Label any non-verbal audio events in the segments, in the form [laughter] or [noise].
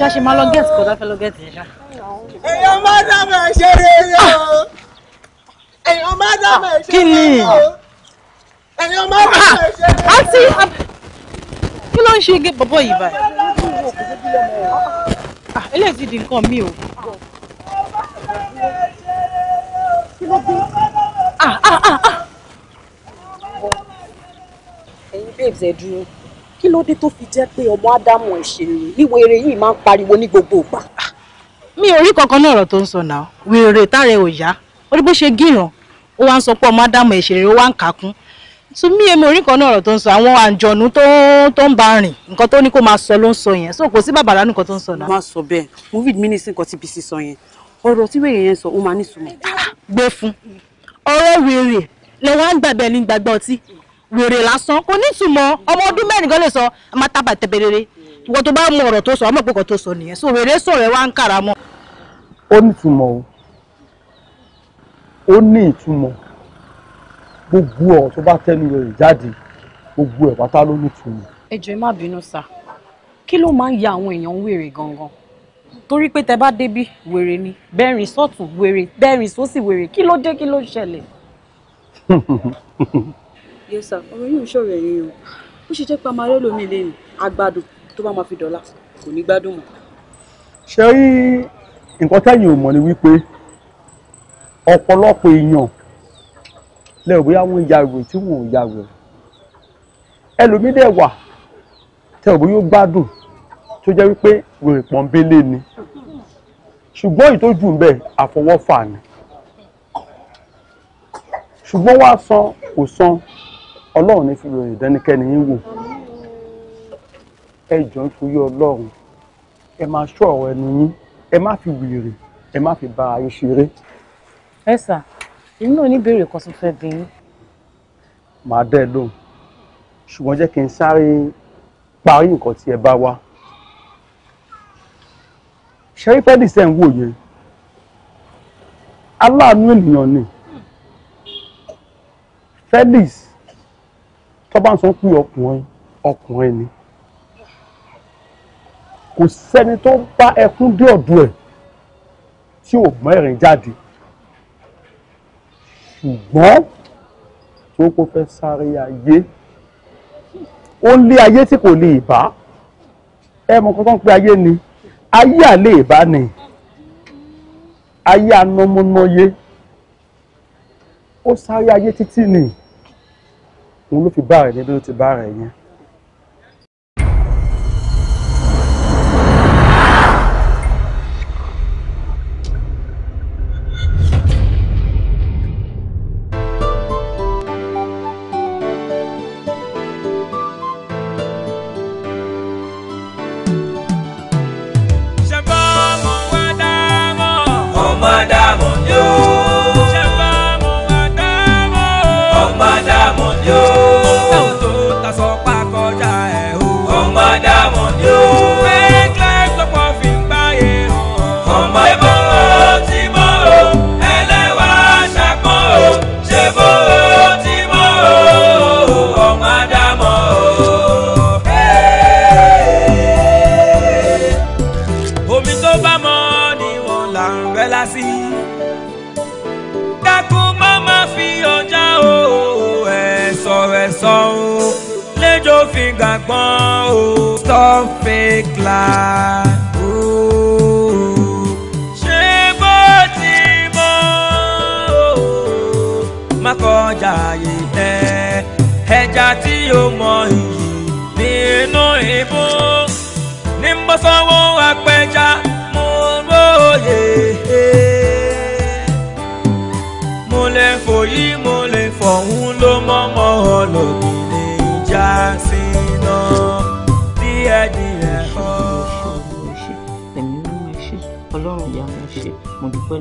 ṣá ṣe máa lọ gẹ̀ẹ́sì kó dáfẹ́ lọ gẹ̀ẹ́sì ṣá. èèyàn má dábàá ṣe rere o èèyàn má dábàá ṣe rere o èèyàn má dábàá ṣe rere o. kí ló ń ṣe gé bọ́bọ́ yìí báyìí. Ah, eléyìí ti di nǹkan mi o. Ah, ah, ẹ̀yin babes ẹ̀ dúró kí ló dé tó fi jẹ́ pé ọmọ ádámù ẹ̀ṣẹ̀ rèé ní wèrè yìí máa ń pariwo ní gbogbo ìgbà. mi ò rí kankan náà ọ̀rọ̀ tó ń sọ náà wèrè tára ẹ̀ ò yá ó rí bó ṣe gíràn ó wá ń sọ pé ọmọ ádámù ẹ̀ṣẹ̀ rèé ó wá ń kàkún so mi èmi ò rí kankan náà ọ̀rọ̀ tó ń sọ àwọn àǹjọ̀nú tó tó ń bá rìn nǹkan tó ní kó máa sọ ló ń sọ yẹn so kò sí bàbá lánàá nǹkan tó ń sọ náà. má sọ bẹ́ẹ̀ wèrè lásán kò nítumọ̀ ọmọ ọdún mẹ́rin gan lè sọ amátaba tẹ̀bẹ̀rẹ̀rẹ̀ wọ́n tó bá mọ ọ̀rọ̀ tó sọ ọmọ ìpẹ́kọ̀ tó sọ nìyẹn so wèrè sọ̀rọ̀ ẹ wá ń kàrà mọ́. ó nítumọ̀ o ó ní ìtumọ̀ gbogbo ọ̀rọ̀ tó bá tẹnu rẹ̀ jáde gbogbo ẹ̀ pátá ló nítumọ̀. ẹ jọ̀ọ́ ẹ má bínú sá kí ló máa ń ya àwọn èèyàn wèrè gangan torí pé tẹ bá débí wèrè ni bẹ́ẹ̀rin sọ́tún wèrè bẹ́ẹ̀rin sósì wèrè kí ló dé kí ló ṣẹlẹ̀. [laughs] yes sir ọ̀rọ̀ yìí ń ṣọ̀rọ̀ ẹ̀yìn o ó ṣe jẹ́ pé amáyé lomi lẹ́yìn agbádùn tó bá máa fi dọ̀la kò ní gbádùn mọ́. ṣé rí nǹkan tẹ́yìn ò mọ̀ ni wípé ọ̀pọ̀lọpọ̀ èèyàn lẹ́yìn bóyá wọ́n ya wèrè tí wọ́n ò ya wèrè ẹlòmíì dẹ̀ wà tẹ́ ò bóyá ó gbádùn tó jẹ́ wípé wèrè pọ́nbélé ni ṣùgbọ́n èyí tó jù ń bẹ̀ àfọwọ́fà ni ṣùgbọ́n wá san kò san ọlọ́run ní fi ròyìn ìdánikẹ́ni yín wò ẹ jọ ń torí ọlọ́run ẹ máa ṣọ́ ọ̀rọ̀ ẹnu yín ẹ má fi wèrè ẹ má fi bá ayé ṣeré. ẹ sà èmi náà ní ìbéèrè kan tó fẹ́ bí yín. màá dẹ́ lóhùn ṣùgbọ́n jẹ́ kí n sáré parí nǹkan tí ẹ bá wá. ṣẹ́rí pẹ́ẹ́dì sẹ́ ń wò yẹn aláàánú ènìyàn ni Felix tó bá ń sọ pé ọkùnrin ọkùnrin ni kò sẹ́ni tó bá ẹkún dé ọ̀dọ̀ ẹ̀ tí ò mẹ́rin jáde ṣùgbọ́n tó kó fẹ́ sáré ayé ó ń lé ayé tí kò lè bá ẹ mọ̀ kọ́kọ́ pé ayé ni ayé àlè bá ni ayé anamọ́nọ́yé ó sáré ayé títí nìyí òun ló fi bá rẹ̀ níbi ló ti bá rẹ̀ yẹn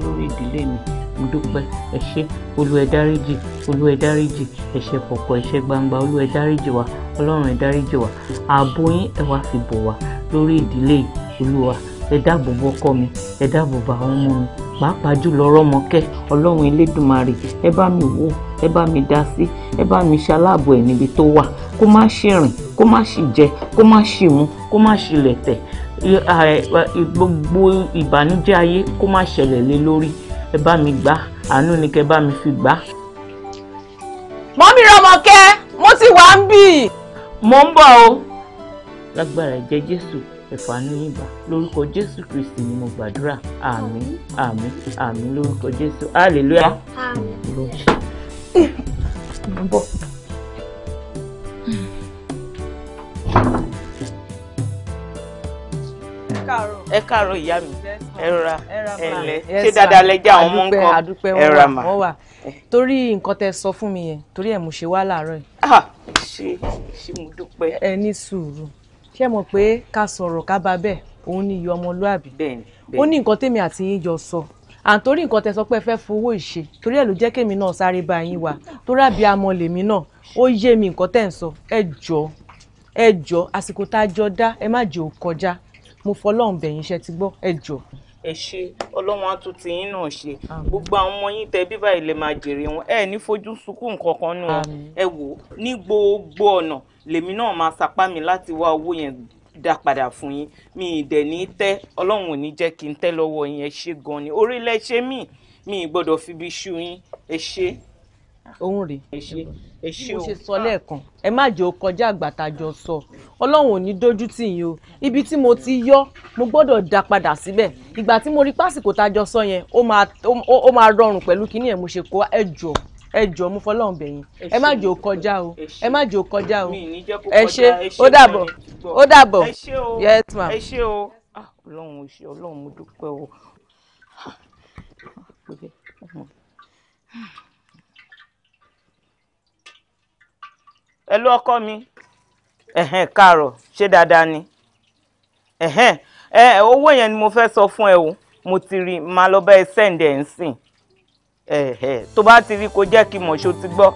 lórí ìdílé mi mo dúpẹ́ ẹ ṣé olúwa ẹ dáríjì olúwa ẹ dáríjì ẹ̀ṣẹ̀ kọ̀kọ̀ ẹ̀ṣẹ̀ gbangba olúwa ẹ dáríjì wa ọlọ́run ẹ dáríjì wa ààbò yín ẹ wá fi bò wá lórí ìdílé olúwa ẹ dáàbò bo ọkọ mi ẹ dáàbò bo àwọn ọmọ mi pàápàá jùlọ rọmọkẹ́ ọlọ́run elédùnmarè ẹ bá mi wò ẹ bá mi dá sí ẹ bá mi ṣaláàbò ẹ níbi tó wà kó má ṣèrìn kó má ṣì kó má ṣì kó má ṣì gbogbo ìbànújẹ́ ayé kó má ṣẹlẹ̀ lé lórí ẹ bá mi gbà àánú ni kẹ́ bá mi fi gbà. mọ́mí rọmọkẹ́ mo ti wà ń bì. mo ń bọ̀ o. lágbára ẹ̀jẹ̀ jésù ẹ̀fàánú yín gbà lórúkọ jésù kristi ni mo gbàdúrà àmín àmín àmín lórúkọ jésù hallelujah. àmín. mo ẹ káàárọ̀ ìyá mi ẹ rọra ẹ lẹ ṣé dáadáa lẹjà àwọn ọmọ nǹkan ẹ rà mà. torí nǹkan tẹ sọ fún mi yẹn torí ẹ mo ṣe wá láàárọ̀ yìí. ṣe ah, ṣe mo dúpẹ́. ẹ ní sùúrù ṣé mọ̀ pé ká sọ̀rọ̀ ká bá bẹ́ẹ̀ òun ni iyọ̀ ọmọlúàbí ó ní nǹkan tèmi àti yín jọ sọ àǹtórí nǹkan tẹ sọ pé ẹ fẹ́ fowó ìṣe torí ẹ ló jẹ́ kémi náà sáré bá yín wá torí àbí amọ̀ lèmi náà ó yé mi nǹkan tẹ̀ ń sọ ẹ jọ ẹ jọ àsìkò tá a jọ dá ẹ má jẹ́ ò kọjá mo fọlọ́run bẹ̀yìn iṣẹ́ ti gbọ́ ẹ jọ. ẹ ṣe ọlọ́run á tún ti yín náà ṣe gbogbo àwọn ọmọ yín tẹ bíbá ilẹ̀ máa jèrè wọn ẹ ní fojú sunkún kankan nù ẹ wò ní gbogbo ọ̀nà lèmi náà máa sapá mi láti wá owó yẹn dá padà fún yín mi ì dẹ̀ ní tẹ́ ọlọ́run ò ní jẹ́ kí n tẹ́ lọ́wọ́ yín ẹ ṣe gan ni orílẹ̀ ṣe mí mi ì gbọ́dọ̀ fi bí ṣú yín ẹ ṣe òun é bí mo ṣe sọ lẹ́ẹ̀kan ẹ má jẹ́ ó kọjá àgbàtàjọ sọ ọlọ́run ò ní dójú tì yín o ibi tí mo ti yọ mo gbọ́dọ̀ dá padà síbẹ̀ ìgbà tí mo rí pásìkò tájọ sọ yẹn ó máa rọrùn pẹ̀lú kíní ẹ̀ mo ṣe kó ẹ jọ ẹ jọ mú fọlọ́run bẹ̀yìn ẹ má jò kọjá o ẹ má jò kọjá o ẹ ṣe ó dàbọ̀ ó dàbọ̀ yes ma. ẹ ṣe o ah, ọlọ́run ò ṣe ọlọ́run mo dúpẹ́ o. Ah, ẹlú ọkọ mi ẹ̀hẹ́n káàárọ̀ ṣé dáadáa ni ẹ̀hẹ́n ẹ owó yẹn ni mo fẹ́ sọ fún ẹ o mo ti rí máa lọ bá ẹ sẹ́ǹdẹ̀ ń sìn ẹ̀hẹ́ tó bá ti rí kó jẹ́ kí mọ̀ ṣó ti gbọ́.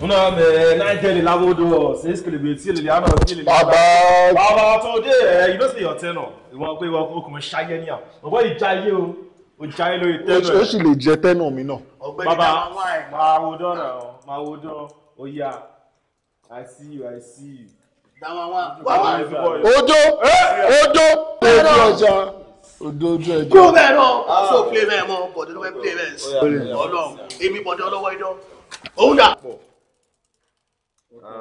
Muna me nine le lavo do six kele be ti le le ana ti le le. Bàbá Bàbá tó dé ẹ you know say your tenor. Ìwọ pé ìwọ okùnrin ṣayé ni à. Bàbá ìjà ayé o o jáyé lórí tẹ́nà ẹ̀. ó sì lè jẹ tẹ́nà mi náà. ọ̀gbẹ́ni dáhùn wáìn. máa wo dán náà máa wo dán ó yá i see you i see you. dáhùn wáìn. Eh! ojo ojo ojú ọjà ojú ojú ẹjọ. kúrò bẹ́ẹ̀ náà ah. so play bẹ́ẹ̀ mọ́ bọ̀dé ló fẹ́ play bẹ́ẹ̀ ọlọ́run èmi bọ̀dé ọlọ́wọ́ ẹjọ́ òun dà.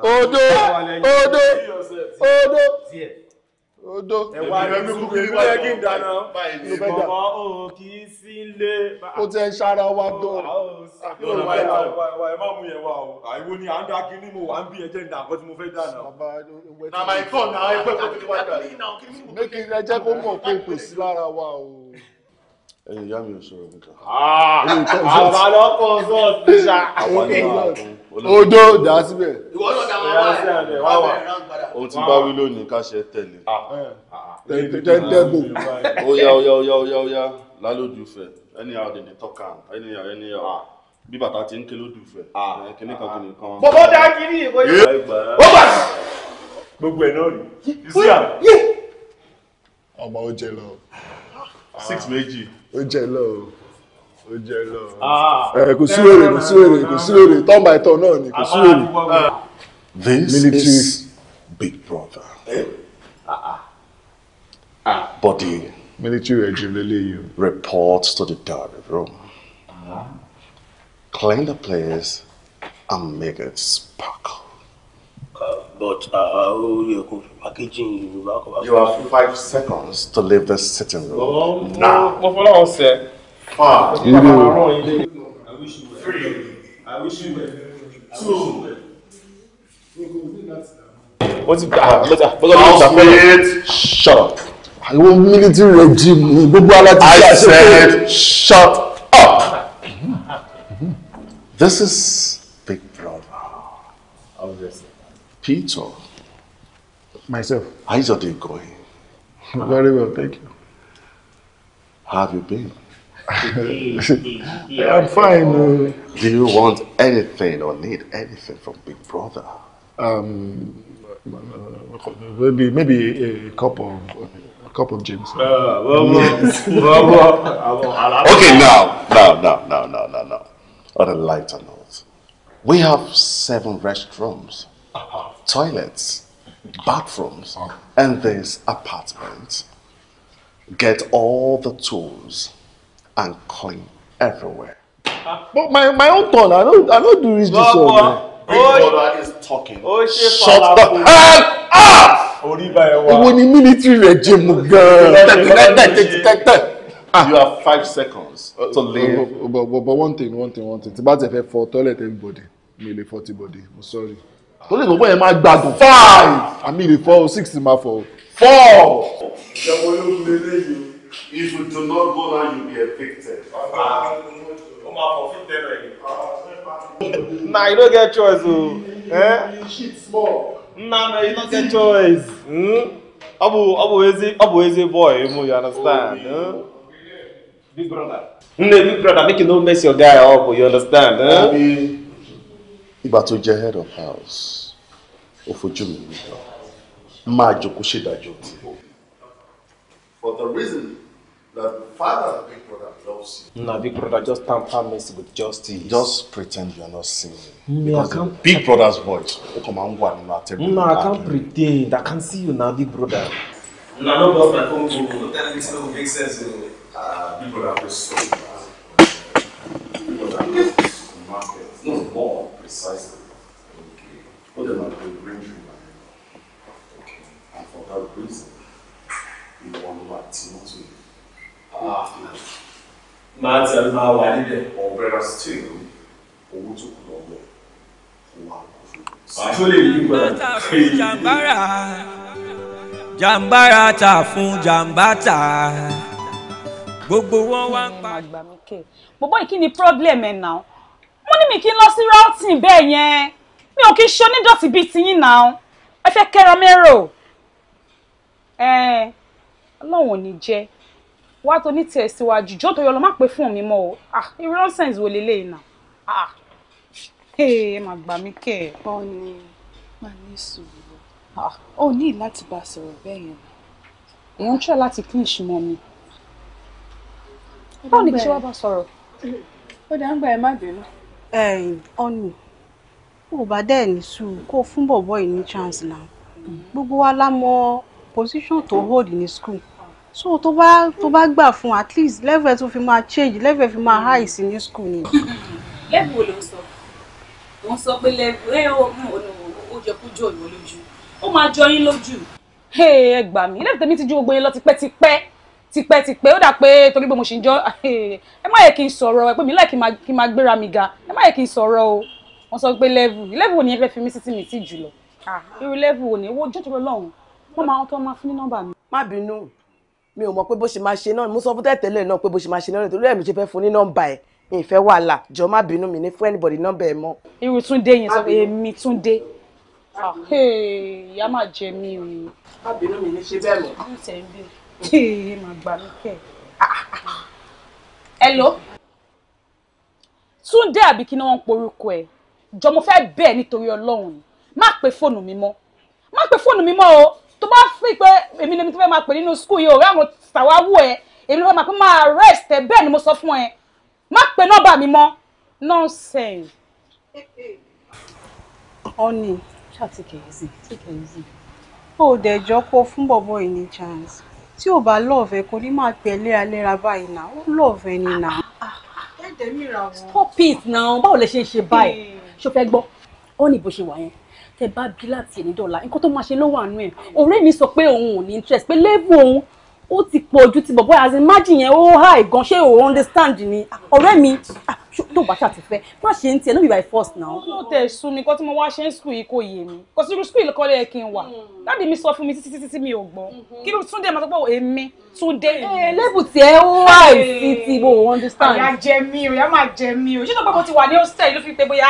odo odo odo odó ẹ̀wà ẹ̀mí kúkúrú ló yẹ kí n kì í sí ilé. ó ti ń ṣara wa dán. yóò wá ẹ̀wà ẹ̀wà ẹ̀ má mú yẹn wá o àìwo ni à ń dá kínní mo wà ń bí ẹjẹ́ ìdá àkọ́tí mo fẹ́ dáná. na my turn na ẹgbẹ́ kò ti wá dà. méjì ẹ jẹ́ kó mọ̀ pé kò sí lára wa o. ẹ̀yin ìyá mi ò sọ̀rọ̀ nǹkan. àbálọ́kọ̀ sọ̀tún ṣá. àwọn ìyá mi odó dà á síbẹ̀. ìwọ náà dà wọn wá ohun tí bá wí lónìí ká ṣe tẹ̀lé. Ah. Ah. tẹ́ntẹ́gbò. ó yá ó yá ó yá ó yá ó yá lálójú fẹ̀ ẹni àwọn dèdè tọ́ka ẹni àwọn ẹni àwọn ah. bí bàtà ti ń ké lójú fẹ̀ kíní kan kíní kan. bọ́bọ́ dá kiri ìwé. ó bà sí. gbogbo ẹ̀ náà rí isi à. ọmọ ó jẹ lọ. six méjì. ó jẹ lọ. Ah. Eh, kò sí wèrè kò sí wèrè kò sí wèrè turn by turn náà ni kò sí wèrè. this military is big brother. Eh? Ah, ah. but the military regime reports to the diary room. Clean the place and make it sparkle. Uh, but uh, you have five seconds to leave the sitting room. Oh, now. Ah, you do. I wish you were free. I wish you were two. What's it? Ah, what's that? What's that? Shut up. Àwọn military regime I said shut up. Mm-hmm. This is Big Brother. Obviously. Peter. Myself. How's your day going? Very well, thank you. How have you been? I'm fine. Uh, Do you want anything or need anything from Big Brother? Um, uh, maybe maybe a cup of a cup of James. okay, now, now, now, now, now, now, now. On a lighter note, we have seven restrooms, toilets, bathrooms, ah. and this apartment. Get all the tools and coin everywhere. Uh, but my, my own turn, I don't, I don't do this this one. Big brother is talking. Shut the hell up! Ìwọ ni military rẹ̀ jẹ́ mu gan You have five seconds to leave. But, but, but, but one thing, one thing, one thing. Tí bá ti fẹ́ fọ toilet everybody, mi lè fọ ti body, I'm sorry. Torí ìgbọ̀gbọ̀ yẹn máa gbádùn. Five! Àmì ìlè four. six máa fọ́. Four! Ìjọba ológun lélẹ́yìn. If you do not go now, you'll be evicted. Nah, you don't get choice, oh. Eh? Shit small. Nah, nah, you don't get choice. Hmm? Abu, Abu Eze, Abu Eze boy, you understand? Oh, eh? huh? Big brother. Nne, big brother, make you no mess your guy up, you understand? Huh? Eh? Abi, ìgbà tó head of house, ó fojú mi nìkan. Máa jókòó ṣèdájọ́ For the reason The father of Big Brother loves you. No, Big Brother just tamper mess with justice. Just pretend you are not seeing me. Me, I can't. Big Brother's voice. Come on, one, not every. No, I can't pretend. I can see you now, Big Brother. No, I don't my phone to That this no make sense. Uh, Big Brother was so Big Brother was the market. No more precisely. Okay. Put them to at the range Okay. And for that reason, you want to act not to máa tẹ̀ máa wà níbẹ̀. umbrellas tí ìlú owó tó kù lọ́wọ́ wà kó fún un. pàṣẹ lè yí padà. jàǹbára ta fún jàǹbá gbogbo wọn wá ń pa. àgbà mi kè ni problem ẹ̀ náà mo ní mi kí n lọ sí routing bẹ́ẹ̀ yẹn mi ò kí n ṣe bíi tiyín náà ẹ fẹ́ kẹ́ra mẹ́rò ọlọ́run ò ní jẹ́ wá tó ní tiẹ̀ síwájú jọ́ tó yọ lọ má pé fún mi mọ́ o ah irú nonsense wo leléyìí nà ah ẹ má gbà mí kẹ́ ẹ̀. ọ̀nì má ní sùúrù ó ah. ní láti bá a sọ̀rọ̀ bẹ́ẹ̀ yẹn. èèyàn ń tọ́ láti kí ìṣúná mi. báwo ni kí ṣe wá bá sọ̀rọ̀. ó dá ń gbà ẹ má bínú. ọ̀nì kò bá dẹ̀ ní sùúrù kó fún bọ̀bọ̀ yìí ní chance náà mm-hmm. gbogbo wa la mọ position tó hold ní school so tó bá tó bá gbà fún at least level tó fi máa change level fi máa high sí ní school ni. [laughs] level wo ló ń sọ ó ń sọ pé level ẹ ó ó hmm, jẹ kó jọ ìwọ lójú ó máa jọ yín lójú. ẹ gbà mí lẹ́yìn tèmi ti ju gbogbo yín lọ tipẹ́tipẹ́ tipẹ́tipẹ́ ó dà pé torí pé mo ṣì ń jọ ẹ má yẹ kí n sọ̀rọ̀ ẹ pé mi láì kí n máa gbéra mi ga ẹ má yẹ kí n sọ̀rọ̀ o wọ́n sọ pé level level wo ni ẹ fẹ́ fi mí sí mi ti jù lọ ah, irú level wo ni owó jọjọrọ lọ́hùn-ún wọ́n máa tọ́ máa fún ní nọ́mbà mi. má bínú mi ò mọ̀ pé bó ṣe máa ṣe náà mo sọ fún tẹ́tẹ́lẹ̀ náà pé bó ṣe máa ṣe náà torí ẹ̀mí ṣe fẹ́ fún ní nọ́mbà ẹ̀ ìfẹ́ wàhálà jọ má bínú mi ní fún anybody nọ́mbà ẹ̀ mọ́. irú túndé yẹn sọ pé èmi túndé ah, ìyá máa jẹ mí o. má bínú mi ní ṣe bẹ́ẹ̀ mọ́. hello túndé àbí kí ni wọ́n ń porúkọ ẹ̀ jọ mo fẹ́ bẹ́ẹ̀ nítorí ọlọ́run má pe fóònù mi mọ́ má pe fóònù mi mọ́ o tó bá fi pé èmi lèmi tó fẹ́ máa pè nínú skul yìí ò rí àwọn sàwáwù ẹ èmi ló fẹ́ máa pé máa rest ẹ bẹ́ẹ̀ ni mo sọ fún ẹ má pe nọ́mbà mi mọ́ nonsense. ọ̀nì ṣàtìkẹ̀ yìí sí tìkẹ̀ yìí sí ó dẹ̀jọ́ kó fún bọ̀bọ̀ yìí ní chance tí ò bá lọ́ọ̀fẹ́ kò ní máa pè léraléra báyìí náà ó lọ́ọ̀fẹ́ ni náà. stop it now báwo lè ṣe ń ṣe báyìí ṣó fẹ́ gbọ́ ọ̀nì bó ṣe wà yẹn tẹ bá bí láti ẹni dọ́là nǹkan tó máa ṣe ló wà nù ẹ̀ ọ̀rẹ́ mi sọ pé òun ò ní interest pé level òun ó ti pọ̀ ju ti bọ̀bọ̀ as imagine yẹn ó high gan ṣé o understand ni ah, ọ̀rẹ́ mi ah, tó bá ṣàti fẹ́ má ṣe ń tiẹ̀ no be by force now. mo tẹ̀ sùn ni kó tí mo wá ṣe ń sùn yìí kò yé mi kò sí irú sùn ìkọ́lẹ̀ yẹn kí n wà hmm. dáàdi mi sọ fún mi títí títí mi ò gbọ́ hmm. kí ló Túndé máa sọ pé oh, èmi Túndé. ẹ eh, lẹ́bù tí ẹ wá ìsì tí mo understand. ọ̀yà jẹ mí o ìyá máa jẹ mí o ṣé tó bá ti wà ní hostel ló fi pé bóyá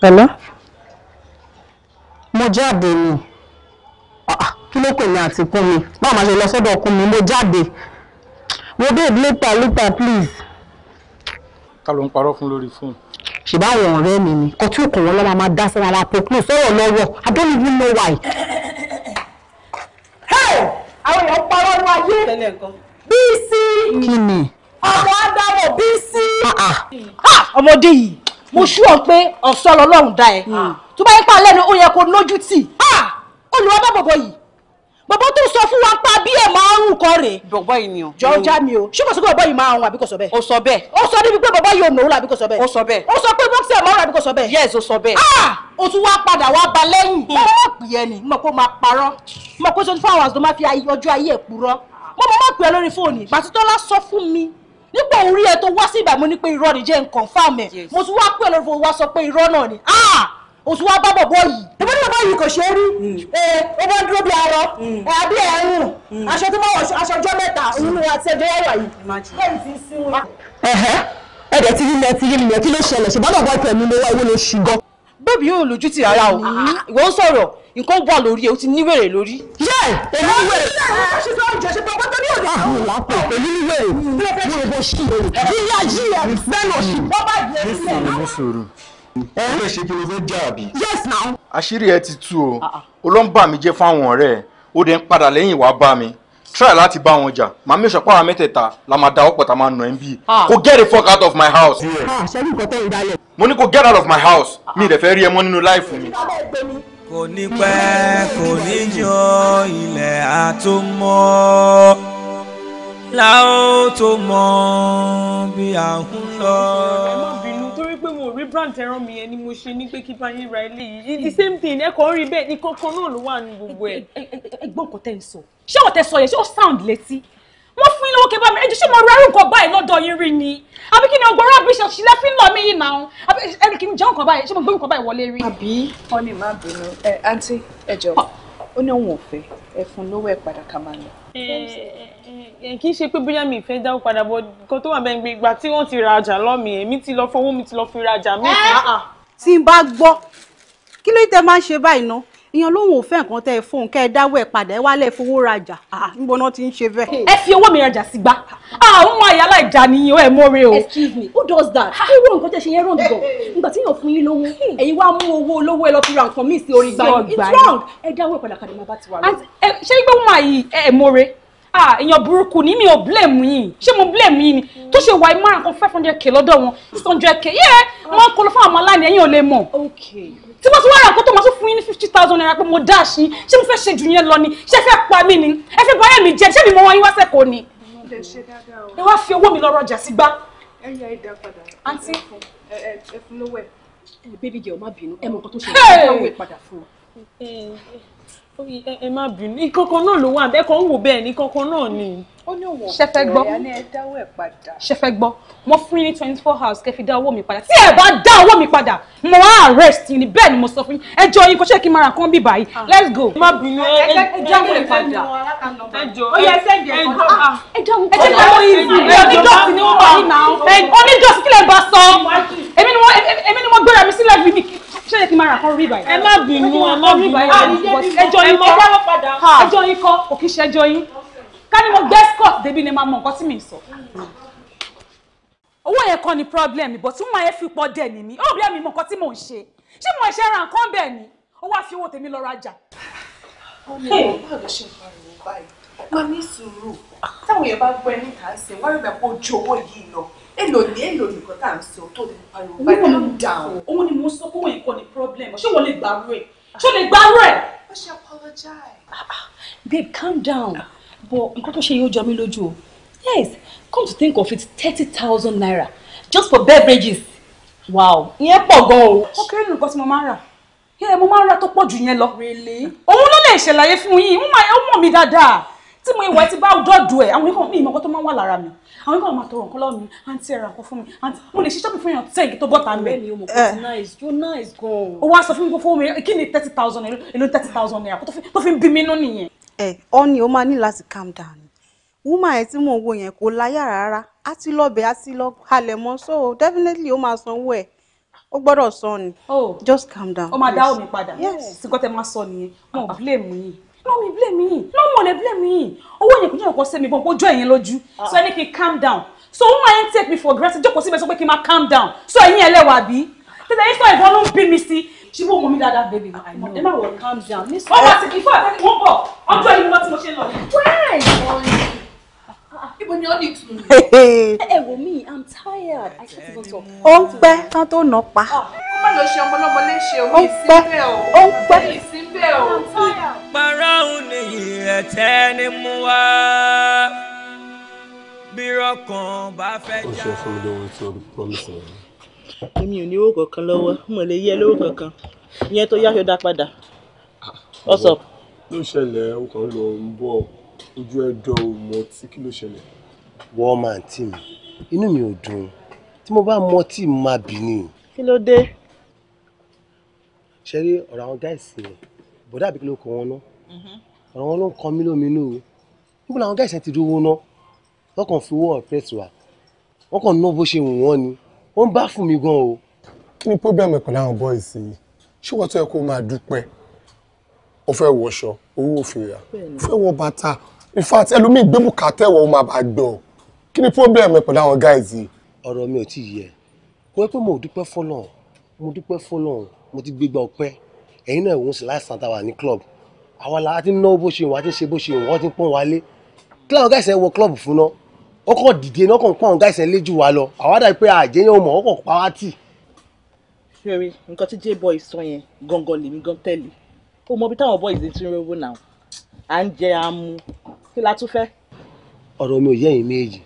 pẹ̀lẹ́ mo jáde ni ah, ah, kí ló pè mí àti kún mi báwo máa ṣe lọ sọ́dọ̀ kún mi mo jáde mo babe later later please. ta ló ń parọ́ fún lórí fóònù. ṣùgbọ́n àwọn ọ̀rẹ́ mi ni kò tí òkùnrin ọlọ́mọ máa dá sí ara pọ̀kúlù sọ̀rọ̀ lọ́wọ́ I don't even know why. àwọn èèyàn parọ́ ní ayé Bísí. kí ni. ọmọ Ádámọ̀ Bísí. Ah, ọmọdé yìí mo ṣú ọ pé ọ̀sán lọ́lọ́run dá ẹ hmm. tó bá yẹ pa lẹ́nu ó yẹ kó nójú tì ah! ah! olùwà bá bọ̀bọ̀ yìí bọ̀bọ̀ tó sọ fún wa pa bí ẹ̀ máa ń rùn rè. bọ̀bọ̀ yìí ni o. jọ já hmm. mi o ṣé kò sí pé bọ̀bọ̀ yìí máa ń rùn àbí kò sọ bẹ́ẹ̀. o sọ bẹ́ẹ̀. o sọ níbi pé bọ̀bọ̀ yìí ò nòwúrọ̀ àbí kò sọ bẹ́ẹ̀. o sọ bẹ́ẹ̀. o sọ pé bọ́ọ̀sì ẹ̀ máa ń rùn àbí kò sọ bẹ́ẹ̀. yes o sọ bẹ́ẹ̀. Ah! o tún wá padà wá ba lẹ́yìn. Hmm. mo máa pè é ni mo kò máa parọ́ mo kò sọ fún àwọn àzọ nípa orí ẹ tó wá sí ìgbà mo ní pé irọ́ ni jẹ́ n confirm ẹ̀ mo tún wá pè lórí fún wa sọ pé irọ́ náà ni ah! o tún wá bá bọ̀bọ̀ yìí. ìbọn ní bàbá yìí kò ṣeé rí hmm. ó bá dúró bí arọ hmm. àbí ẹ̀rùn hmm. aṣọ tó bá wọ aṣọ ọjọ́ mẹ́ta òun ni àti ẹjọ́ yàrá yìí. bẹ́ẹ̀ ti sún wa. ẹ̀dẹ̀ tí lílẹ̀ tí lílẹ̀ kí ló ṣẹlẹ̀ ṣùgbọ́n bàbá ìpẹ̀lú ló wá owó ló ṣì gan bébí yóò lójú tì rárá o ìwọ ń sọ̀rọ̀ nǹkan wà lórí ẹ o ti níwèrè lórí. yẹ èmi níwèrè. ṣe sọ ìjọ ṣe pọpọ tó ní òde. àwọn làpò èmi níwèrè mo bọ sí i. yíyá yíyá bẹ́ẹ̀ lọ sí bọ́ bá jẹ́ sílẹ̀. Eh? ẹ ní sòrò ẹ lè ṣe kí ló fẹ́ jà àbí. yes now. àṣírí ẹ ti tú o ó ah, ah. ló ń bà mí jẹ́ fáwọn ọ̀rẹ́ ẹ ó dẹ̀ ń padà lẹ́yìn wá bá mi try láti bá wọn jà màá mẹ́sàn pàrọ̀ mẹ́tẹ̀ẹ̀ta la máa da ọ̀pọ̀ tá a máa nà ẹ́ bí. Ah. kò get the fuck out of my house. Ah, ṣẹ́yìn kò tẹ́ ìdálẹ̀. mo ní kò get out of my house mi ì dẹ̀ fẹ́ rí ẹ mọ́ nínú láìfù mi. kò ní pẹ́ kò ní jọ ilẹ̀ àtòmọ́ láò tó mọ bí à ń lọ ò rí brand ẹran mi yẹn ni mo ṣe ní pé kí bá yín ra eléyìí the same thing ẹ kàn ń rí bẹ́ẹ̀ ní kankan náà ló wà ní gbogbo ẹ̀. ẹ gbọ́ nǹkan tẹ́ ń sọ ṣé ọ̀tẹ̀ sọ yẹn ṣé ó sound létí wọ́n fún ilé òkè bá mi ẹjọ́ ṣé mo rẹ́rù nǹkan báyìí lọ́dọ̀ yín rí ni àbí kí ni ọgbọ́n rọ́bì ṣọṣìlẹ̀ fi ń lọ mí yìí náà àbí ẹni kí n jẹun nǹkan báyìí ṣé mo gbé nǹkan báyìí wọlé rí. àbí wọn ní má bínú ẹ àǹtí ẹ jọ ah. ó ní òun ò fẹ́ ẹ fún lówó ẹ padà ká máa lọ. Eh, eh, eh, Eh, kì í ṣe pé bóyá mi ìfẹ́ dáwọ́ padà bọ̀ nǹkan tó wà bẹ́ẹ̀ gbé ìgbà tí wọ́n ti ra ọjà lọ́mì èmi ti lọ fọwọ́ mi ti lọ fi ra ọjà mi. Eh? Ah, ah. tí n bá gbọ́ kí ló tẹ máa ń ṣe báyìí ná èèyàn lóhùn òfẹ́ nǹkan tẹ ẹ fóun kẹ ẹ dáwọ́ ẹ padà ẹ wálẹ̀ fowó rajà ah, níbo náà ti ń ṣe bẹ́ẹ̀. ẹ fi owó mi rajà sí gbá àwọn ọmọ àyà aláìjà nìyẹn ẹ mọ́re o. excuse me who does that irú nǹkan tẹ ṣe yẹn wrong gan nígbà tí yàn fún yín lówó ẹ̀yin wá mú owó olówó ẹ lọ fi ra nǹkan míì sí orí gbà it's wrong ẹ dáwọ́ ẹ padà kàdé máa bá ti wà lọ. Eh, ṣé gbé wọn àyè ẹ mọ́re ah èèyàn burúkú ni mi ò blame yín ṣé mo blame yín ni tó ṣe wà ìmọ̀ràn kan five hundred k lọ́dọ̀ wọn six hundred k yẹ wọn kọ lọ fún àwọn aláìní ẹ̀yin ò lè mọ̀ tí wọ́n ti wá ra nǹkan tó máa tún fún yín ní fifty thousand naira pé mo dash yín ṣé mo fẹ́ ṣe jù yẹn lọ ni ṣé fẹ́ pa mí ni ẹ fẹ́ báyẹ̀ mi jẹ ṣé mi mọ wọn yín wá sẹ́kọ̀ọ́ ni. ẹ wá fi owó mi lọ rọjà sí gbá. ẹ yà ẹ má bínú ìkọ̀kan náà ló wà ẹ kàn ń wò bẹ́ẹ̀ ní ìkọ̀kan náà ni. ó ní òun ọ̀pọ̀ rẹ̀ á ní ẹ dáwọ́ ẹ̀ padà. ṣẹfẹ gbọ́ mo fún yín ní twenty four hours kẹ́ fi dá owó mi padà tí ẹ bá dá owó mi padà mo á arrest yín ni bẹ́ẹ̀ ni mo sọ fún yín ẹjọ́ yín kò ṣe kí n mara nǹkan bí báyìí ah. let's go. ẹ má bínú ẹ ẹ ẹ dáwọ́ ẹ padà ẹ jọ ẹ ẹ sẹ́ndì ẹ jọ ẹ ah, dáwọ́ ah. ẹ jẹ́ káwọ́ yìí sí ẹ onídọ̀sí ni wọ́n bá yín náà onídọ̀sí kílẹ̀ bá sọ èmi ni mo gbéra mi sílẹ̀ bíbí ṣé ẹ ti máa rà kọ́ rí báyìí. ẹ má bínú ẹ má bínú ẹjọ́ yín kọ́ ẹjọ́ yín kọ́ kò kí ṣe ẹjọ́ yín ká ní mo gbé scott débi ni máa mọ nǹkan tí mi sọ. owó yẹn kọ́ ni problem bọ̀ tí wọ́n máa fi pọ̀ dẹ̀ ní mi ó bí ẹ̀mí mọ nǹkan tí mò ń ṣe ṣé mo ṣe ra nǹkan bẹ́ẹ̀ ni ó wá fi owó tèmi lọ rajà. ọmọ ìwà ló ṣe pariwo báyìí máa ní sùúrù táwọn èèyàn bá gbọ́ èlò ni èlò tá à ń sọ tó lè pariwo báyìí. owó ló dáhùn. òun ni mo sọ pé òun ìkànnì problem ṣé wọ́n lè gbàrú ẹ̀ ṣé lè gbàrú ẹ̀. ó ṣe apologize. Ah, ah. babe calm down but nǹkan tó ṣe yóò jọ mí lójú o yes come to think of it thirty thousand naira just for beverages wow ìyẹn pọ̀ gan o. ó kéré nǹkan tí mo máa ń rà yẹ mo máa ń rà tó pọ̀ jù yẹn lọ. òun ló lè ṣèlàyé fún yín ó mọ̀ mí dáadáa tí mo ìwà ti bá dọ́ọ̀dù ẹ̀ àwọn ikọ̀ mi ìmọ̀kọ́ tó máa ń wà lára mi àwọn ìgbà máa tọrọ nǹkan lọ́wọ́ mi àǹtí ẹ̀rọ àkọ́ fún mi àǹtí mo lè ṣiṣẹ́ fún yàn tẹ́ẹ̀gì tó bọ́ta mi. bẹ́ẹ̀ni o mọ̀ pé nice you nice gan. ó wá sọ fún mi kó fún mi kí ni thirty thousand èlò thirty thousand naira tó fi ń bí mi nú nìyẹn. ẹ ọ ni o máa ní láti calm down woman ẹ tí mò ń wo yẹn kò láyà rárá á ti lọ́bẹ̀ á ti lọ halẹ̀ mọ́ so definitely ó máa sanwó ẹ̀ ó gbọ́dọ̀ sọ ni oh. just calm down. ó máa dá omi padà sí nǹkan tẹ máa sọ nìyẹn wọn blame yìí me blame yìí mọ́mí ò lè blame yìí owó yẹn kò jẹ́ ọ̀kan sẹ́mi bọ́n kó jọ ẹ̀yìn lójú ah. so I need n calm down so woman yẹn take me for granted Just síbẹ̀ sọ pé kí n máa calm down so I ẹ̀yìn ẹlẹ́wàá bí tètè yín sọ ìbọn ló ń bí be sí She won't mọ mi that baby. I know. Emma, wọ calm down. Miss. Oh ọmọ I ìfọ̀ àtẹ́kùn bọ̀ ọjọ́ ìlú wọn tí mo ṣe lọ. Why? Ibo ni ọ́ ní I'm tired. I can't even talk. Ó ń pẹ́ ká tó nà pa. Ah, ó má lọ ṣe ọmọlọ́mọ léṣe omi ìsínbẹ̀ o. Ó ń pẹ́. Omi ìsínbẹ̀ o. Para òun ni ìrẹ̀tẹ́ ni mo wá. Bírọ̀ kan bá fẹ́ já. Ó ṣe fún mi lówó tí o promise me. Èmi ò ní owó kankan lọ́wọ́, mo lè yẹ lówó kankan. Ìyẹn tó yá ṣe dá padà. Ah, What's Ló ṣẹlẹ̀, ó kàn ń bọ̀ ojú ẹ̀dọ̀ ò mọ tí kí ló ṣẹlẹ̀. wọ́n máa ń tì mí inú mi ò dùn tí mo bá mọ tí mo máa bì ni. kí ló dé. ṣe rí ọ̀rọ̀ àwọn gáìsì yẹn bọ̀dá àbíkí ló kọ wọn ná mhm. ọ̀rọ̀ wọn ló ń kọ mí lóminú o níbo làwọn gáìsì yẹn ti dúró ná wọ́n kàn fi owó ọ̀pẹ́ẹ̀tì wa wọ́n kàn ná bó ṣe wù wọ́n ni wọ́n bá fún mi gan o. kí ni pọ́bíàmù ẹ̀kọ́ láwọn bọ́ìsì yìí ṣé wọ́n tó yẹ kó máa dúpẹ́ ó fẹ́ wọṣọ owó òfin rà ó fẹ́ wọ bàtà in fact ẹlòmíì gbé bùkátà ẹ̀wọ̀ ó máa bá gbọ́ kí ni problem ẹ pẹ̀lú àwọn guys yìí. ọ̀rọ̀ mi o tí ì yẹ kó wẹ́ pé mo dúpẹ́ fọlọ́n mo dúpẹ́ fọlọ́n mo ti gbégbá ọpẹ́ ẹ̀yin náà ìwọ̀n sì láìsàn táwa ní club àwa la ti ń náwó bó ṣe wọ́n ti ń ṣe bó ṣe wọ́n ti ń pọ́n wa lé guys ẹ wọ club fún o ó kàn dìde náà kàn pọ́n guys ẹ lé jù wá lọ àwa dà pé àjẹyẹ ọmọ ó kàn pa wá tì. fẹ́mi nǹkan tí j-boy sọ yẹn gangan lèmi gan tẹ̀lé ó mọ bí táwọn boys ti ń rówó náà à ń jẹ àmú kí la tún fẹ́. ọ̀rọ̀ mi ò yẹ ẹ̀yin méjì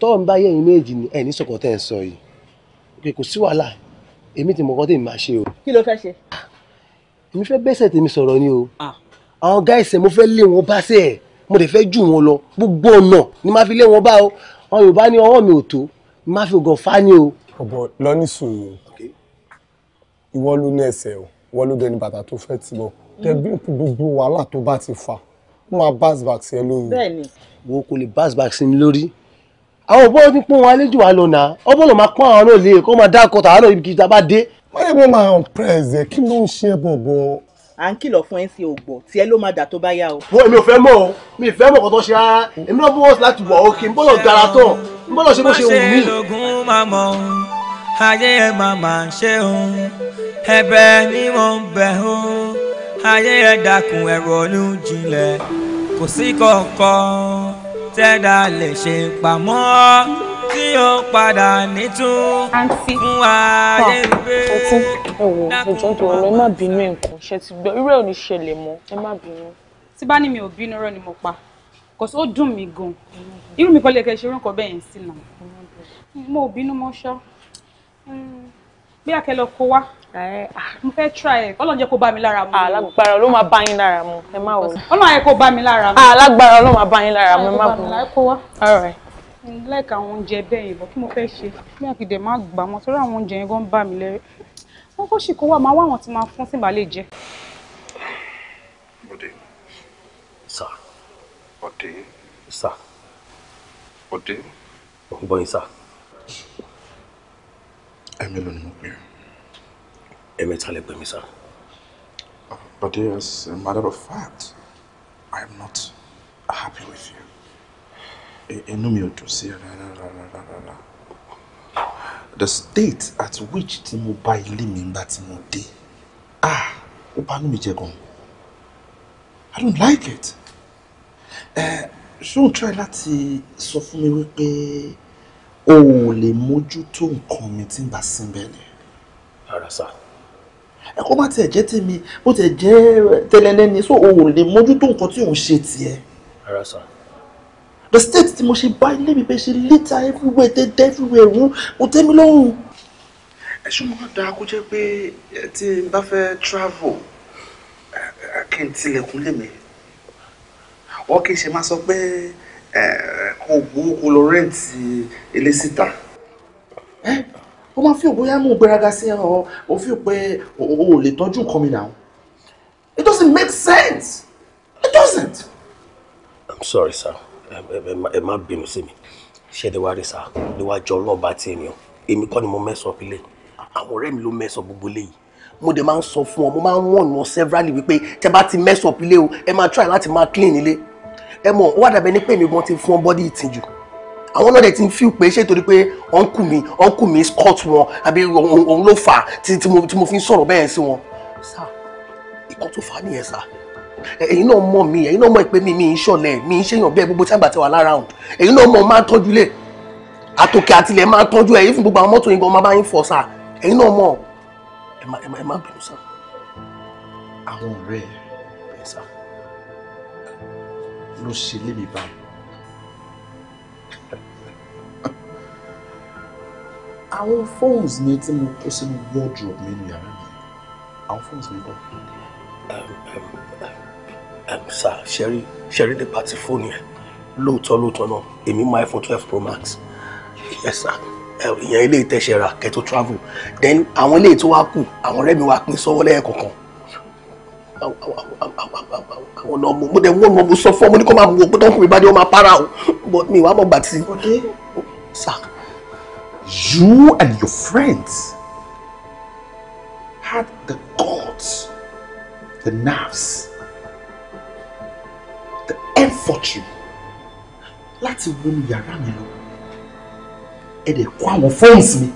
tọ́ọ̀ ń bá yẹ ẹ̀yin méjì ni ẹ̀ ní sọ̀kọ̀ tẹ́ ẹ̀ ń sọ yìí pé kò sí wàhálà èmi ti mọ̀kọ́ tèmi máa ṣe o. kí ló fẹ́ ṣe. èmi fẹ́ bẹ́sẹ̀ tèmi sọ̀rọ̀ ni o ah. àwọn gáìsì mo fẹ́ lé wọn bá sẹ́ẹ̀ mo lè fẹ́ jù wọn lọ gbogbo ọ̀nà ni máa fi lé wọn bá o àwọn Yorùbá ní ọwọ́ mi ò tó máa fi ògàn fá ni o. ọ̀bọ̀ lọ ní sùúrù ìwọ ló ní ẹsẹ̀ o ìwọ ló dẹni bàtà tó fẹ́ tì bọ̀ mm. tẹ gbogbo wàhálà tó bá ti fà wọ́n máa bounce back sí lórí. bẹ́ẹ̀ni. wọn kò lè bounce back sí lórí. àwọn òbó ní pọ́n wọn àlejò wa lọ́nà ọbọ̀ ló máa pọ́n àwọn náà lé kó máa dákọ̀ tàwọn náà ibi tá bá dé. wọ́n lè mú máa hàn press kí ló ń ṣe bọ̀bọ̀. à ń kìlọ̀ fún ẹ sí ògbọ̀ tí ẹ ló máa dà tó bá yá o. wọ́n ò fẹ́ mọ̀ o mi ì fẹ́ mọ̀ kó tó ṣe rárá èmi náà bọ́wọ́ láti wọ̀ òkè ń bọ́lọ̀ gara tán ń bọ́lọ̀ ṣe bó ṣe wù mí. ayé ẹ̀ ṣe òun ẹ̀bẹ̀ ni mo ń bẹ̀ òun ayé ẹ dákun ẹ ronú jinlẹ̀ kò sí kankan tẹ́dá lè ṣe pamọ́ tí ó padà nítún fún ayé gbé dákun ọmọ ẹ má bínú nǹkan ṣe ti gbọ́ irú ẹ̀ ò ní ṣẹlẹ̀ mọ́ ẹ má bínú. tí bá ní mi ò bínú rọ ni mo pa kòsí ó dùn mí gan irú mi kọ́ lè kẹ́ ṣe orúkọ bẹ́ẹ̀ yẹn sí náà mo ò bínú mọ́ ṣá hmm, bí àkẹ́lọ́ kó wá mo fẹ́ try ẹ̀ ọlọ́run jẹ́ kó bá mi lára mu. alágbára ló máa bá yín lára mu ẹ má wò. ọlọ́run ayẹ kó bá mi lára mu. alágbára ló máa bá yín lára mu ẹ má wò. kó wá. láìka àwọn oúnjẹ bẹ́ẹ̀ yìí bọ̀ kí mo fẹ́ ṣe bí àkìdẹ̀ má gbà wọn torí àwọn oúnjẹ yẹn gan bá mi lẹ́rẹ́ wọn kó sì kó wà máa wá àwọn tí máa fún sí ìbálẹ̀ jẹ. ọdẹ sà ọdẹ sà ọdẹ. ọgbọ́n yìí sà. ẹ̀mí ló mo pè é ẹ̀mẹ́ta lẹ pè uh, But as a matter of fact, I am not happy with you. Enu mi ò dùn sí rárá rárá rárá. The state at which tí mo bá ilé mi ń bá tí ah, ó bá inú mi jẹ gan. I don't like it. Ṣé o try láti sọ fún mi wípé o ò lè mójútó nǹkan mi tí ń bá sínbẹ̀ ni? Rárá sáà ẹ̀kọ́ má tiẹ̀ jẹ́ tèmi bó tiẹ̀ jẹ́ tẹ́lẹ̀lẹ́ni so o ò lè mójútó nǹkan tí ò ń ṣe tiẹ̀. ara sàn. the state tí mo ṣe bá ilé mi pé ṣe lítà everywhere dédé everywhere rú kò tẹ́ mi lọ́rùn. ẹ ṣé mo máa dáa kó jẹ́ pé tí n bá fẹ́ travel kí n tilẹ̀kùn lè mi wọ́n kì í ṣe máa sọ pé kò gbowó kó lọ rẹ́ǹtì ilé síta ó máa fi òbóyá mú gbéraga sí ọ ó fi pé o ò lè tọ́jú nǹkan mi náà it doesn't make sense it doesn't. i'm sorry sir ẹ má bínú sí mi ṣẹ́ẹ́dẹ̀ wá rí sá níwájú ọlọ́ọ̀bá tí ènìyàn èmi kọ́ ni mo mẹ́sàn-án fi lé àwọn ọ̀rẹ́ mi ló mẹ́sàn-án gbogbo léyìí mo dẹ̀ máa ń sọ fún ọ mo máa ń wọ̀n wọn severally wípé tẹ bá ti mẹ́sàn-án fi o ẹ máa try láti máa clean ilé ẹ mọ̀ ó wà dàbẹ́ ní pé èmi gan ti fún ọ bọ́dí ìtìjú àwọn náà dẹ̀ ti ń fíw pé ṣé torí pé ọ̀nkù mi ọ̀nkù mi scott wọn àbí òun ló fà á tí mo fi ń sọ̀rọ̀ bẹ́ẹ̀ sí wọn. sá ìkan tó fà á nìyẹn sá ẹ̀yin náà mọ̀ mi ẹ̀yin náà mọ̀ pé mi mi ń ṣọ̀lẹ mi ń ṣèyàn bẹ́ẹ̀ gbogbo tágbà tẹwà lára ọ̀hún ẹ̀yin náà mọ̀ máa ń tọ́jú lẹ̀ àtòkè àtìlẹ̀ máa ń tọ́jú ẹ̀yin fún gbogbo àwọn mọ́tò yìí gan máa bá yín fọ̀ sá ẹ̀yin náà mọ̀ ẹ má bínú sá. àwọn ọ̀rẹ́ ẹ̀ sá ló ṣe lébi báyìí. àwọn phones, mi tí mo kó sínú wardrobe mi ní yàrá mi àwọn fóònù mi kọ́. sà ṣẹ́rí ṣẹ́rí lè pàtí fóònù yẹn lóòótọ́ lóòótọ́ náà èmi máa iPhone twelve pro max yes sir ìyẹn ilé ìtẹ̀sẹ̀ rà kẹ́tọ́ travel then àwọn ilé tó wá kù àwọn ọ̀rẹ́ mi wá pín sọ́wọ́ lẹ́yìn kọ̀ọ̀kan àwọn ọmọ mo dẹ̀ wọ́n mo sọ fún ọmọ ní kó máa mú o pé tó ń kú mi bá dé wọ́n máa para o but mi wàá mọ̀ gbà tí. ọ̀dẹ́ sà you and your friends had the guts, the nerves, the effort láti wọnú yàrá mi lọ ẹ dẹ̀ kó àwọn fóònù mi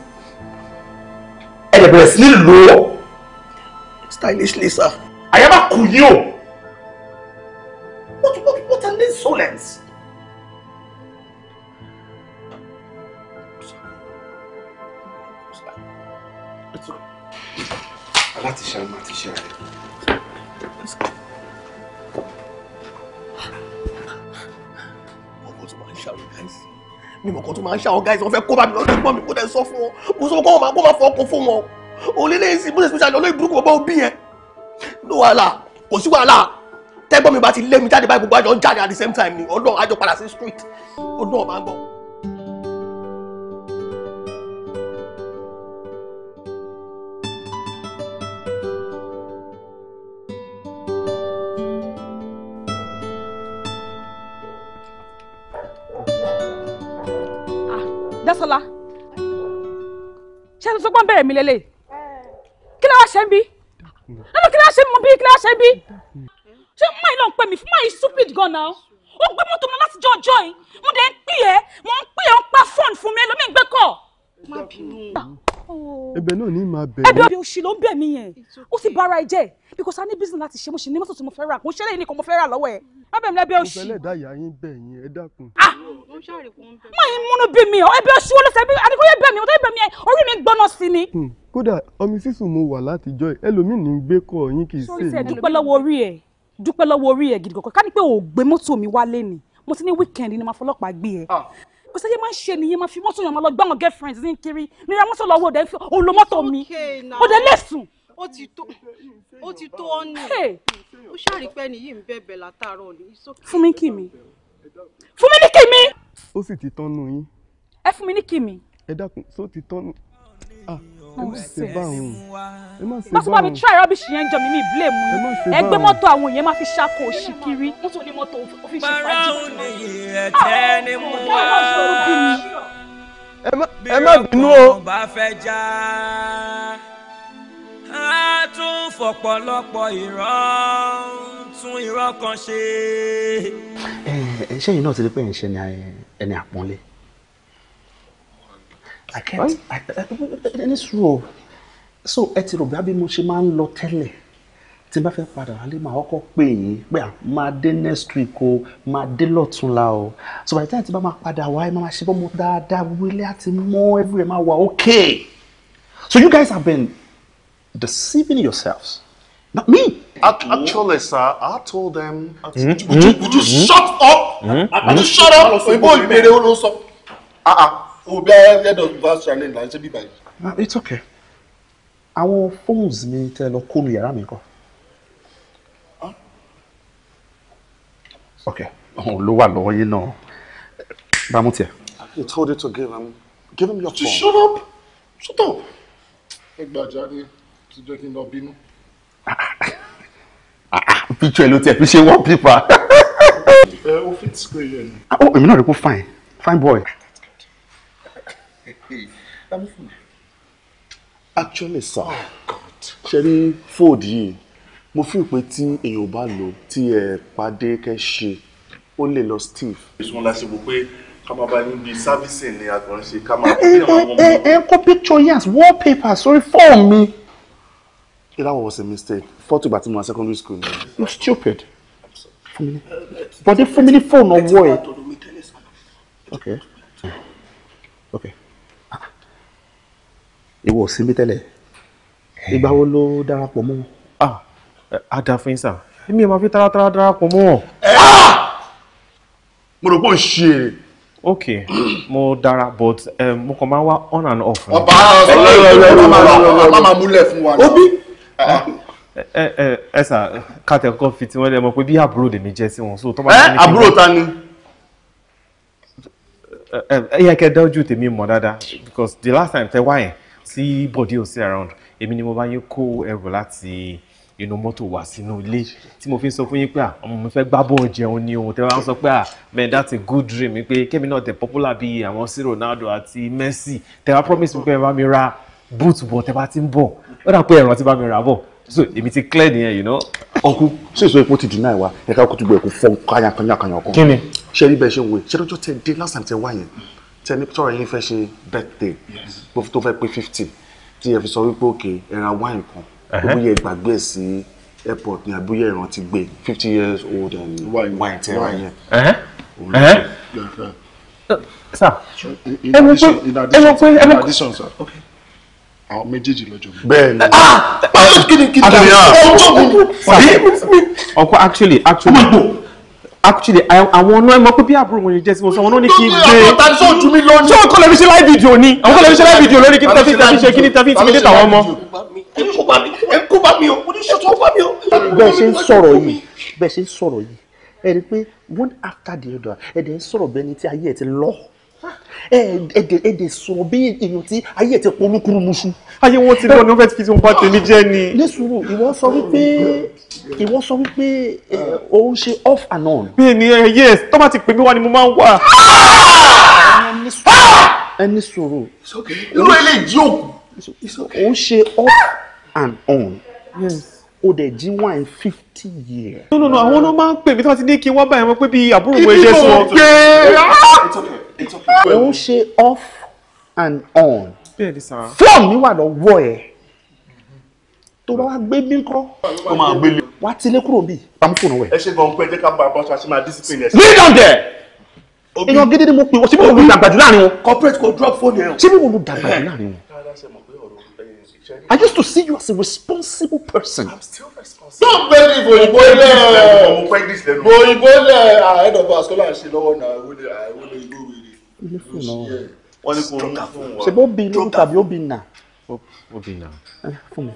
ẹ dẹ̀ bẹ̀rẹ̀ sí lo. stylishly sir. I am a o what what what an insolence. láti ṣe àmà àti ṣe àrẹ. ọkọ tó máa ń ṣàwọn gáìsì ni ọkọ tó máa ń ṣàwọn gáìsì wọn fẹ́ kó bá mi lọ́dún gbọ́n mi kó dẹ̀ sọ fún wọn mo sọ fún wọn kó máa fọ ọkọ fún wọn oníléèsì bó ṣe fi ṣàlọ́ lóyún burúkú bàbá òbí yẹn ló wàhálà kò sí wàhálà tẹ́gbọ́n mi bá ti lé mi jáde báyìí gbogbo àjọ ń jáde at the same time ni ọdún àjọ padà sí street ọdún ọ̀ máa ń gbọ́. Dásọlá ṣé ẹni tó gbọ́n bẹ̀rẹ̀ mi lélẹ̀ kí ló wá ṣe ń bí nínú kí ló wá ṣe ń mọ bí kí ló wá ṣe ń bí ṣé máyì náà ń pè mí fún máyì stupid gan náà ó gbé mọ́tò mi láti jọ ọjọ́ yìí mo dẹ̀ ń pè é mo ń pè é ó ń pa fóònù fún mi ẹlòmíì ń gbé kọ́. má bínú ẹ̀bẹ̀ oh. náà ní máa bẹ̀rẹ̀. ẹ̀bẹ̀ òbí òṣì ló ń bẹ̀ mí yẹn ó sì bára ẹ jẹ́ because a ní business láti ṣe mo ṣì ní mọ́tò tí mo fẹ́ rà mo ṣẹlẹ̀ nìkan mo fẹ́ rà lọ́wọ́ ẹ̀ má bẹ̀ mí lẹ́bẹ̀ òṣì. mo fẹ́ lẹ́dá ìyá yín bẹ̀ yín ẹ dákun. Ah! má yín múnú bí mi ọ ẹ̀bẹ̀ òṣì wọlé sẹ́bí àdìgbò yẹ bẹ̀ mí ọ̀tọ́ yẹ bẹ̀ mí orí mi gbóná sí ni. Hmm. kódà omi sísun mo wà látijọ́ ẹlòmíì ní gbé kọ yín kì í ṣe. sọ dúpẹ́ lọ́wọ́ orí ẹ̀ dúpẹ́ lọ́wọ́ orí ẹ̀ gidi kọ̀ọ̀kan ká ní pé ò gbé mọ́tò mi wálé ni mo ti ní wíkẹ́ndì ni màá fọlọ́pàá gbé ẹ ah kò sẹ́yẹ́ máa ń ṣe nìyẹn máa fi mọ́tò yàn máa lọ gbá àwọn girlfriends ní kiri ní ra mọ́tò lọ́wọ́ òde òòlò mọ́tò mi òde lẹ́sùn. ó ti tó ó ti tó ọ́nù ó ṣàrípẹ́ ni yìí ń bẹ̀bẹ̀ látàárọ̀ ni. fún mi kì mí fún mi ní kì mí. ó sì ti tán yín. ẹ fún mi ní kì mí. ẹ dákun só ti tán ẹ má ṣe bá òun ẹ má ṣe bá òun. pásítọ̀ bá mi try rubbish yẹn jọ mi mi blame mi ẹgbẹ́ mọ́tò àwọn èèyàn máa fi ah, tún fọ̀pọ̀lọpọ̀ kan ṣe. ẹ ṣẹ́yìn náà ti rí pé ẹ̀ ń ṣe ẹni àpọ́nlé. I can't. Right? in this role. So ẹ ti rò bí abí mo ṣe máa ń lọ tẹ́lẹ̀ tí n bá fẹ́ padà wálé màá kọ́kọ́ pè é pé à máa dé next week o máa dé lọ́túnla o so by the time tí bá máa padà wá ẹ máa ṣe bọ́mọ dáadáa gbogbo ilé àti mọ́ everywhere máa wà okay so you guys have been deceiving yourselves not me. actually sir I told them. At, mm -hmm. would, you, would you hmm? shut up. Mm -hmm. would you shut up. òyìnbó hmm? ìbéèrè ó Ah, it's okay àwọn phones mi tẹ lọ kó lu yàrá mi kọ. ok òun ló wà lọ́wọ́ yín náà bá mú tiẹ̀. I told you to give him give him your phone. shut up shut up. ẹ gbàjà ni ti jẹ́ kí n lọ bínú. Ah, ah, picture ẹ ló tiẹ̀ fi ṣe wallpaper. [laughs] ẹ o fit square yẹn. Oh, èmi náà rí kó fine fine boy tàbí fún mi. actually sir ṣe ní ford yìí mo fi pé tí èèyàn bá lò tí ẹ pàdé kẹ ṣe ó lè lọ steve. ìṣúná la ṣe wò pé ká máa bá yín bíi servicing ni àgbọ̀nrín ṣe ká máa eh, bí ẹ ẹ ẹ kọ picture yas wallpaper sórí fóònù mi. Eh, that was a mistake fọ́tò ìgbà tí mo wà secondary school ni. you stupid. Eh, bọ̀dé fún mi ní fóònù ọwọ́ ẹ. okay. ìwọ ò sinmi tẹ́lẹ̀ ìgbà wo ló darapọ̀ mọ́ wọn. ah adafin sir èmi ò máa fi taratara darapọ̀ mọ́ wọn. mo rò pé ò ń ṣe èrè. ok mo dara but mo kàn máa wá on and off. ọba ọba máa múlẹ̀ fún wa. obi ẹ ẹ ẹ sà kàtẹ kọ fi tiwọn lẹ mọ pé bí àbúrò lèmi jẹ sí wọn so tó máa ní kí n. àbúrò ta ni. ẹ ẹ yẹ kẹ dájú tèmi mọ dáadáa because the last time tẹ wá tí bọ̀dé ò sí around èmi ni mo bá yín kó ẹrù láti inú mọ́tò wá sínú ilé tí mo fi sọ fún yín pé ọmọ mi fẹ́ gbá bọ́ọ̀ jẹun ni ohun tẹ́ sọ pé man that's a good dream pé kémi náà tẹ̀ popular bíi àwọn sí Ronaldo àti Messi tẹ́ wá promise mi pé ẹ bá mi ra boot bọ̀ tẹ́ bá ti ń bọ̀ ó dà pé ẹ̀rọ ti bá mi rà bọ̀ so èmi ti clear nìyẹn you know. ọkú ṣé èso epo ti deny wa ẹ̀ka kó ti gbọ́ ẹ̀kú fọ́n kányákányákányá ọkọ. kí ni. ṣe rí bẹ́ẹ̀ ṣe ń wé ṣe lọ́jọ́ tẹ dé tẹni tọrọ yín fẹ́ ṣe birthday tó fẹ́ pé fifty tí ẹ fi sọ wípé òkè ẹ ra wáìn kan òbúyẹ gbàgbé sí airport ní àbúyẹ ìrántí gbé e. fifty years old and wáìn tẹ ra yẹn. sir ẹ mọ̀ pé ẹ mọ̀ pé ẹ mọ̀ pé àwọn méjèèjì lọ́jọ́ mi. bẹ́ẹ̀ni ah báwo ah! kí ni kí ni ọjọ́ mi. ọkọ actually actually. ọmọ ìgbò actually àwọn náà mọ̀ pé bí àbúrò wọn yìí jẹ́ sí wọn sọ wọn náà ní kí n gbé ṣé wọn kọ́ lè fi ṣe live video ni àwọn kọ́ lè fi ṣe live video lórí kí tẹ́fí tẹ́fí ṣe kí ni tẹ́fí ti déta wọn mọ́. bẹ́ẹ̀ ṣe ń sọ̀rọ̀ yìí bẹ́ẹ̀ ṣe ń sọ̀rọ̀ yìí ẹ̀ rí i pé one after the other ẹ̀ dẹ̀ ń sọ̀rọ̀ bẹ́ẹ̀ ni tí ayé ẹ̀ ti lọ́ọ̀ ẹ̀ẹ́dẹ̀ sọ bí èèyàn tí ayé ẹ̀ ti pọ̀ olúkúrú muṣu. ayé wọn ti lọ́ọ́ ní wọ́n fẹ́ fi tí wọ́n bá tèmi jẹ́ ni. ní sùúrù ìwọ sọ wípé ìwọ sọ wípé o ń ṣe off and on. bẹ́ẹ̀ ni ẹ yes tó bá ti pè mí wá ni mo máa ń wà. ẹni sòrò. irú eléyìí jí òkú. ń ṣe off and on. Yes o dẹ̀ jí wine fifty years. no no no àwọn ọmọ máa ń pè mí tí wọ́n ti ní kí wọ́n bá ẹ̀ mọ́ pé bíi àbúrò wo ẹ jẹ́ sọ. ibi mo gbé ò ń ṣe off and on fóònù mi wà lọ́wọ́ ẹ̀ tó bá wá gbé bí kọ́ wá tilé kúrò bí pamọ́ fóònù ẹ ṣe gan pé ẹ ká bá a bọ́ ṣe máa discipline ẹ̀ sí. gbé dàn dẹ̀ èèyàn gidi ni mo pè wọ́n síbí mo lu dàgbà jù láàrin wọn. corporate kò drop phone yẹn síbí mo láàrin wọn. I used to see you as a responsible person. I'm still responsible. Don't believe òyìnbó lẹ̀ òyìnbó lẹ̀ ahead of our kọ́lá ṣe lọ́wọ́ náà ìwé ìgbòho. Bílífù náà. Wọ́n ní kò ń fún wa. Ṣé bó bí lóko tàbí ó bí nà? Ó nà. Fún mi.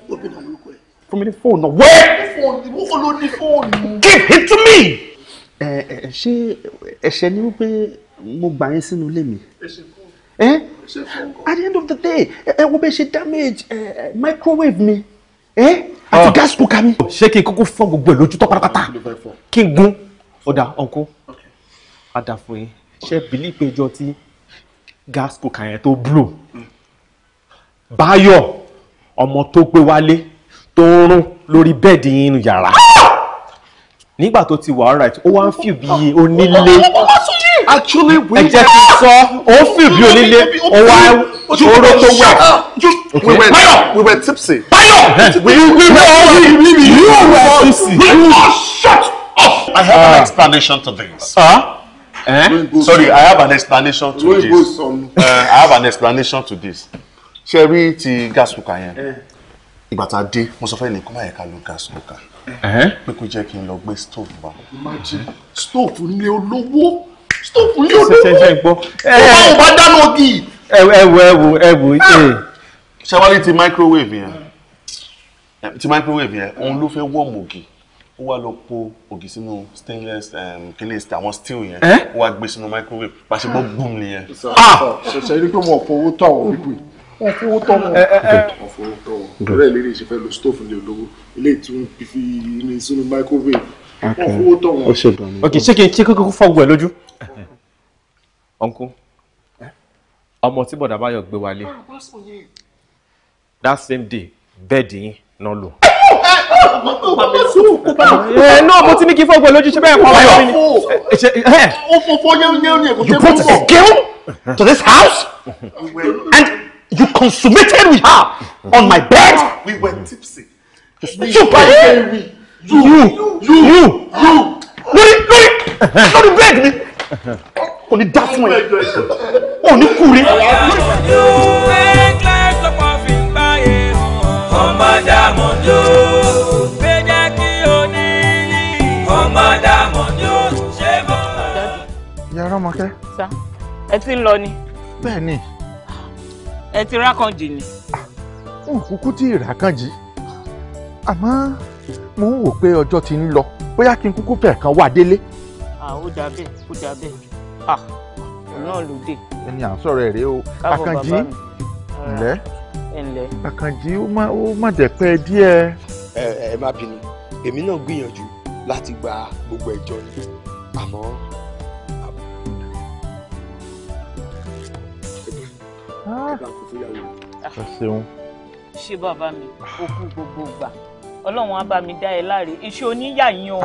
Fún mi ní fóònù náà. Wẹ́ẹ̀. Fóònù ló ní fóònù. Give it to me. Ẹ ẹ ṣé ẹ̀ṣẹ̀ ni wípé mo gbà yín sínú ilé mi. Ẹ̀ṣẹ̀ fóònù. Ẹ at the end of the day ẹ wo bẹ ṣe damage microwave mi àti ah. gas cooker mi. ṣé kí n kúkú fọ́ gbogbo ẹ̀ lójú tó pátápátá kí n gún ọ̀dà ọ̀nkú á dà fún yín ṣe bìlí péjọ tí gas coke yẹn tó blow báyọ̀ ọmọ tó gbé wálé tó ń rún lórí bẹ́ẹ̀dì inú yàrá nígbà tó ti wà alright ó wá ń feel bí onílé actually we ẹ jẹ́ kí n sọ ó ń feel bí onílé ó wá oró tó wẹ̀. we were Bayo! we were tipsy. Bayo! we were all we were tipsy. we all shut up. I have uh, an ah. explanation to this. Uh? Eh? Sorry, I have an explanation to this. Sun. Uh, eh, I have an explanation to this. Ṣé rí ti gas cooker yẹn? Eh. Ìgbà tá a dé, mo sọ fẹ́ ní kó má yẹ ká lo gas cooker. Eh? Pé kó jẹ́ kí n lọ gbé stove bá. Stove nílé olówó. Stove nílé olówó. Ṣé ṣe gbọ́? Báwo bá dáná ògì? Ẹ̀wù ẹ̀wù ẹ̀wù ẹ̀wù. Ah! Ṣé wá ní ti microwave yẹn? Ti microwave yẹn, òun ló fẹ́ wọ́ọ̀mù ògì ó wá lọ po ògì sínú stainless kílẹ̀ àwọn steel yẹn eh? ó wá gbé sínú microwave bá ṣe gbọ́ gbùm ah. nìyẹn. Ah! ṣẹ̀ṣẹ̀ rí pé wọn ò eh, eh, fowó tọ̀ wọ́n wípé wọn fowó tọ̀ wọ́n. wọn fowó tọ̀ wọ́n ọ̀rẹ́ ìlérí ṣe fẹ́ lo stove ní olówó ilé ìtún fífi irin sínú microwave wọn fowó tọ̀ wọ́n. ok ṣé kí n ṣe kókó fọ́gbọ̀ ẹ lójú. ọ̀nkú ọmọ tí bọ̀dà báyọ̀ gbé wálé ah, that same day bẹ́ẹ̀dì yín náà lò ẹ eh, náà mo ti ní kí fọ́ gbọ́ lójú ṣe bẹ́ẹ̀ pa wáyé mi. ó fò fọ́ yẹ́rù yẹ́rù yẹ́rù. you brought a girl to this house and you consummated with her on my bed. we were tipsy. you pariwo you you you lórí lórí lórí bed mi kò ní dá fún ẹ kò ní kúre. Rọ́mọkẹ́. sá ẹ ti ń lọ ni. bẹ́ẹ̀ ni. ẹ ti rákànjì ni. n kúkú tí ìràkànjì àmọ́ mo ń wò pé ọjọ́ ti ń lọ bóyá kí n kúkú fẹ̀ kan wà délé. ó dà bẹ́ẹ̀ ó dà bẹ́ẹ̀ náà ló dé. ẹni à ń sọ̀rọ̀ ẹ̀ rèé o Àkànjí ǹlẹ́ Àkànjí ó má jẹ́ pẹ́ díẹ̀. ẹ ẹ má bínú èmi náà gbìyànjú láti gba gbogbo ẹjọ́ ni àmọ́ Ah. Ah. ẹ ṣeun. ṣé bàbá mi òkú gbogbo gbà ọlọ́run á bá mi dá ẹ láre iṣẹ́ oníyà o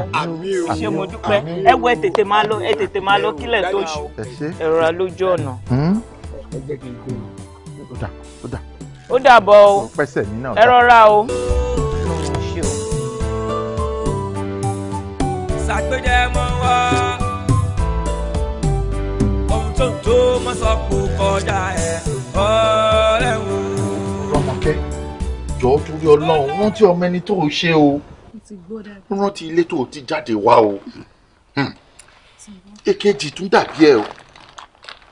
ṣé mo dúpẹ́ ẹ wọ ẹ tètè máa lọ ẹ tètè máa lọ kílẹ̀ tó ṣù ẹ̀rọ alójú ọ̀nà. Hmm? ó dàbọ̀ o ẹ rọra o. ṣàgbéjẹ mọ wá ohun tó ń tó mọ sọ kó kọjá ẹ ọ̀rẹ́ wò. rọmọkẹ́ jọ̀ọ́ torí Ọlọ́run rántí ọmọ ẹni tó o ṣe o rántí ilé tó o ti jáde wá o hmm. èkejì tún dàbí ẹ o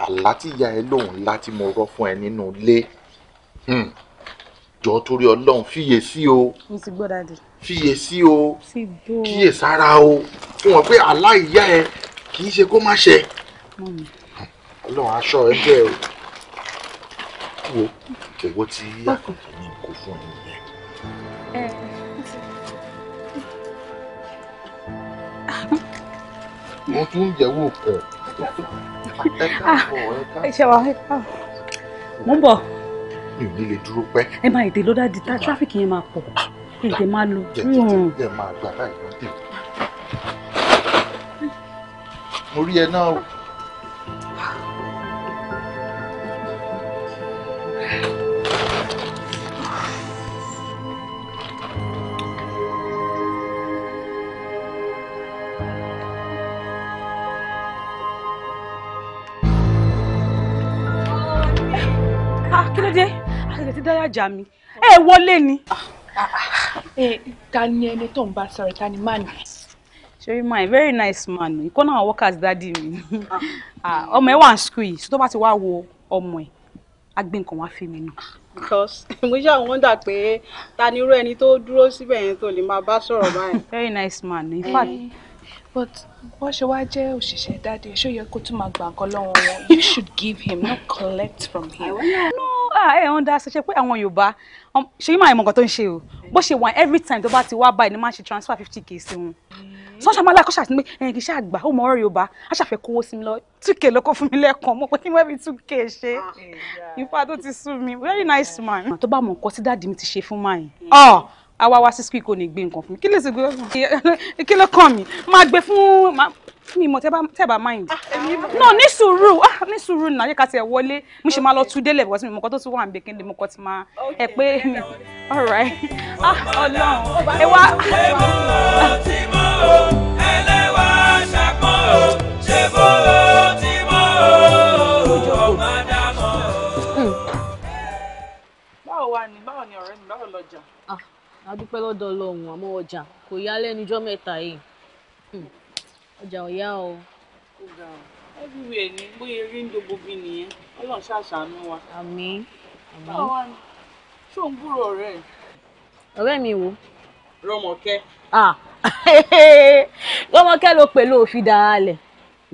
àlá tí ìyá ẹ lóhùn ńlá tí mo rọ fún ẹ nínú ilé hmm. jọ̀ọ́ torí Ọlọ́run fiyèsí o fiyèsí o kíyèsára o fún wọn pé àlá ìyá ẹ kì í ṣe kó má ṣe Ọlọ́run aṣọ ẹ bẹ́ẹ̀ o wo owó tí àkànkàn ní kò fún ẹ nìyẹn. wọ́n tún ń yẹ̀wò ẹ̀ ẹ káàbọ̀ ẹ káàbọ̀. Ah, ẹ ṣe wà ẹ káàbọ̀ mo ń bọ̀. mi ò ní lè dúró pẹ́. ẹ máa ètè ló dájú tá tráfíkì yẹn máa pọ̀ ètè máa lọ. jẹjẹrẹ hmm. máa gbà láì lọ mo rí ẹ náà o. dáyàjà mi oh. ẹ wọlé ni. Ah, ah, ah. Eh, ta ni ẹni tó ń bá sọ̀rọ̀ ta ni máa nì. ṣeré very nice man ìkọ́ náà workers dádì mi ọmọ ẹ wà school yìí tó bá ti wá wo ọmọ ẹ á gbé nǹkan wá fi mi nù. because mo ṣáà wonder pé ta ni irú ẹni tó dúró síbẹ̀ yẹn tó lè máa bá sọ̀rọ̀ báyìí. very nice man in eh, fact but wọ́n ṣe wá jẹ́ òṣìṣẹ́ dáadé ṣó yẹ kó tún máa gbà nǹkan lọ́wọ́ wọn you should give him not collect from him. no ẹ ẹ ọ̀ndà ṣe pé àwọn Yorùbá um, ṣe yín máa mọ̀ nǹkan tó ń ṣe o bó ṣe wà every time tó bá ti wá báyìí ni máa ṣe transfer fifty k sí wọn sọ́ṣà máa lákọ́ṣà sí pé ẹ̀yìn kì í ṣe àgbà ó mọ ọ̀rọ̀ Yorùbá a ṣàfẹ́ kówó sí mi lọ two k lọ́kọ́ fún mi lẹ́ẹ̀kan mo pé kí wọ́n fi two k ṣe ìfà ah, eh, tó ti sú mi very nice man. Ah. tó bá mọ̀ nǹkan tí dáàdì mi ti ṣe fún máa yẹn mm. ah, àwa wá sí squeak ò ní gbé nǹkan fún mi kí lè kàn mí máa gbé fún mi mọ̀ tẹ́ bá mind. Ah, no ní sùúrù ah, ní sùúrù náà yẹ ká tiẹ̀ wọlé mo ṣe máa lọ tún délẹ̀ because mi mọ̀ kọ́ tó tún wà ń bèkín lè mọ̀ kọ́ ti máa ẹ̀ pé mi all right ah ọlọ́run ẹ wá. báwo ni ọ̀rẹ́ mi báwo lọ́jà. Ah, a dúpẹ́ lọ́dọ̀ Ọlọ́run àmọ́ ọjà kò yá lẹ́nu ọjọ́ mẹ́ta yìí. Hmm ọjà ò yá o. everywhere ni bóyá eré ń dogo bí nìyẹn ọlọ́run ṣàṣàánú wa. àmín ni ṣó ń gbúrò ọ̀rẹ́ ẹ̀. ọ̀rẹ́ mi wo. rọmọkẹ́. ah [laughs] rọmọkẹ́ ló pè ló fi dára lẹ̀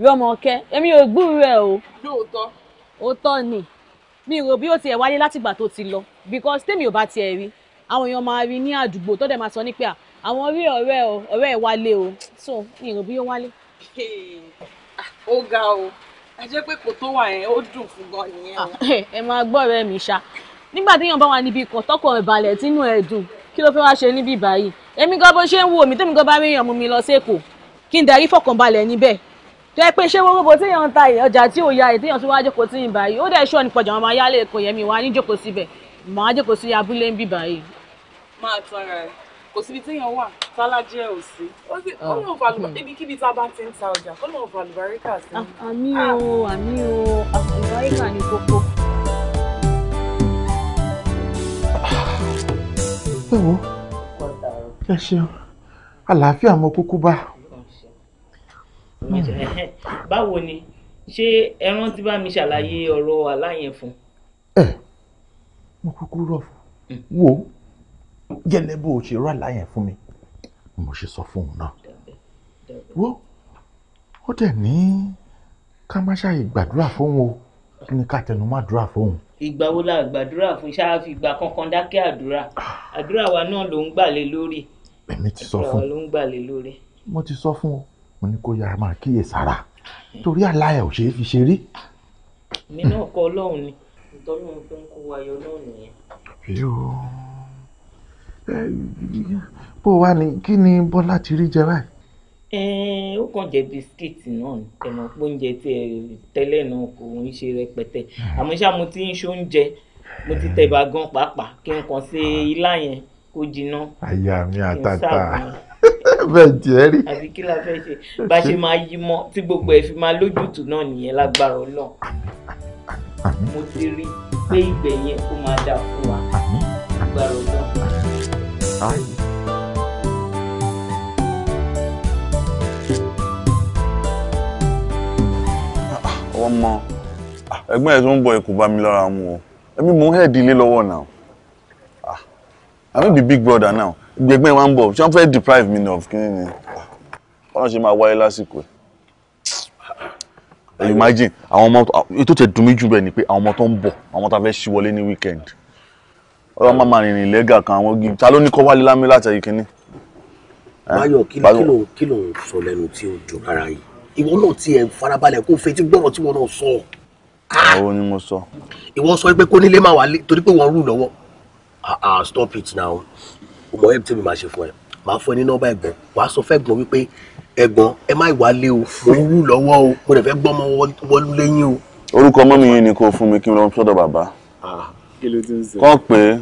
rọmọkẹ́ èmi ò gbúrò ẹ̀ o. lóòótọ́. òótọ́ ni mi rò bí ó tiẹ̀ wáyé látìgbà tó ti lọ because tèmi ò bá tiẹ̀ rí àwọn èèyàn máa rí ní àdúgbò tó dẹ̀ máa sọ ní àwọn rí ọ̀rẹ́ o ọ̀rẹ́ ẹ̀ wálé o so mi ìrò bí ó wálé. [laughs] Ah, ó ga o ẹ jẹ́ pé kò tó wà yẹn ó dùn fún gan nìyẹn o. Ah, eh, ẹ máa gbọ́ ọ̀rẹ́ mi ṣá nígbà téèyàn bá wà níbi kan tọkọ ẹ̀ balẹ̀ tínú ẹ̀ dùn kí ló fẹ́ wá ṣe níbí báyìí èmi gan bó ṣe ń wo mi tèmi gan bá rí èèyàn mú mi lọ sẹ́kọ̀ọ́ kí n darí fọkànbalẹ̀ níbẹ̀ tó yẹ pé ṣé wọ́n gbogbo tí èèyàn ń ta ọjà tí ò ya èèyàn tó wá jókòó sí ìbáyìí ó dẹ̀ ṣọ́ ní pọ̀jà máa yálé èkó yẹn mi wá ní jókòó síbẹ̀ màá jókòó sí abúlé ń bì báyìí. máa tọrọ ẹ kò síbi téèyàn wà tálájẹ ò sí ọlọ́run ọ̀fàlùbá oh. ibikíbi tá a bá ti ń ta ọjà kọ́lọ́run ọ̀fàlùbáríkà sí. Ah, àmì o ah. àmì o àfàlùbáríkà ni kókó. ẹ wo ẹ ṣeun àlàáfíà mo kúkú bá. [laughs] báwo ni ṣé ẹran ti bá mi ṣàlàyé ọ̀rọ̀ àlá yẹn fún. ẹ mo kúkú rọ fún wo. Mm gẹ́lẹ́ bó o ṣe rà láyẹn fún mi mo ṣe sọ fún òun náà wo ó dẹ̀ ní ká má ṣàyè gbàdúrà fóun o kí ni ká tẹnu má dúrà fóun. ìgbà wo la gbàdúrà fún ṣáà fi ìgbà kankan dákẹ́ àdúrà àdúrà wa náà ló ń gbà lé lórí èmi ti sọ fún ló ń gbà lé lórí. mo ti sọ fún o mo ní kó yára máa kíyè sára torí àlàyé ò ṣeé fi ṣe rí. mi náà kọ ọlọ́run ni ìtọ́lọ́run fún kó wáyọ náà nìyẹn. Eh, bó wà ní kí ni Bọ́lá ti rí jẹ báyìí. Eh, ó kàn jẹ bisikíìtì náà ni tẹmọ pé oúnjẹ tí ẹ tẹ́lẹ̀ náà kò ń ṣe rẹpẹtẹ hmm. àmọ́ ṣá mo ti ń ṣe oúnjẹ mo ti tẹ̀bà gan pàápàá kí n kàn ṣe ah. ilá yẹn kó jiná. àyà mi àtàtà [laughs] bẹ́ẹ̀ jẹ́ rí. àbí kí la fẹ́ ṣe bá ṣe máa yí mọ́ tí gbogbo ẹ̀ fi máa lójútùú náà nìyẹn lágbára Ọlọ́run. mo ti rí i pé ibẹ̀ yẹn kó máa dà fún wa lágbára Ọlọ́run. Ay. ọmọ ẹgbẹ́ ẹ̀ tó ń bọ̀ ẹ̀ kò bá mi lára mu o ẹbí mò ń hẹ́ẹ̀dì ilé lọ́wọ́ náà ah, I no be big brother now gbẹgbẹ́ wa ń bọ̀ ṣé wọ́n fẹ́ deprive me of kí ni ọ̀nà ṣe máa wáyé lásìkò ẹ̀ imagine àwọn ọmọ ètò tẹ̀ dùn mí jù bẹ́ẹ̀ ni pé àwọn ọmọ tó ń bọ̀ àwọn ọmọ tá a fẹ́ ṣíwọlé ní weekend ọlọ́run máa ma rìnrìn lẹ́gà kan àwọn igi ta ló ní kọ́ wálé lámì látàrí kínní. báyọ̀ kí ló kí ló ń sọ lẹ́nu tí ó jọ ara yìí ìwọ náà ti ẹ̀ farabalẹ̀ kó fetí gbọ́rọ̀ tí wọ́n náà sọ. Ah! àwọn ni mo sọ. ìwọ sọ pé kó nílé máa wà lé torí pé wọ́n rú lọ́wọ́ ah, ah, stop it now o mọ̀ ẹ́ tí mi máa ṣe fún ẹ máa fún ẹ ní nọ́mbà ẹ̀gbọ́n wàá sọ fẹ́ gbọ́n wípé ẹ̀gbọ́n ẹ má wà lé o mo ń rú o mo dẹ̀ fẹ́ gbọ́mọ wọlú lẹ́yìn o. orúkọ mọ́mí yìí ni kò fún mi kí n lọ sọ́dọ̀ bàbá kí ló ti ń sọ. kàn pé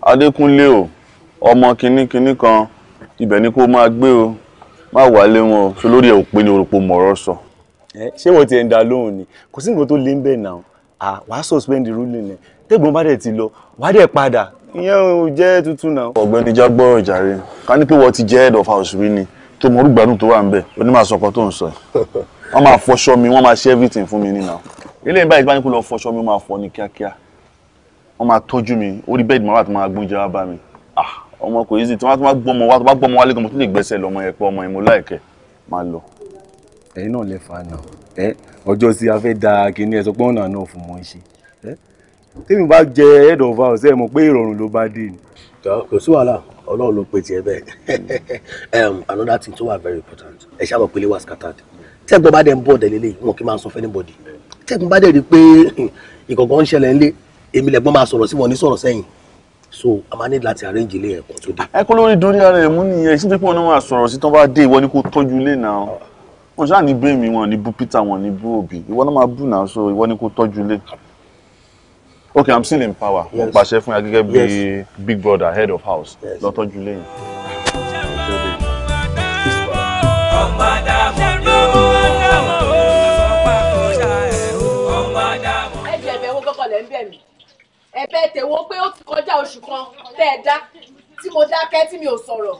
adékúnlé o ọmọ kínníkínní kan ibẹ̀ ni kó máa gbé o má wálé wọn o ṣe lórí ẹ̀ ò pé ní orúkọ mọ̀ọ́rọ̀ sọ. ẹ ṣé wọ́n ti ẹ̀ ń da lóhùn ni kò sí nǹkan tó lé ń bẹ̀ náà à wàá suspend ruling ẹ̀ tẹ́gbọ́n bá dẹ̀ ti lọ wàá dẹ̀ padà ìyẹn ò jẹ́ tuntun náà. ọ̀gbẹ́ni jágbọ́rọ̀ jàre ká ní pé wọ́n ti jẹ́ head of house rí ni tó mọ orúgbàdùn tó wà ń bẹ̀ onímọ̀ àsọkọ tó ń sọ ẹ̀ wọ́n máa fọṣọ mi wọ́n máa ṣe everything fún mi nínú. ilé ìbáyìí bá ní kó lọ fọṣọ mi máa fọ ní kíákíá wọ́n máa tọ́jú mi orí bẹ́ẹ̀dì máa wà tó máa gbóúnjẹ wá bá mi ah, ọmọ kò easy tí wọ́n bá gbọ́ ọmọ wá tó bá gbọ́ ọmọ wálé gan mo tún lè gbẹ́sẹ̀ lọ́mọ yẹn pé ọmọ yẹn mo láìkẹ́ máa lọ. ẹ̀yin náà lè fa àná ẹ ọjọ́ sí afẹ́ da kinní ẹ sọ pé ọ̀nà náà fún mọ́ ṣe ẹ tèmi bá jẹ head of house ẹ mọ̀ pé ìrọ̀rùn ló bá dé ni. kò sí wàhálà ọlọ́run ló pe tiẹ̀ bẹ́ẹ̀ [laughs] another thing tó wà very important ẹ ṣáà mọ̀ pé ilé wa scattered tẹ́gbọ́n bá dẹ̀ ń bọ̀ dẹ̀ lélẹ̀ wọn kì í máa sọ fẹ́ anybody tẹ́gbọ́n bá dẹ̀ rí i pé ìkọ̀kọ̀ hmm, ń ṣẹlẹ̀ ńlẹ̀ èmi lẹ́gbọ́n máa sọ̀rọ̀ sí wọn ní sọ̀rọ̀ sẹ́yìn so a máa ní láti arrange ilé ẹ̀kọ́ tó dé. ẹ kó lórí dórí ara ẹ̀ mú nìyẹn ìṣẹ́ pípọ̀ náà máa sọ̀rọ̀ sí tán bá dé ìwọ ni kò tọ́jú ilé náà wọn ṣáà ní bú èmi wọn ní bú Peter wọn ní bú òbí ìwọ náà máa bú náà so ìwọ ni kò tọ́jú ilé. okay i'm still in power mo pàṣẹ fún yàgẹ́gẹ́ bí big brother head of house lọ tọ́jú ilé yẹn. ẹ̀jẹ̀ ìbẹ̀wò kọ́kọ́ lẹ́ ń bẹ̀ mí ẹ̀bẹ̀ tèwo pé ó ti kọjá oṣù kan tẹ́ ẹ dá tí mo dákẹ́ tí mi ò sọ̀rọ̀.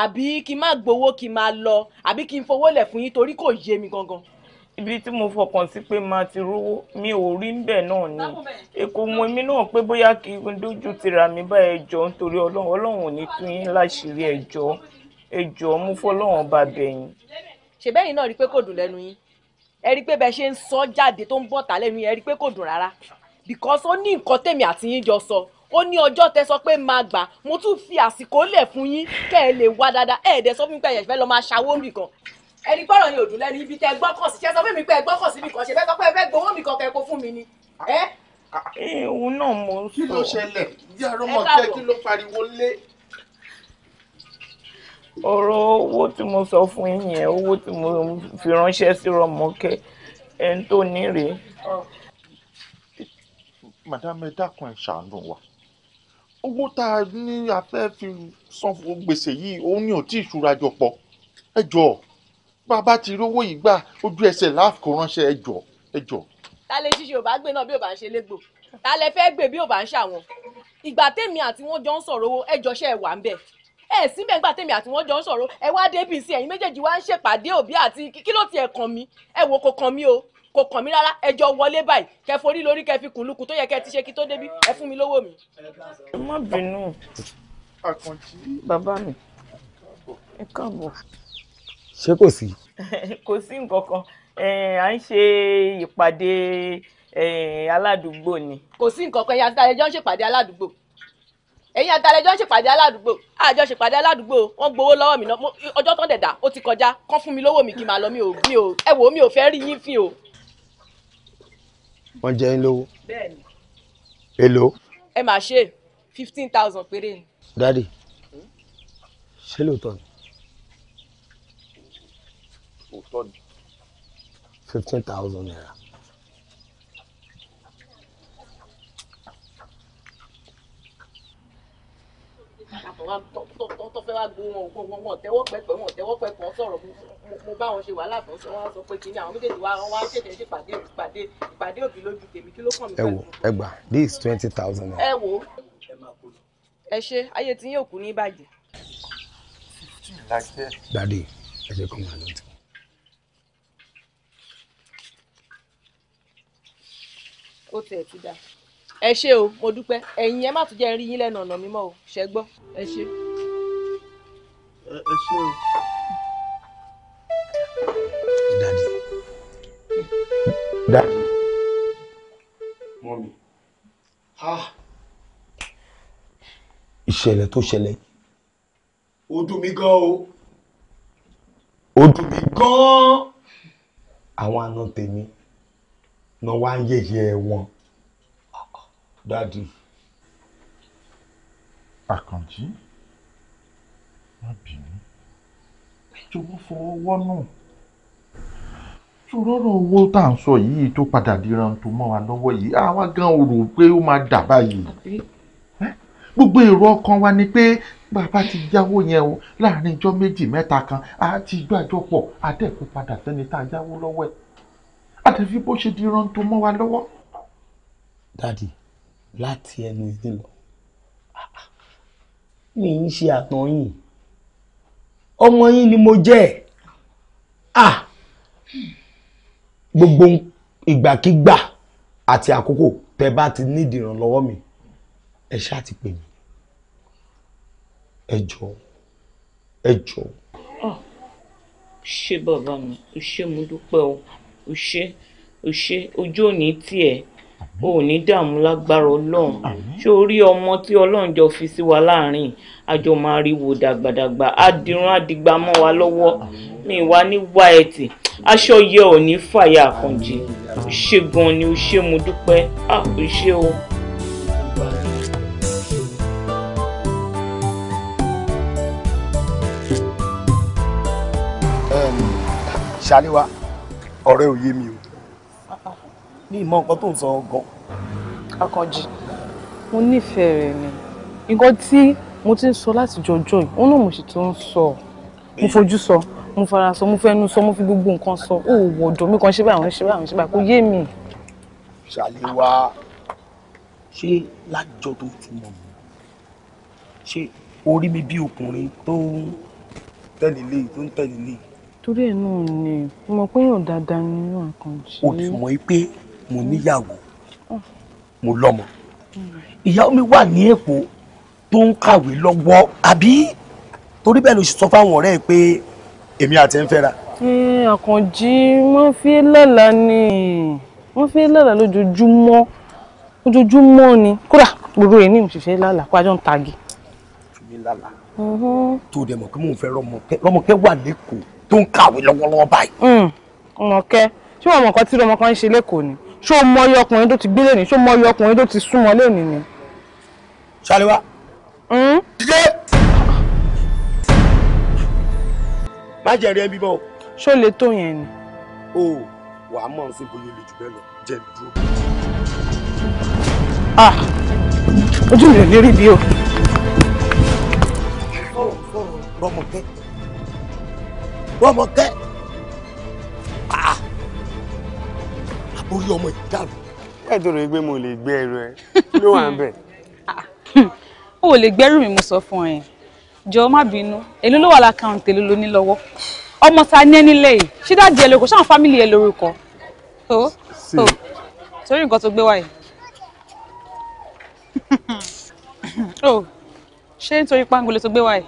àbí kí n má gbowó kí n máa lọ àbí kí n fowó lẹ̀ fún yín torí kò yé mi gangan. ibi tí mo fọkàn sí pé máa ti rówó mi ò rí níbẹ̀ náà ni èkó mọ èmi náà pé bóyá kí n dójú tira mi bá ẹjọ́ nítorí ọlọ́run ọlọ́run ò ní tún yín láṣìírí ẹjọ́ ẹjọ́ mú fọlọ́run ọba bẹ̀yìn. ṣèbẹ́yìn náà rí i pé kò dùn lẹ́nu yín ẹ rí i pé bẹ́ẹ̀ ṣe ń sọ jáde tó ń bọ̀ because ó ní nǹkan tèmi àti yín jọ sọ ó ní ọjọ́ tẹ sọ pé máa gbà mo tún fi àsìkò lẹ̀ fún yín kẹ́ ẹ lè wá dáadáa ẹ̀ dẹ̀ sọ fún mi pé ẹ̀yẹ̀ fẹ́ lọ́ọ́ máa ṣàwó mi kan ẹni gbọ́dọ̀ ni òdùn lẹ́nu ibi tẹ gbọ́kàn sí ṣe sọ fún mi pé ẹ gbọ́kàn sí mi kan ṣe fẹ́ sọ pé ẹ fẹ́ gbowó mi kan kẹ́ kó fún mi ni òun náà mo ń sọ. kí ló ṣẹlẹ̀ bí arọ́mọ jẹ́ kí ló pariwo lé. ọ̀rọ̀ owó tí mo sọ fún yín yẹn owó tí mo fi ránṣẹ́ sí Rọ́mọkẹ́ ẹni tó ní rèé oh. Madame, ẹ dákun ẹ ṣàánú wa owó tá a ní a fẹ́ fi san fún gbèsè yìí òun ni ò tí ì ṣúra jọ pọ̀ ẹ jọ bàbá ti rówó yìí gbà ojú ẹsẹ̀ láàkó ránṣẹ́ ẹ jọ ẹ jọ. ta lè ṣiṣẹ́ ò bá gbé náà bí ò bá ń ṣe légbò ta lè fẹ́ gbé bí ò bá ń ṣàwọn ìgbà tèmi àti wọn jọ ń sọ̀rọ̀ owó ẹ jọṣẹ́ ẹ wà ń bẹ̀ ẹ síbẹ̀ nígbà tèmi àti wọn jọ ń sọ̀rọ̀ ẹ wá dé bìí sí ẹ̀yin méjèèjì wá ń ṣèpàdé òbí àti kí ló tiẹ̀ kàn mí ẹ wò kò kàn mí o kò kàn mí rárá ẹjọ́ wọlé báyìí kẹ forí lórí kẹ fi kùnlùkùn tó yẹ kẹ ti ṣe kí tó débí ẹ fún mi lówó mi. ẹ má bínú àkànjí bàbá mi ẹ káàbọ̀. ṣé kò sí. kò sí nǹkan kan à ń ṣe ìpàdé aládùúgbò ni. kò sí nǹkan kan ẹ̀yin àtàlẹ́jọ́ ń ṣèpàdé aládùúgbò ẹ̀yin àtàlẹ́jọ́ ń ṣèpàdé aládùúgbò àjọ ṣèpàdé aládùúgbò wọ́n gbowó lọ́wọ́ mi náà ọjọ́ tán dẹ̀dà ó ti kọjá kán fún mi lówó mi kí n máa lọ mi ò mi ò ẹ wò ó mi ò fẹ́ rí yín fín o wọ́n jẹ yín lówó. bẹ́ẹ̀ni. èlò. ẹ máa ṣe fifteen thousand péré ni. dádì ṣé lóòótọ́ ni. òótọ́ ni. fifteen thousand naira. tó fẹ́ wá gbowó wọn gbogbo wọn tẹ́wọ́ pẹ́pẹ́ wọn tẹ́wọ́ pẹ́pẹ́ sọ̀rọ̀ mo bá wọn ṣe wàhálà fún sọ wọn sọ pé kí ni àwọn méjèèjì wá wá ṣètò ṣe pàdé ìpàdé ìpàdé òbí lójú tèmi kí ló kàn mí. ẹ wo this twenty thousand naira. ẹ ẹ ṣe ayé tí yóò kú ní ìbàjẹ́. dadi ẹ jẹ́ kó máa lọ tí. ó tẹ̀ ẹ́ ti dáa ẹ ṣé o mo dúpẹ́ ẹ̀yin ẹ má tún jẹ́ rí yín lẹ́nu ọ̀nà mímọ́ o ṣe gbọ́ ẹ ṣé. ẹ ṣé o. dadi dadi. mọ́mí. ìṣẹ̀lẹ̀ tó ṣẹlẹ̀. ó dùn mí gan o. ó dùn mí gan. àwọn àna tèmi náà wá ń yẹ̀yẹ́ wọn dádì. àkànjí má bínú jọ̀wọ́ fọwọ́ wọ́nù sọ̀rọ̀ owó tá à ń sọ yìí tó padà dira tó mọ́ wa lọ́wọ́ yìí àwa gan ò rò pé ó máa dà báyìí gbogbo èrò ọkàn wa ni pé bàbá ti jáwó yẹn o láàrin ijọ́ méjì mẹ́ta kan a ti gbàjọpọ̀ àdẹ́kù padà sẹ́ni tá a jáwó lọ́wọ́ ẹ̀ àtẹ̀fí bó ṣe dira tó mọ́ wa lọ́wọ́. dádì láti ẹnu ilé lọ ah, ah, mi ń ṣe àtàn yìí ọmọ yín ni mo jẹ́ ah gbogbo ìgbàkigbà àti àkókò tẹ bá ti nídìí ìrànlọ́wọ́ mi ẹ ṣáà ti pè mí ẹ jọ̀ọ́ ẹ jọ̀ọ́. Ah, ṣé bàbá mi ò ṣe mo dúpẹ́ o ò ṣe ò ṣe ojú òní tiẹ̀ ò ní dààmú lágbára ọlọ́run ṣé o rí ọmọ tí ọlọ́run jọ fi sí wa láàrin àjọ máa rí wo dàgbàdàgbà àdìrún àdìgbà mọ́ wa lọ́wọ́ mi wá ní wá ẹtì aṣọ yẹ ò ní fàyà àkànjì ṣe gan ni o ṣe mo dúpẹ́ a kò ṣe o. ṣàlíwá ọ̀rẹ́ ò yé mi o ní ìmọ̀ nǹkan tó ń sọ gan. akànjì mo nífẹ̀ẹ́ rẹ̀ ni nǹkan tí mo ti ń sọ láti jọjọ́ yìí òun náà mo sì tún ń sọ mo fojú sọ mo fara sọ mo fẹnu sọ mo fi gbogbo nǹkan sọ ó wọ ọ̀dọ̀ mi kan ṣe báyìí àwọn ṣe báyìí àwọn ṣe báyìí kò yé mi. ṣàlíwá ṣé lájọ tó ti mọ̀ mí ṣé orí mi bí ọkùnrin tó ń tẹ̀lé lé tó ń tẹ̀lé lé. torí ẹ̀ náà ni mo mọ̀ pé èèyàn dáadáa ni àkànṣe. o ti mọ̀ pé mo níyàwó oh. mo lọ́mọ ìyàwó mi wà ní èkó tó ń kàwé lọ́wọ́ àbí torí bẹ́ẹ̀ ló ṣe sọ fáwọn ọ̀rẹ́ ẹ̀ pé èmi àti ẹ̀ ń àkànjí wọ́n fi lẹ́la ni wọ́n fi lẹ́la lójoojúmọ́ ojoojúmọ́ ni kódà gbogbo rẹ̀ ní òṣìṣẹ́ lálà kó ajọ́ ń tagi. ṣùgbọ́n lálà mm-hmm. tó o dẹ̀ mọ̀ pé mò ń fẹ́ rọmọkẹ́ rọmọkẹ́ wà lẹ́kọ̀ọ́ tó ń kàwé lọ́wọ́lọ́wọ́ báyìí. Mm. rọmọkẹ́ ṣé wọn mọ̀ nǹkan tí rọmọkẹ́ ń ṣe lẹ́kọ̀ọ́ ni ṣó mọ iye ọkùnrin tó ti gbé lẹ́nu ṣó mọ iye ọkùnrin tó ti súnmọ́ lẹ́nu ni. ṣàlùwà. dídé. Hmm? má jẹ́ rí ẹbí ṣó lè tó yẹn ni. o wà á mọ̀ ọ́n sí bóyá olè jù bẹ́ẹ̀ lọ jẹ́ dúró. Ah! ojú mi ò ní rí bí o. rọmọkẹ́ rọmọkẹ́. Ah! orí ọmọ yìí dàrú. ẹ tó rẹ pé mo lè gbé ẹrù ẹ ló wà ń bẹ. [laughs] o ò lè gbẹ́rù mi mo sọ fún ẹ jọ má bínú èló ló wà lákàntì èló ló ní lọ́wọ́ ọmọ ta ní ẹni lẹ́yìn ṣé dájú ẹ lórúkọ ṣáà fámìlì ẹ lórúkọ tó tó torí nǹkan tó gbé wáyé [laughs] o ṣé nítorí pangolo tó gbé wáyé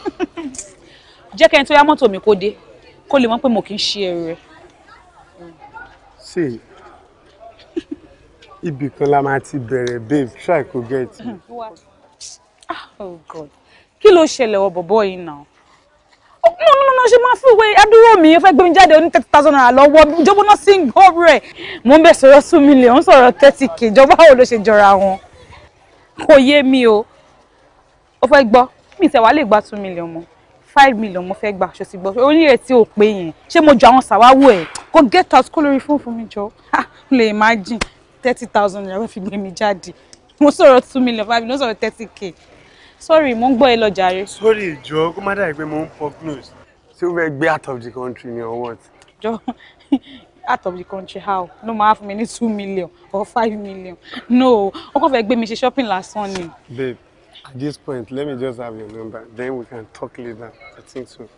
[laughs] jẹ́ kẹ́ni tó yá mọ́tò mi kó dé kó lè mọ̀ pé mo kì í ṣe ẹrù rẹ̀ ṣe ibì kan la máa ti bẹ̀rẹ̀ babe try to get me. Ah, oh god kí ló ṣẹlẹ̀ wọ bọ̀bọ̀ yìí náà mo ní mo ṣe máa fún ìwé adúrò mi fẹ́ gbé mi jáde oní thirty thousand naira lọ́wọ́ ìjọba náà sì ń gbọ́ rẹ̀ mo ń bẹ̀ sọ̀rọ̀ two million ń sọ̀rọ̀ thirty k ìjọba wo ló ṣe jọra wọn kò yé mi o ó fẹ́ gbọ́ mi ìtẹ̀wá lè gba two million mọ́ five million mo fẹ́ gbà aṣọ sí gbọ́ orí ẹ̀ tí ò pé yẹn ṣé mo jọ àwọn sàwáwò ẹ̀ kò get out kó lórí fóònù fún mi jọ lè imagine thirty thousand naira fi gbé mi jáde mo sọ̀rọ̀ two million five million sọ̀rọ̀ thirty k sorry mo ń gbọ́ ẹ lọ jàre. sorry ìjọ kó má dàbí pé mo ń pop nose ṣé o fẹ́ gbé out of the country ni or what. jọ [laughs] out of the country how ló máa fún mi ní two million or five million no ó kàn fẹ́ gbé mi ṣe shopping last morning. babe At this point, let me just have your number. Then we can talk later. I think so.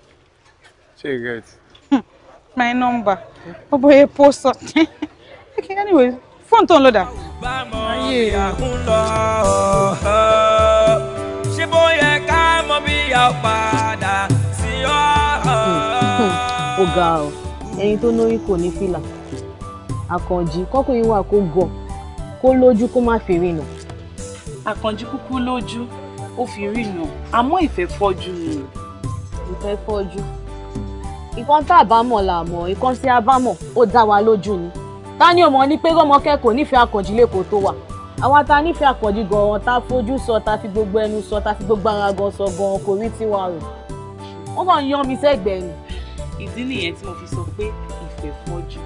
Check it out. My number. Oh boy, post something. [laughs] Okay, anyway, phone tó ń lọ dà. Ayé àkúnlọ. Ṣé bóyá ká mọ bí a padà sí ọ? Ó ga ọ, tó lórí kò ní fìlà. Àkànjí kọ́kùnrin wà kó gọ̀, kó lójú kó má fèrè nà àkànjí kúkú lójú ó fi rìnà àmọ́ ìfẹ́ fọ́jú ni o. ìfẹ́ fọ́jú ìkan tá a bá mọ̀ là mọ̀ ìkan tí a bá mọ̀ ó dá wa lójú ni ta ni òmò ní pé rọmọkẹ́ kò nífẹ̀ẹ́ àkànjí lẹ́kọ̀ọ́ tó wà àwa ta nífẹ̀ẹ́ àkànjí gan-an ta fojú sọ ta fi gbogbo ẹnu sọ ta fi gbogbo ara gan sọ gan-an kò rí tiwa rò wọ́n kàn yan mi sẹ́gbẹ̀ẹ́ ni. ìdí nìyẹn tí mo fi sọ pé ìfẹ́ fọ́jú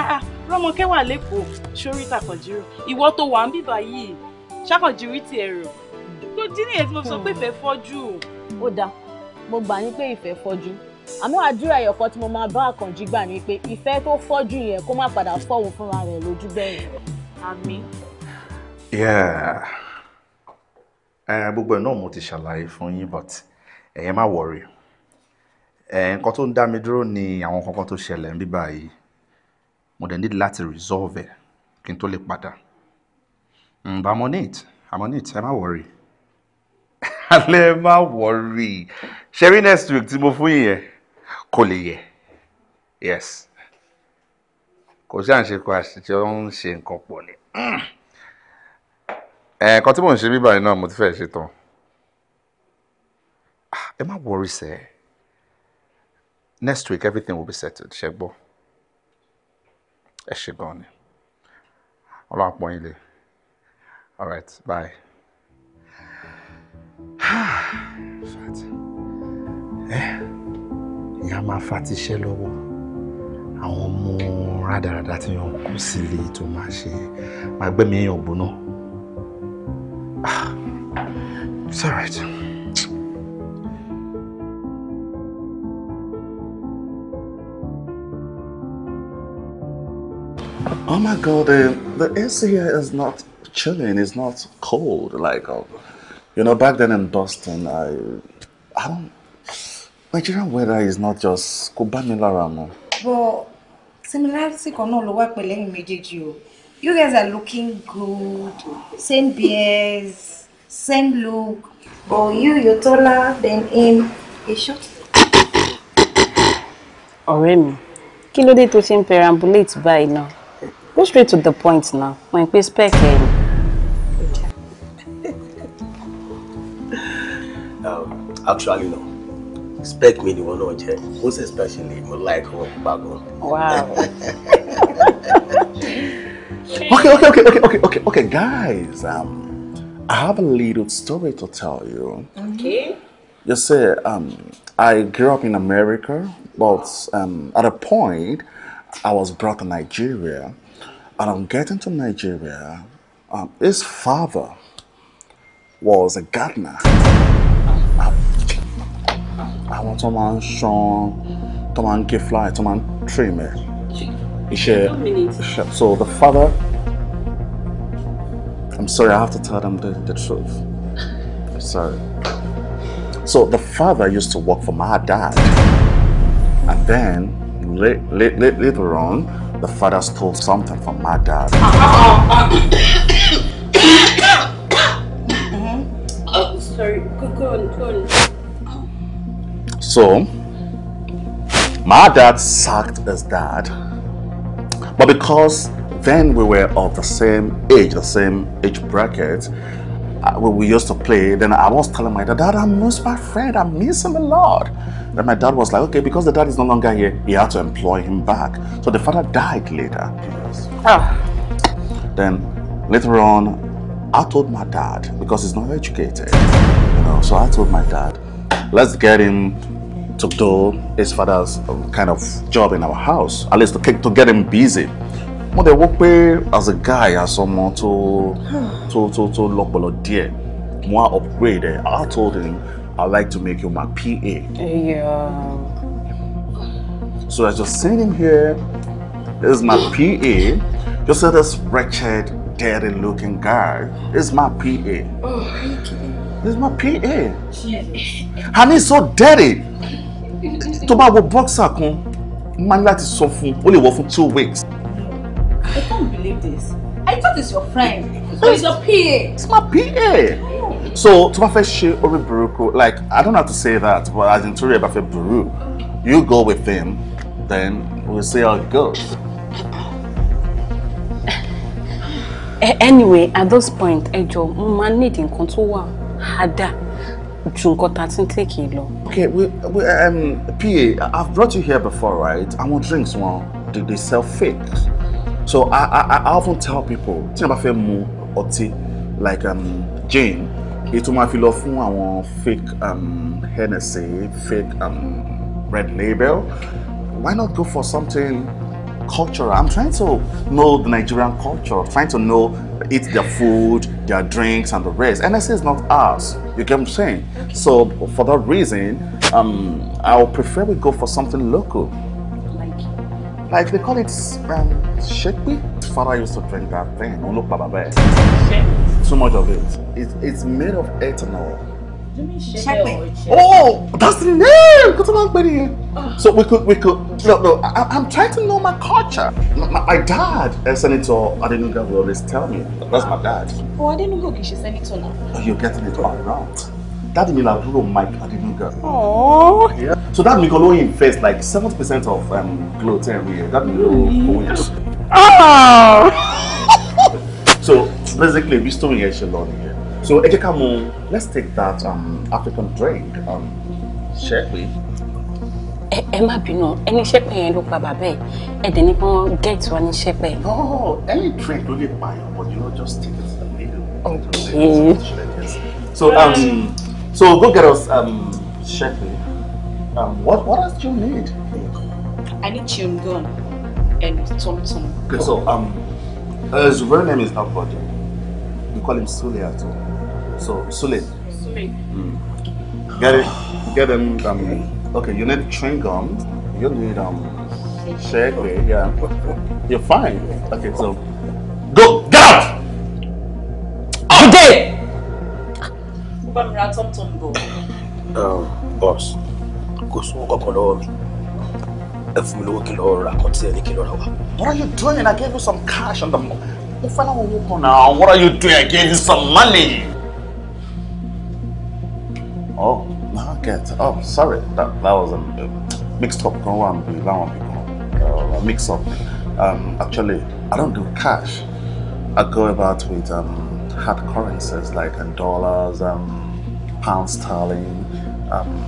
ah, ah, rọmọkẹ́ wà lẹ́kọ̀ọ́ sórí tàkànjírò ìwọ tó wà ń bíbá yìí ṣàkànjì rí ti ẹ̀rọ tó dín nìyẹn tí mo sọ pé ìfẹ́ fọ́jú ó dáa mo gbà yín pé ìfẹ́ fọ́jú àmọ́ àdúrà ẹ̀yọ̀kan tí mo máa bá àkànjì gbà ni pé ìfẹ́ tó fọ́jú yẹn kó má padà fọ́hùn fúnra rẹ̀ lójú bẹ́ẹ̀ àmín. gbogbo ẹ̀ náà mo ti ṣàlàyé fún yín but ẹ̀yẹ má wọ̀rì nǹkan tó ń dá mi dúró ni àwọn kankan tó ṣẹlẹ̀ ń bíbá yìí mo dẹ̀ need láti resolve ẹ̀ kí n tó lè padà. Mm, I'm on it. I'm on it. I'm not worry. Alẹ́ má worry. [laughs] Ṣẹ́rí next week tí mo fún yìnyẹn kò lè yẹ. Yes. Kò sí à ń ṣe kó àṣìṣe ó ń ṣe nǹkan pọ̀ ni. Mm. Ẹ̀ẹ̀kan tí mò ń ṣe bíbá yìí náà mo ti fẹ́ ṣe tán. Ah, ẹ má worry sẹ́. Next week everything will be settled. Ṣé gbọ́? Ẹ ṣe gan ni. Ọlọ́run pọ̀ yín lè. All right, bye. [sighs] Eh, ìyá máa fa tiṣẹ́ lọ́wọ́ àwọn ọmọ rádaràda tí wọ́n kú sílé tó máa ṣe máa gbẹ́mí èèyàn gbóná. Ah, it's all right. Oh my God, the, the AC here is not chilling. It's not cold. Like, uh, you know, back then in Boston, I, I don't. Nigerian weather is not just kò bá mi lára mu. But similarity kan náà ló wà pẹ̀lú ẹ̀yin o. You guys are looking good, same beers, same look. But you, you're taller than him. Èso. Ọ̀rẹ́ Oremi, kí ló dé tó ṣe ń perambulate báyìí náà? Go straight to the point now, wọ́n ń pe spec ẹ̀yìn. actually no expect me the one who jẹ most especially my like wọn pupa wow. [laughs] okay okay okay okay okay okay okay guys um, I have a little story to tell you. okay. You see, um, I grew up in America, but um, at a point, I was brought to Nigeria. And on getting to Nigeria, um, his father was a gardener. I tó someone strong, someone tó máa ń gé fly tó máa ń so the father I'm sorry I have to tell them the, the truth I'm sorry so the father used to work for my dad and then late, late, late, later on the father stole something from my dad. Uh, sorry, go, go on, go on. So, my dad sacked his dad. But because then we were of the same age, the same age bracket, uh, we used to play, then I was telling my dad, Dad, I miss my friend, I miss him a lot. Then my dad was like, okay, because the dad is no longer here, he had to employ him back. So the father died later. Oh. Then later on, I told my dad, because he's not educated, you know, so I told my dad, let's get him to do his father's um, kind of job in our house at least to, keep, to get him busy mo dẹ̀ wò as a guy as someone to to to to look below dear. More upgrade I told him I like to make you my PA. Yeah. So I just sent him here this is my PA just see this wretched dirty looking guy this is my PA. Oh, thank you. This is my PA. Yeah. And he's so dirty tó bá wo boxer kan máa ní láti sọ fún un ó lè wọ fún two weeks. I can't believe this. I thought it's your friend. So it's your PA. It's my PA. So tó bá fẹ́ ṣe orí burúkú like I don't have to say that but as in torí ẹ bá fẹ́ burú you go with him then we'll see how it goes. anyway at this point ẹ jọ̀ọ́ mo máa need nǹkan tó wà harder ju nǹkan tá a ti ń tèkì lọ. okay we, we, um, pa i've brought you here before right àwọn drinks wọn they dey sell fake so i i i often tell people tí wọn bá fẹ́ mu ọtí like um, Jane, ètò máa fi lọ fún àwọn fake um, Hennessy fake um, red label why not go for something. culture. I'm trying to know the Nigerian culture, trying to know, eat their food, their drinks, and the rest. say is not ours. You get what I'm saying? Okay. So for that reason, um, i would prefer we go for something local. Like? Like they call it um, shekpi. Father used to drink that thing. Look, Baba Too much of it. It's, it's made of ethanol. Shekpi. Oh, that's the name! So we could, we could, no, no, I, I'm trying to know my culture. My, my dad, eh, Senator Adenuga, will always tell me. That's my dad. Oh, Adenuga is she senator now. Oh, you're getting it all right. Daddy mi làbúrò Mike Adenuga. Oh. Yeah. So that Miko only invests like 70% of um, Glow 10 here. That Miko owns. Oh! so basically, we're still here, Shalon here. So, Ejekamu, let's take that um, African drink, um, shall we? ẹ má bínú ẹni ṣẹ́pẹ̀ yẹn ló pa bàbá ẹ̀ ẹ̀ dẹ̀ ní wọ́n gẹ̀ẹ́tì wa ní ṣẹ́pẹ̀. no any drink ló lè pa yàn but you know just take it a little. okay. so um so go get us um ṣẹ́pẹ̀ eh? um what what else you need. I need chewing gum and tom tom. okay so um uh, his real name is Abode we call him Sule at so Sule. Sule. Mm. get it get him. Um, Okay, you need chewing gum. You need um shake. yeah. [laughs] You're fine. Okay, so go get out. All ah! Um, boss, What are you doing? I gave you some cash on the mo. Mo fẹ́ láwọn owó kan náà. What are you doing? I gave you some money. Oh. Oh, Sorry, that, that was a mixed up. Go on, be that one, uh, mix up. Um, actually, I don't do cash. I go about with um, hard currencies like um, dollars, um, pound sterling, um,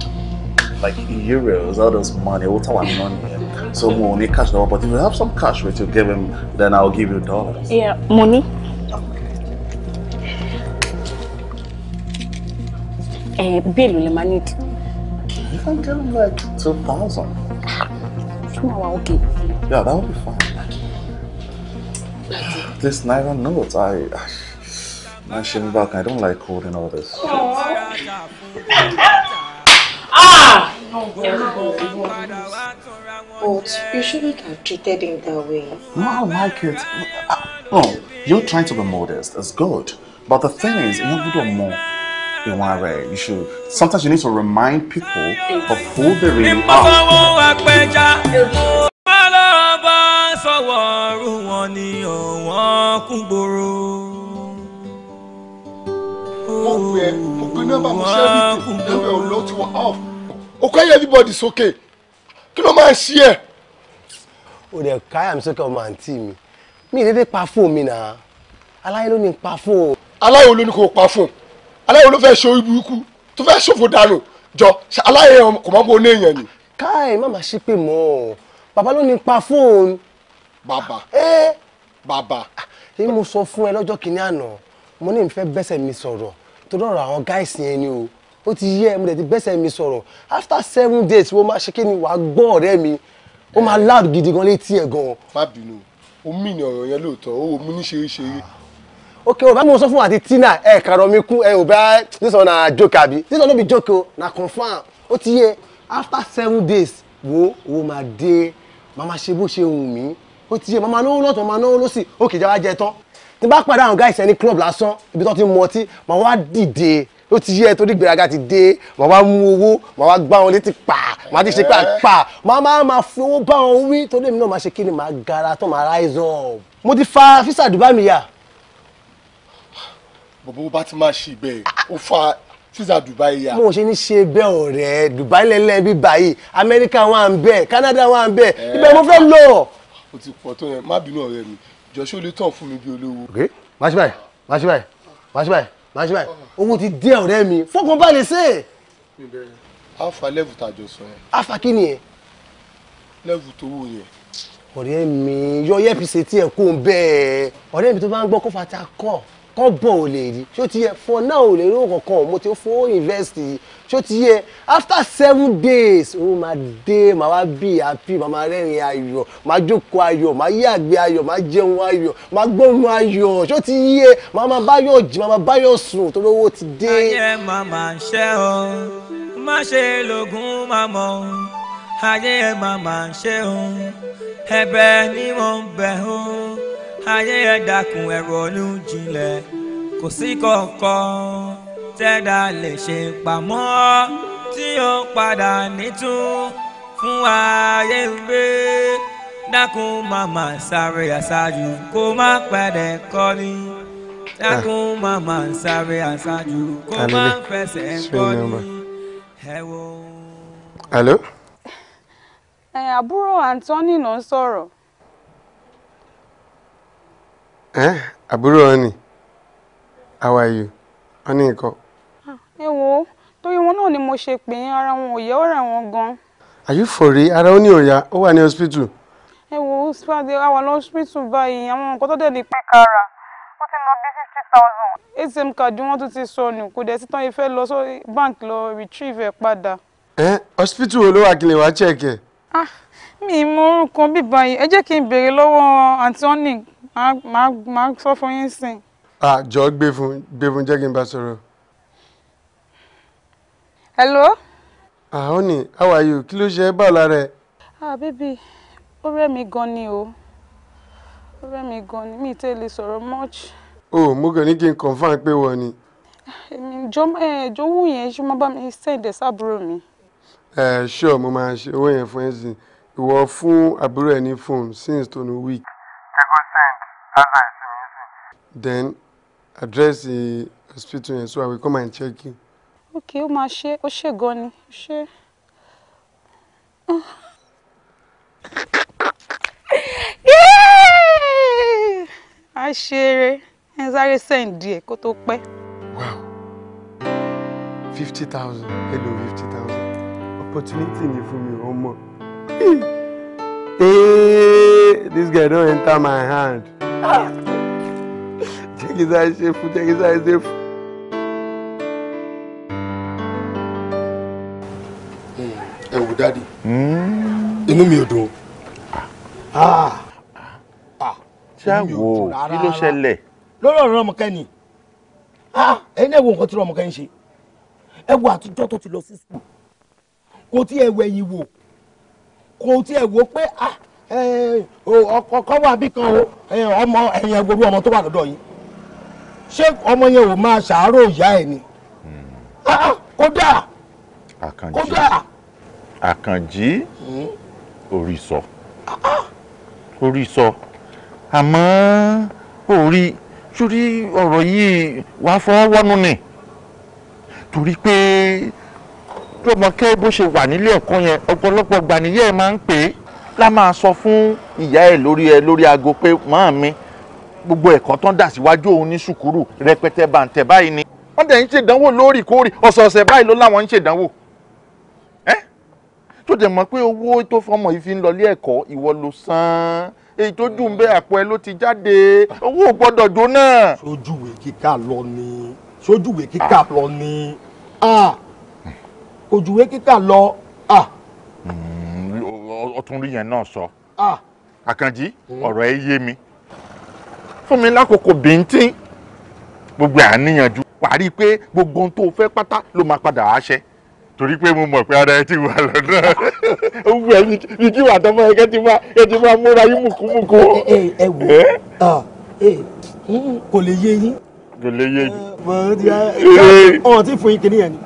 like euros, all those money, what I money. So money, cash, but if you have some cash with you, give him, then I'll give you dollars. Yeah, money. bíìlù lè máa nídìí. hundred like two thousand. fún àwa òkè. yeah that would be fine. this naira note i i my shin back i don't like holding all this. ah. No, but you shouldn't have treated him that way. No, I like it. Uh, no, oh, you're trying to be modest. It's good. But the thing is, you know, more ìwọn ara ẹ̀ you should sometimes you need to remind people of who they really are. ìmọ̀wọ́ apẹja wọ́n lọ bá sọ̀wọ́ ọ̀rù wọn ni ọ̀wọ́n kún gbòòrò. wọ́n pè é mo pe nọ́mbà mo ṣe é ní ẹgbẹ́ ọ̀lọ́ ti wà off. òkú ẹ̀yẹ everybody sókè kí ló máa ń ṣí ẹ̀. o dẹ̀ káyà mi sókè ọmọ àǹtí mi mi ì dédé pa fóònù mi náà aláyé ló ní pa fóònù. aláyé ló ní kò pa fóònù aláyẹ̀ ló fẹ́ ṣe ibùkú tó fẹ́ ṣòfò dànù jọ aláyẹ̀ kò mọ́ bó léèyàn ni. káì má máa ṣe pé mọ́ bàbá ló ní pa fóònù. bàbá bàbá. èyí mo sọ fún ẹ lọ́jọ́ kìíní àná mo ní ìfẹ́ bẹ́sẹ̀ mi sọ̀rọ̀ tó dọ̀rọ̀ àwọn gáìsì yẹn ni o ó ti yẹ mo dẹ̀ ti bẹ́sẹ̀ mi sọ̀rọ̀ after seven days mo máa ṣe kí ni wàá gbọ́ ọ̀rẹ́ mi ó máa eh. loud gidi gan létí ẹ̀ gan. má bínú omi ni ọ̀rọ̀ yẹn lóòótọ́ ó omi ní ṣeéṣeé Okay, o bá mo sọ fún wa àti tina ẹ kàrọ mi kú ẹ ò bá this one na joke àbí this one no be joke o na confirm. ó ti yẹ after seven days wo wo máa dé mama ṣe bó ṣe wù mí ó ti yẹ no lówó lọ́tọ̀ màmá lówó lọ́sì ó kì í jáwá jẹ tán tí bá padà àwọn guys ẹni club lásán ibi tó ti mọ ọtí màá wá dìde ó ti yẹ torí gbèrágà ti dé màá wá mú owó màá wá gbá wọn létí pa màá ti ṣe pa pa màá máa máa fi owó bá wọn wí torí èmi náà máa ṣe kí ni màá gara tán màá rise up mo ti fa fisa dubai mi yà bọ̀bọ̀ bá ti máa ṣì bẹ́ẹ̀ ó fa fisa Dubai ya. mo ṣe ní ṣe bẹ́ẹ̀ ọ̀rẹ́ Dubai lẹ́lẹ́ bí báyìí America wà ń bẹ̀ Canada wà ń bẹ̀ eh. ibẹ̀ mo fẹ́ lọ. o ti pọ̀ tó yẹn má bínú ọ̀rẹ́ mi jọ̀ṣọ́ lè tàn fún mi bí olówó. ok má ṣe báyìí má ṣe báyìí má ṣe báyìí má ṣe owó ti dé ọ̀rẹ́ mi fọkàn balẹ̀ ṣe. alfa lẹ́vù tàjọ sọ yẹn. alfa kí ni yẹn. lẹ́vù tó wù yẹn. ọ̀rẹ́ mi yọ yẹ́pì ṣe tí ẹ̀ kó ń bẹ́ẹ̀ ọ̀rẹ́ mi tó bá ń gbọ́ kó fata kọ́ kọ́bọ̀n ò lè rí ṣó ti yẹ for now ò lè rí òkàn kan mo ti fowó invest yìí ṣó ti yẹ after seven days òun máa dé màá wá bí happy màá máa rẹ́rìn ayọ̀ màá jókòó ayọ̀ màá yí àgbẹ̀ ayọ̀ màá jẹun ayọ̀ màá gbóhùn ayọ̀ ṣó ti yẹ màá máa báyọ̀ jí màá máa báyọ̀ sùn torí owó ti dé. ayé màmá ń ṣe o má ṣe lògùn màmọ́ ayé màmá ń ṣe o ẹ̀bẹ̀ ni mo ń bẹ̀ o ayé ẹ dákun ẹ ronú jinlẹ̀ kò sí kankan tẹ́dá lè ṣe pamọ́ tí ó padà nítún fún ayé gbé dákun màmá sáré àṣáájú kó má pẹ̀lẹ́ kọ́ni dákun màmá sáré àṣáájú kó má fẹsẹ̀ kọ́ni ẹ wo. alo. ẹ àbúrò Anthony ló ń sọ̀rọ̀ ẹ́ àbúrò ọ̀nì how are you ọ̀nì nǹkan. ẹ wo torí wọn náà ni mo ṣe pè é ara wọn ò yẹ ọ̀rẹ́ wọn gan. àyù fòrí ara ó ní òòyà ó wà ní hospital. ẹ wo sípàdé àwa lọ hospital báyìí àwọn nǹkan tó dẹ̀ lè pẹ́ kára ó ti lọ bí fifty thousand. atm card wọn tún ti sọnù kò dẹ̀ sí tán ìfẹ́ lọ sórí bank lọ retrieve ẹ̀ padà. ẹ hospital wo ló wà kí lè wá check ẹ. Ah, mi mú orúkọ bíbá yìí ẹ jẹ́ kí n béèrè lọ́wọ́ àǹtí ọ́nì máa sọ fún yín sìn. àjọ gbé fún gbé jẹ́ kí n bá sọ̀rọ̀. hello. ah honey how are you kí ló ṣe é bá lára ẹ. ah baby ó rẹ̀ mí gan ni o ó rẹ̀ mí gan ni mi ì tẹ́ sọ̀rọ̀ much. o mo kàn ní kí n confam pé wọ́n ni. èmi jọ̀wọ́ yẹn ṣé máa bá mi send ẹ̀ sábúrò mi. ẹ ṣọ́ mo máa ṣe owó yẹn fún ẹ̀ sìn ìwọ fún àbúrò ẹ ní fóònù since tó ní week. second time Then address the hospital yẹn so I will come and check you. Okay, ó máa ṣe ó ṣe gan ni ó ṣe. A ṣeré ẹ sáré sẹ́ǹdì ẹ̀ kó tó pẹ́. Wow! fifty thousand hello fifty thousand opportunity ni fún mi ọmọ. Hey, this guy don enter my hand jẹ́ kí sáré ṣe fún jẹ́ kí sáré ṣe fún. ẹ wò dáàdi inú mi ò dùn. ṣáàwó kí ló ṣẹlẹ̀. lórí ọ̀rọ̀ ọmọkẹ́ni ẹ̀yin náà wo nǹkan tí ọmọkẹ́ni ṣe ẹ wo àtijọ́ tó ti lọ sí sùkúl kò tí ẹ wẹ̀yìn wò kò tí ẹ wò pé ah ọkọ eh, wà bí kan eh, ọmọ ẹ̀yìn ẹgbẹ̀rú ọmọ tó wà lọ́dọ̀ yìí ṣé ọmọ yẹn ò máa ṣàárò ìyá ẹ̀ ni hmm. ah, ah, kódà kódà. àkànjí orí sọ orí sọ àmọ́ orí sórí ọ̀rọ̀ yìí wàá fọwọ́ wọ́nú ni torí pé tọmọkẹ́ bó ṣe wà nílé ẹ̀kọ́ yẹn ọ̀pọ̀lọpọ̀ gbàníyẹ́ máa ń pè é la máa sọ fún ìyá ẹ lórí ẹ lórí aago pé màá mi gbogbo ẹ̀kọ́ tán dà síwájú òun ní sùkúrù rẹpẹtẹ bàǹtẹ̀ báyìí ni wọ́n dẹ̀ ń ṣèdánwò lóòrèkóòrè ọ̀sọ̀ọ̀sẹ̀ báyìí ló láwọn ń ṣèdánwò ẹ́ tó dẹ̀ mọ̀ pé owó tó fọmọ yìí fi ń lọlé ẹ̀kọ́ ìwọ ló san èyí tó dùn bẹ́ẹ̀ àpò ẹ ló ti jáde owó ò gbọ́dọ̀ jóná. sójúwe kíkà lọ ni sójúwe kíkà lọ ni ojúwe ah, kíkà lọ ah ọtún rí yẹn náà sọ. àkànjí ọ̀rọ̀ ẹ yé mi fún mi lákòókò bíntín gbogbo àníyànjú parí pé gbogbo ohun tó fẹ́ pátá ló máa padà á ṣe torí pé mo mọ̀ pé ara ẹ ti wà lọ́nà ó wù ẹ́ ní kí wà tọ́mọ ẹ̀kẹ́ ti máa ẹ ti máa múra yín mùkúmùkú. ẹ ẹ wò kò lè yé yín. kò lè yé yín. ọ̀hún tí fún yín kìnìyàn ni.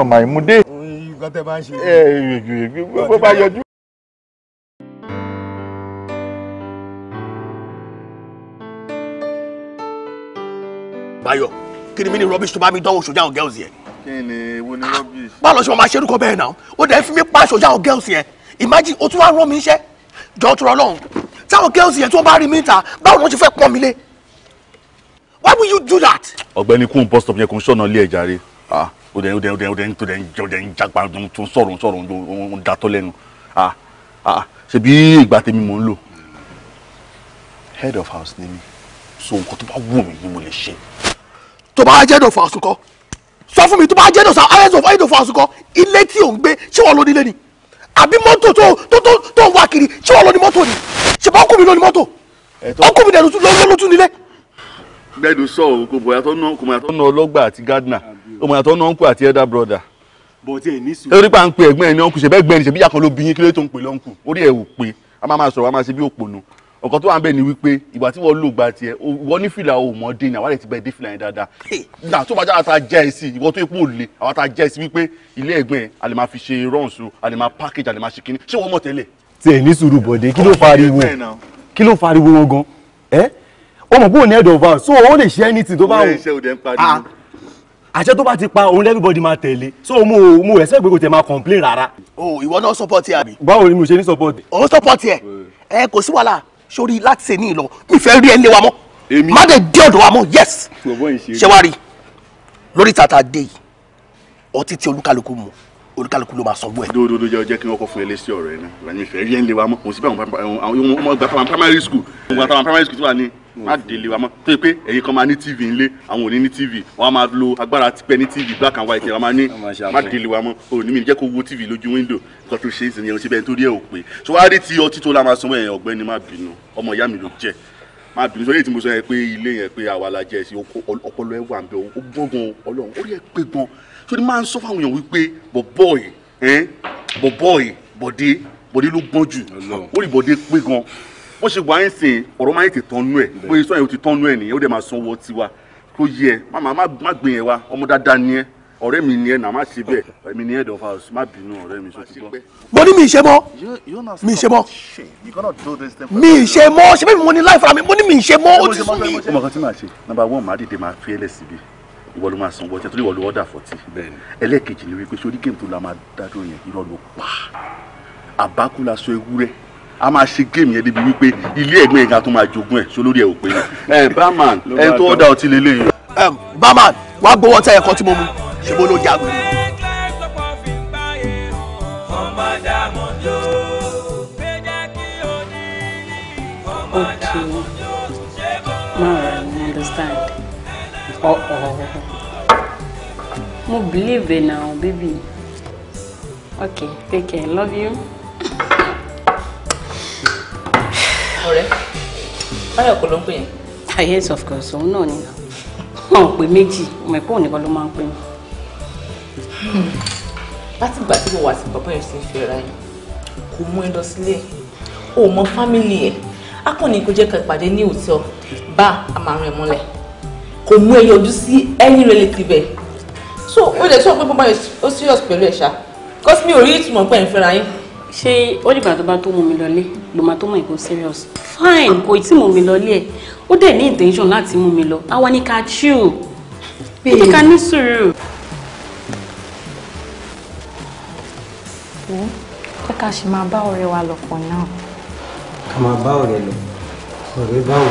ọmọ àìmúdé. nǹkan tẹ bá ń ṣe. bó bá yọjú Báyọ̀ kini ni rubbish to bá mi dánwò ṣojú àwọn girls yẹn. Kini ni ni ah, rubbish. báwo ṣe wọn máa ṣe irúkọ bẹ́ẹ̀ náà ó dẹ̀ fi mí pa ṣojú àwọn girls yẹn imagine o tún wá rán mi iṣẹ́ jọ tó rọ lọ́hùn táwọn girls yẹn to wọ́n bá rí mi ta báwo ni wọ́n ṣe fẹ́ mi lé why will you do that. ọ̀gbẹ́ni kún bus stop yẹn kò ń ṣọ̀nà ilé ẹja rẹ o ah, dẹ̀ o dẹ̀ o dẹ̀ o dẹ̀ o dẹ̀ o dẹ̀ ń jagba tó ń sọ̀rọ̀ ń sọ̀rọ̀ ń datọ́ Ah, ah ṣebí ìgbà tèmi temi ń lò head of house ni mi so nǹkan tó bá wù mí ni mo lè ṣe tó bá jẹ́ dòfò àsùnkọ́ sọ fún mi tó bá jẹ́ dòfò àyẹ̀dòfò àyẹ̀dòfò àsùnkọ́ ilé tí ò ń gbé ṣé wọ́n ló nílé ni àbí mọ́tò tó tó tó tó ń wá kiri ṣé wọ́n ló ní mọ́tò ni ṣe bá ọkùnrin ló ní mọ́tò ọkùnrin ló ló tún nílé. gbẹ́dùn sọ o kò bóyá tó ná kò bóyá tó ná ọlọ́gbà àti gardener kò bóyá tó ná ọ̀nkù àti elder brother. bọ́tí ẹ̀ ní sùn. torí pa ń pe ẹ̀gbọ́n ẹ̀ ní ọ̀nkù ṣẹ̀bẹ́ gbẹ́ni ṣẹ̀bí yàkan ló bí yín kí ló tó ń pè lọ́nkù orí ẹ̀ ò pé a máa máa sọ̀rọ̀ a máa ṣe bí òpònú nǹkan tó wà ń bẹ̀ ni wípé ìgbà tí wọ́n lò gba tiẹ̀ wọ́n ní fìlà o mọ̀ dé ní àwọn àti bẹ́ẹ̀ dé fìlà yẹn dáadáa nà tó bá jẹ́ àtà jẹ́ ẹ sí ìwọ́n tó ipò le àwọn àtà jẹ́ ẹ sí wípé ilé ẹ̀gbẹ́ yẹn máa fi ṣe runs o a máa package a lè máa ṣe kinní ṣé wọ́n mọ̀ tẹ́lẹ̀. tiẹ̀ ní sùúrù bọ̀dé kí ló fariwo kí ló fariwo wọn gan ẹ́ ó mọ̀ bóun ní head of so ó lè ṣe anything tó bá wù ah, àṣẹ tó bá ti pa òun everybody máa tẹ̀lé so mo mo ẹsẹ̀ gbogbo tẹ̀ máa complain rárá. o oh, ìwọ náà support ẹ àbí. báwo ni mo ṣe ní support. òun support ẹ ẹ kò sí wàhálà sórí láti ṣe ní ìlọ mi fẹ́ rí ẹni wa mọ́ má dé dé ọ̀dọ̀ wa mọ́ yes ṣé wàá rí lórí tata dé yìí ọtí tí olúkálùkù mu olúkálùkù ló máa sanwó ẹ. dòdò dòdò jẹ́ kí wọ́n kọ́ fún ẹ lẹ́sí ọ̀rọ̀ ẹ náà ìfẹ́ rí ẹni wa mọ́ òun sì bá àwọn ọmọ gba primary school gba primary school tó wà ní má délé wa mọ́ tó yẹ pé ẹ̀yin kan máa ní tv ńlé àwọn òní ní tv wọ́n á máa lo agbára tipẹ́ ní tv black and white ẹ̀ wọ́n máa ní má délé wa mọ́ òní mi jẹ́ kó wo tv lójú wíńdò nǹkan tó ṣe é sìn yẹn ṣe bẹ́ẹ̀ torí ẹ̀ ò pé ṣé wàá rí ti ọtí tó la máa sanwó ẹ̀yìn ọ̀gbẹ́ni má bínú ọmọ ìyá mi ló jẹ́ má bínú sórí èyí tí mo sọ yẹn pé ilé yẹn pé àwa la jẹ́ sí ọpọlọ ẹ wà ń bẹ ó gbọ́n gan ọlọ́run ó rí ẹ pé gan sórí máa ń sọ fáwọn èèyàn wípé bọ̀bọ̀ yìí bọ̀bọ̀ yìí bọ̀dé bọ̀dé ló gbọ́n jù ó rí bọ̀dé pé gan wọ́n ṣe wà ń sìn ọ̀rọ̀ máa ń ti tán nú ẹ̀ bóyá sọ yẹn ti tán ẹ̀ nìyẹn ó dẹ̀ máa san owó tiwa kó yẹ màmá má gbìn yẹn wa ọmọ dáadáa ni ẹ ọ̀rẹ́ mi ni ẹ nà má ṣe bẹ́ẹ̀ mi ni ẹ dọ̀fà má bínú ọ̀rẹ́ mi sọ́tí mo ní mi ṣe mọ́ mi ṣe mọ́ mi ṣe mọ́ ṣe bẹ́ẹ̀ mo ní láìfara mi mo ní mi ṣe mọ́ ó ti sún mi. ọmọ kan tí màá ṣe number one màá dìde màá fi ẹ lẹ́sìn bíi ìwọ ló máa san owó ọjà torí ìwọ ló ọ̀dà fọ̀tì ẹlẹ́ẹ̀kejì ni wípé sórí géèmù tó la máa dádó yẹn irọ́ ló pa àbákú la sọ ewúrẹ́ a máa ṣe géèmù yẹn débi wípé ilé ẹ̀gbọ́n yẹn ká tó máa jogún ẹ̀ sólórí ẹ̀ ò pé ẹ barman ẹ tó ọ̀dà ọtí lélẹ̀ yìí. barman wàá gbowó ọtá ẹ̀kọ́ tí mo mu ṣe bó ló jagun. okay i understand oh oh mo believe now baby okay take care love you. ọ̀rẹ́ báyọ̀ kò ló ń pè yẹn. ah yes of course òun náà ni wọn ò pè méjì ọmọ ìpò nìkan ló máa ń pè mí. Hmm. láti ìgbà tí mo wà sí bàbá yẹn sí fi ra yẹn kò mú ẹ lọ sílé o mọ fámìlì ẹ akọni kò jẹ́ ká ìpàdé ní òtítọ́ bá a máa rìn mọ́lẹ̀ kò mú ẹ yọjú sí any relative so ó lè sọ pé bàbá yẹn ó serious pẹ̀lú ẹ̀ ṣá cause mi ò rí ìtumọ̀ pẹ̀ ń yín ṣé ó dìgbà tó bá tó mú mi lọlé ló máa tó mọ̀ ìkó serious fine kò tí mú mi lọlé ẹ̀ ó dẹ̀ ní intention láti mú mi lọ àwa ni ká chill ó ní ká ní sùúrù. jẹ́ ká ṣe máa bá ọ̀rẹ́ wa lọ pọ̀ náà. ká máa bá ọ̀rẹ́ lọ ọ̀rẹ́ báwo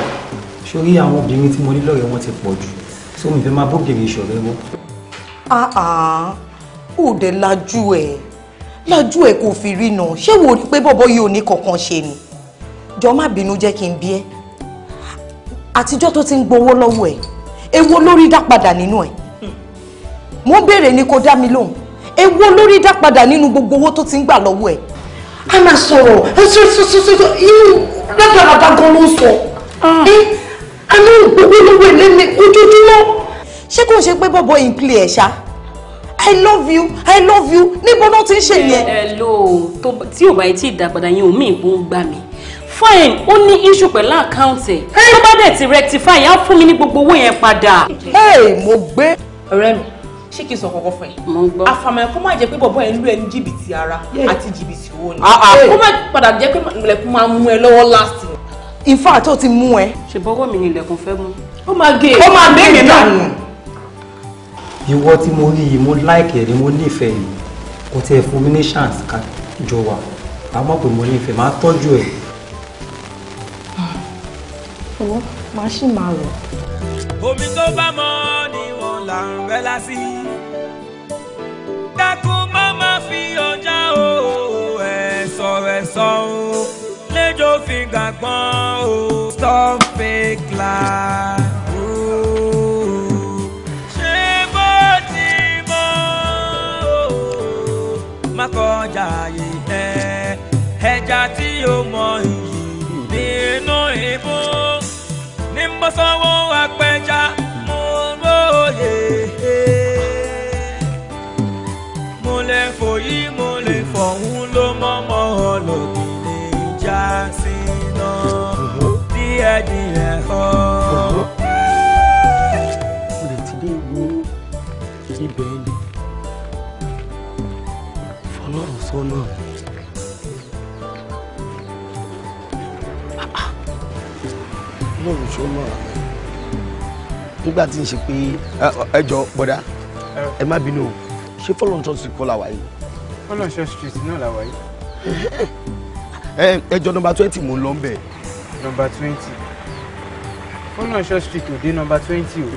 sórí àwọn obìnrin tí mo ní lọ́rẹ̀ẹ́ wọn ti pọ̀ jù sómi fẹ́ máa bóbìnrin ìṣọ̀rẹ́ wọn. Ah, ah. ó dẹ̀ lajú ẹ̀ lájú ẹ̀ kò fi rí nà ṣé wò rí pé bọ́bọ́ yìí ò ní kankan ṣe ni jọ má bínú jẹ́ kí n bí ẹ́ àtijọ́ tó ti ń gbowó lọ́wọ́ ẹ̀ èwo lórí dá padà nínú ẹ̀ mo ń béèrè ni kò dá mi lóhùn èwo lórí dá padà nínú gbogbo owó tó ti ń gbà lọ́wọ́ ẹ̀ a máa sọ̀rọ̀ ṣoṣoṣoṣo irú rádaràdà gan ló ń sọ ah. ẹ a ní gbogbo lọ́wọ́ ẹ̀ lẹ́nu ojoojúmọ́ ṣé kò ń ṣe pé bọ́bọ́ yìí ń pilẹ̀ ẹ̀ ṣáá i love you i love you níbo ló ti ń ṣe yẹn. ẹ ló tí ò bá yìí tí ì yẹn òun mìíràn ń gbà mí fine ó ní issue pẹ̀lú àkáǹtì ẹ̀ tó bá dẹ̀ ti rectify á fún mi ní gbogbo owó yẹn padà. ee mo gbé. ọ̀rẹ́ mi ṣé kí n sọ kọ́kọ́ fún ẹ. mo ń gbọ́. àfàmọ́ kó má jẹ́ pé bọ̀bọ́ ẹ̀ ń lù ẹ́ ní jìbìtì ara àti jìbìtì owó ni. Ah, ah. kó má padà jẹ́ pé ilẹ̀kùn máa mú ẹ lọ́wọ́ last in fact ó ti mú ẹ. ṣèbọ́wọ́ mi ni ilẹ̀kùn fẹ́ mú. ó máa gé e. ó máa gé e, e dànù ìwọ tí mo rí yìí mo láìkì ẹ̀ ni mo nífẹ̀ẹ́ yìí kò tiẹ̀ fún mi ní chance ká jọ wà á mọ̀ pé mo nífẹ̀ẹ́ máa tọ́jú ẹ̀. ọwọ́ màá sì máa rọ̀. omi tó bá mọ ni wọn là ń rẹ lásì dákun má fi ọjà o ẹ sọ̀rọ̀ ẹ sọ o lẹ́jọ́ fi gbàgbọ́n o stop fake life. yóò mọ iyì nínú ìbò ní mbọ́sọ́wọ́ àgbà. lóòrùn ṣó mọ̀ràn mi nígbà tí n ṣe pé ẹ jọ bọ́dá ẹ má bínú o ṣé fọlọ́n church street kọ́ la fọlọ́n church street náà la ẹ jọ nọmba twenty mò ń lọ bẹ́ẹ̀. nọmba twenty fọlọ́n church street ò dé nọmba twenty o.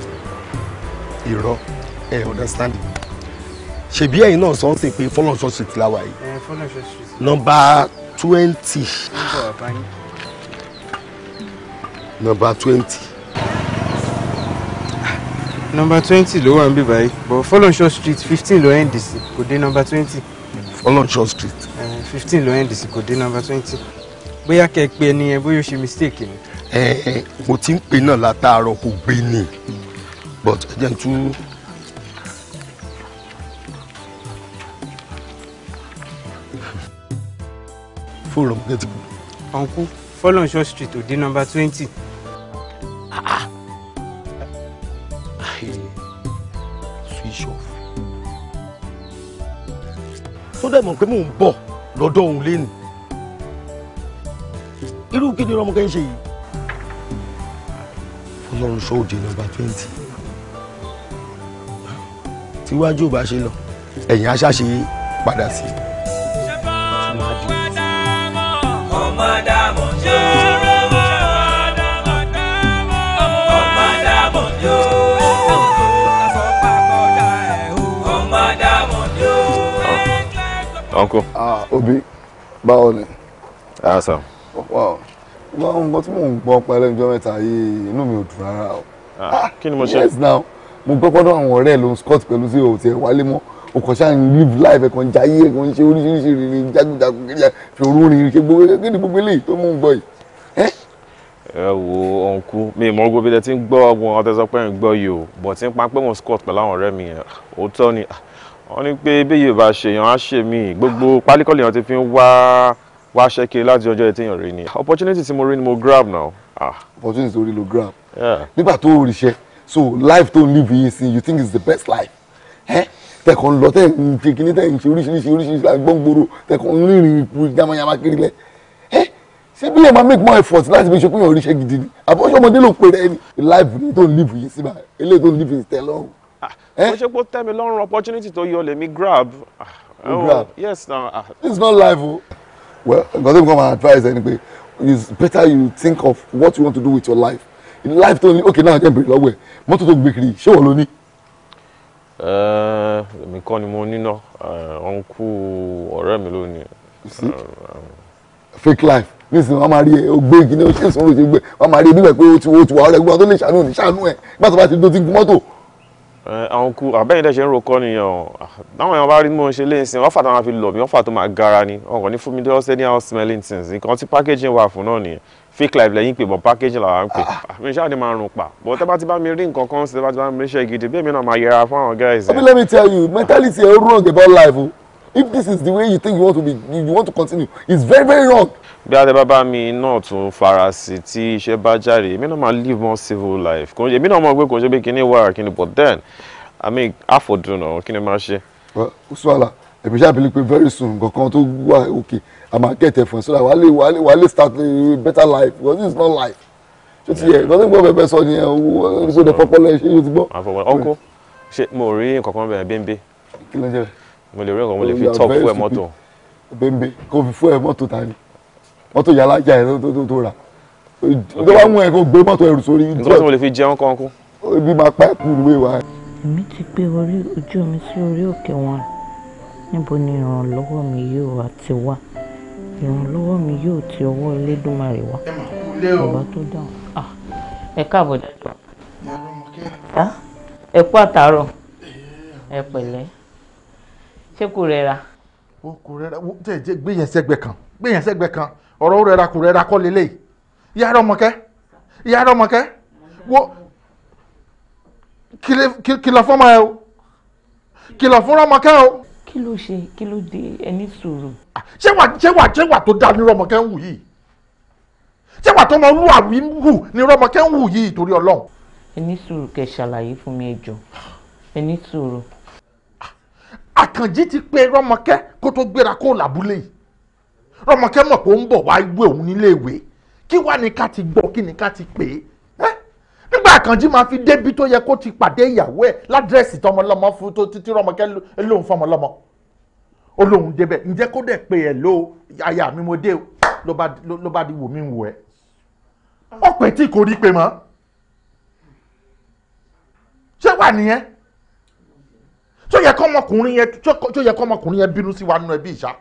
irọ́ ẹ understand me ṣebí ẹ̀yin náà sọ ń sè pé fọlọ́n church street la wà fọlọ́n church street. nọmba twenty. nígbà wà báyìí. Number twenty. Number twenty ló wà ń bí báyìí but fọlọ́nṣọ́ street fifteen ló end sí kò dé number twenty. fọlọ́nṣọ́ street. fifteen ló end sí kò dé number twenty bóyá kẹ́ ẹ pé ẹni yẹn bóyá ó ṣe mistake ni. ẹ ẹ mo ti ń pè náà látàárọ̀ kò gbé ni but ẹ jẹ́ n tún. fóònù ọ̀hún kẹ́tì. ọ̀nkú fọlọ́nṣọ́ street ò dé number twenty switch off sódà mọ̀ pé mò ń no lọ́dọ̀ òun lẹ́nu irú kí ni ọmọ kan ṣe yìí fọlọ́run ṣọ́ọ̀dì nọmba twenty tíwájú ò bá ṣe lọ ẹ̀yìn aṣáṣe padà sí uncle. ah obi báwo ni. ah sir. wow báwo nǹkan tí mò ń gbọ́ pẹ́lẹ́ ìjọ mẹ́ta yìí inú mi ò dùn rárá o. Ah, ah, kí ni mo ṣe. yes now mo gbọ́ pọ́dọ̀ àwọn ọ̀rẹ́ ẹ̀ ló ń scott pẹ̀lú sí òòtí ẹ̀ wálé mọ́ o kò ṣáà ń live life ẹ̀ kàn já yé ẹ̀ kàn ń ṣe oríṣiríṣi rìnrìn jágunjagun kí ẹ̀ fi òórùn rìn ṣe gbogbo kí ni gbogbo eléyìí tó mú un gbọ́ yìí. ẹ wo ọ̀nkú mi ìmọ̀ gbogbo bí ẹ ti ń gbọ́ ọgbọ̀n ọtẹ sọ pé ń gbọ́ yìí o bọ̀ tí ń pa pé mo scott pẹ̀lú àwọn ọ̀rẹ́ mi yẹn òótọ́ ni ah wọ́n ní pé béyè bá ṣe yàn á ṣe mí gbogbo pálíkọ́lì yàn ti fi ń wá wá ṣẹ́kiri láti ọjọ́ etí yàn rí ni opportunity tí mo rí ni mo grab now. Ah. opportunity tó rí lo grab nígbà tó o ríṣẹ́ so life tó ń live yìí sin you think it's the best life tẹ̀kọ̀ ń lọ tẹ̀ ń ṣe kíní tẹ̀ ń ṣe oríṣiríṣi oríṣiríṣi láti gbọ́ngbòrò tẹ̀kọ̀ ń rìnrìn ikú yamayama kiri lẹ̀ ṣé bí ẹ máa make more effort láti fi ṣe pé yàn ríṣẹ́ gidi ni àbọ̀ṣọ́mọdé ló pèrè ẹni life tó ń live yìí sí báyìí eléyìí tó ń live yìí tẹ̀ lọ́rùn mo eh? ṣe pé tẹ́ mi lọ́rùn opportunity tó yọ lèmi grab. Ah, oh, grab yes na. Uh, ah. it's not life o. Oh. well nǹkan tó ń kọ́ my advice ẹni pé it's better you think of what you want to do with your life in life tó ní okay náà jẹ́ bèrè lọ́wọ́ ẹ̀ mọ́tò tó gbé kiri ṣé wọ́n ló ní. Eh, èmi kọ́ ni mo níná ọ̀nkú eh, ọ̀rẹ́ mi ló ní. Um, fake life nísìnyí wọn máa rí ẹ o gbé igi ní o ṣe sọ̀rọ̀ ṣe gbé wọn máa rí ẹ bí wọn pé o ti wà ọ̀rẹ́ gbọ́dọ̀ tó lè ṣàánú ẹ ṣàánú bá ti do gun mọ́tò Eh, àwọn kú àbẹ́yìn dẹ̀ ń rokọ́ nìyẹn o táwọn ah, èèyàn bá rí mò ṣe lé ọ̀fà tó máa lọ̀ mí ọ̀fà tó máa gara ni ọkàn ní fún mi dẹ́wọ́ àwọn smelling things nǹkan tí packaging wà fún náà nìyẹn fake life lẹ́yìn pé bọ̀ packaging làwọn ń pè ah. Ah, mi ṣáà ni máa rùn pa bọ̀ tẹ́ bá ti bá mi rí nǹkan kan sí tẹ́ bá ti bá mi ríṣẹ́ gidi bí èmi náà máa yẹra fún àwọn guys. let me tell you mentality ẹ̀ ń rún life if this is the way you think you want to be you want to continue it's very very wrong. bí adé bàbá mi náà tún fara sí tí iṣẹ́ bá jáde èmi náà máa live more civil life kò èmi náà mọ̀ pé kò ṣe pé kíní wà kíní but then i mean àfọ̀dùnà kíní máa ṣe. usuala èmi ṣáà believe pé very soon kankan tó wà òkè àmà kẹtẹ fún ẹ so that wà á lè wà á lè wà á lè start a better life because this is not life ṣé ti yẹ more tí mo bẹ̀bẹ̀ sọ nìyẹn owó ṣé o lè fọpọ́ lẹ ṣé o ti gbọ́. àfọwọ́ ọkọ ṣé mo rí nǹkan kan bẹ̀rẹ̀ bẹ́ẹ̀ bẹ́ẹ̀. kí ló ń jẹ́ bẹ́ẹ̀ mo lè rí nǹkan mo lè oh, fi tọ́ fún ẹ mọ́tò. bẹ́ẹ̀ kò fi fún ẹ mọ́tò ta ni mọ́tò yàrá jà ẹ tó tó rà tó bá mú ẹ kó gbé mọ́tò ẹrù sórí. nítorí mo lè fi jẹun kan kú. ibi máa pa ẹkùn ìlú ìwà. èmi ti gbé orí ojú mi sí orí òkè wọn níbo ni ìrànlọ́wọ́ mi yóò wá ti wá ìrànlọ́wọ́ mi yóò ti ọwọ́ Elédùmarè wá bàbá tó dáhùn ah, ẹ káàbọ̀ dájọ́ ah, ẹ kú àtàárọ̀ ẹ pẹ̀lẹ́ ṣé kò rẹra. wọn kò rẹra wọn tẹ̀ jẹ́ gbé yẹn sẹ́gbẹ̀ kan gbé yẹn sẹ́gbẹ̀ kan ọ̀rọ̀ ó rẹra kò rẹra kọ́ lélẹ̀ ìyá rẹ ọmọkẹ́ ìyá rẹ ọmọkẹ́ wọ́n kìlọ̀ fún ọmọ ẹ o kìlọ̀ fún ọmọkẹ́ o. kí ló ṣe kí ló dé ẹni sùúrù. Ah, ṣé wà ṣé wà ṣé wà tó dáa ní ọmọkẹ́ ń wù yìí ṣé wà tó mọ wù àwí wù ní ọmọkẹ́ ń wù yìí torí Ọlọ́run. ẹni sùúrù kẹ́ ṣàlàyé fún mi ẹ jọ̀ọ́ ẹni sùúrù àkànjí ti pé rọmọkẹ́ kó tó gbéra kó làbúlé yìí rọmọkẹ́ mọ̀ pé ó ń bọ̀ wá ìwé òun nílé ìwé kí wá ní ká ti gbọ́ kí ní ká ti pè é nígbà àkànjí máa fi débi tó yẹ kó ti pàdé ìyàwó ẹ̀ ládírẹ́sì tọmọlọmọ fún tó títí rọmọkẹ́ lóhun fọmọlọmọ ó lóhun débẹ̀ ǹjẹ́ kó dẹ̀ pé ẹ̀ ló aya mi mo dé ló bá di wò mí wò ẹ́ ọ̀pẹ̀ tí kò rí pé mọ́ ṣé wà nìyẹn tó yẹ kọ́mọkùnrin yẹn tó yẹ kọ́mọkùnrin yẹn bínú sí wa nínú ẹbí ìṣá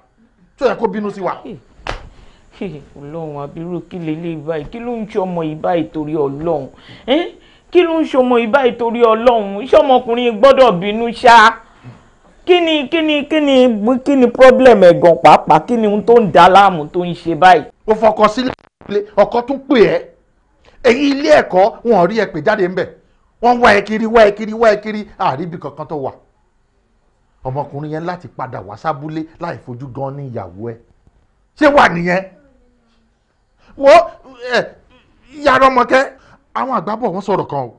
tó yẹ kó bínú sí wa. ọlọ́run abirú kí lélẹ́ ìbáyìí kí ló ń ṣe ọmọ ìbáyìí torí ọlọ́run kí ló ń ṣe ọmọ ìbáyìí torí ọlọ́run ṣé ọmọkùnrin gbọ́dọ̀ bínú ṣá kí ni kí ni kí ni kí ni problem ẹ̀gàn pàápàá kí ni ohun tó ń da láàmú tó ń ṣe báyìí. ó fọkọ sílẹ̀ ọkọ tún pè ẹ́ èyí ilé ẹ̀kọ́ wọn rí ẹ pè jáde ńbẹ̀ wọ́n wá ẹ kiri wá ẹ kiri wá ẹ kiri àríbì kankan tó wà ọmọkùnrin yẹn láti padà wá sábúlé láì fojú gan ní ìyàwó ẹ ṣé wà nìyẹn wọ́n ẹ yàrá ọmọkẹ́ àwọn àgbábọ̀ wọ́n sọ̀rọ̀ kan o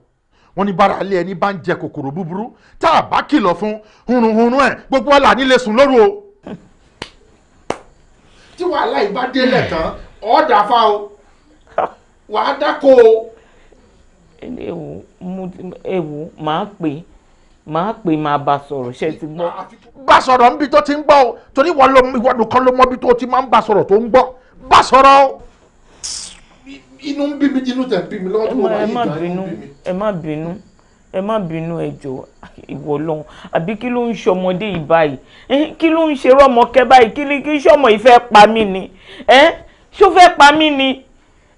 wọ́n ní bára ilé ẹni bá ń jẹ kòkòrò búburú tá a bá kìlọ̀ fún hunrunhunrun ẹ̀ gbogbo ọ̀la nílé sùn lóru o. tí wàhálà yìí bá délẹ̀ tán ọ̀ọ́dà fa o wàá dáko o. ewu ewu màá pè é máa pè máa bá sọ̀rọ̀ ṣe ti gbọ́. bá sọ̀rọ̀ níbi tó ti ń gbọ́ o torí wọn ló ìwọ nìkan ló mọbi tó ti máa ń bá sọ̀rọ̀ tó ń gbọ́ bá sọ̀rọ̀ o. inú ń bí mi inú tẹ̀ bí mi lọ́wọ́ tó wọ́n yìí gan inú bí mi. ẹ má bínú ẹ má bínú ẹ jọ ìwọ lọhùn àbí kí ló ń ṣe ọmọdé yìí báyìí kí ló ń ṣe rọmọkẹ báyìí kí ló ń ṣe ọmọ ìfẹ́ pa mí ni ṣó fẹ́ pa mí ni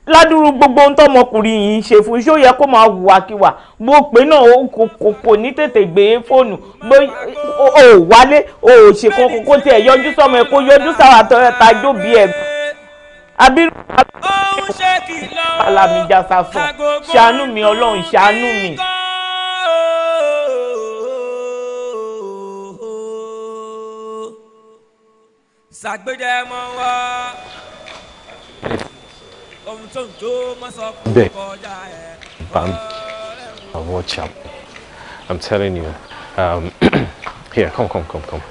ládùúrú gbogbo ohun tọmọkùnrin yìí ń ṣe fún ṣó yẹ kó máa hùwàkiwà bó pé náà kò kò kò ní tètè gbé fóònù bó o wálé o ò ṣe kankan kó tiẹ̀ yọjú sọmọ ẹ kó yọjú sáwà tọ́yọ̀tà jóbi ẹ̀ abiru alamija safun ṣàánú mi ọlọ́run ṣàánú mi. sàgbéjẹ mọ wá. Babe, um, I'll watch out! I'm telling you. Um, [clears throat] here, come, come, come, come.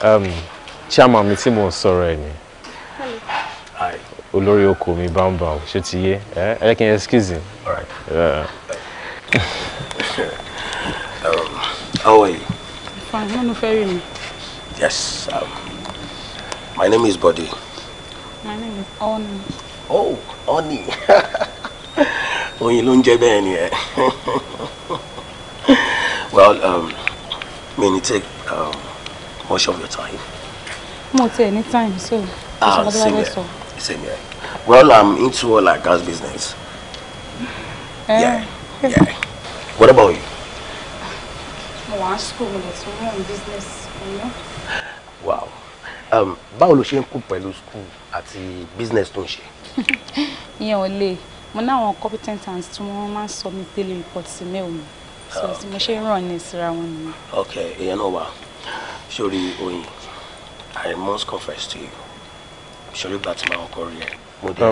Um, Chama, mi tí mo sorry. Hello. Hi. ni. Olórí oko mi bámbá o, ṣé ti yé? Ẹ ẹ excuse me. All right. Yeah. Uh, um, how are you? Fine, wọ́n ló fẹ́ rí Yes, um, my name is Bode honey. oh honey [laughs] oyin ló ń jẹ́ bẹ́ẹ̀ ni ẹ [laughs] well um, may you take um, much of your time. mo ti ẹ̀ ní time so. ah uh, same here same here well i'm into all like house business. Uh, yeah [laughs] yeah what about you. mo wá school mo lè tún run business. You know? wow. Um, báwo ló ṣe ń kú pẹ̀lú school àti business tó ń ṣe. [laughs] ìyẹn ò lè mo náwọn competent hands tí wọ́n máa ń sọ mi daily report sí mail mi so ah, mo ṣe ń ràn ní ìsira wọn nìyẹn. ok ìyẹn náà wà sórí oyin i must confess to you sórí ìgbà tí màá kọ rí ẹ mo dẹ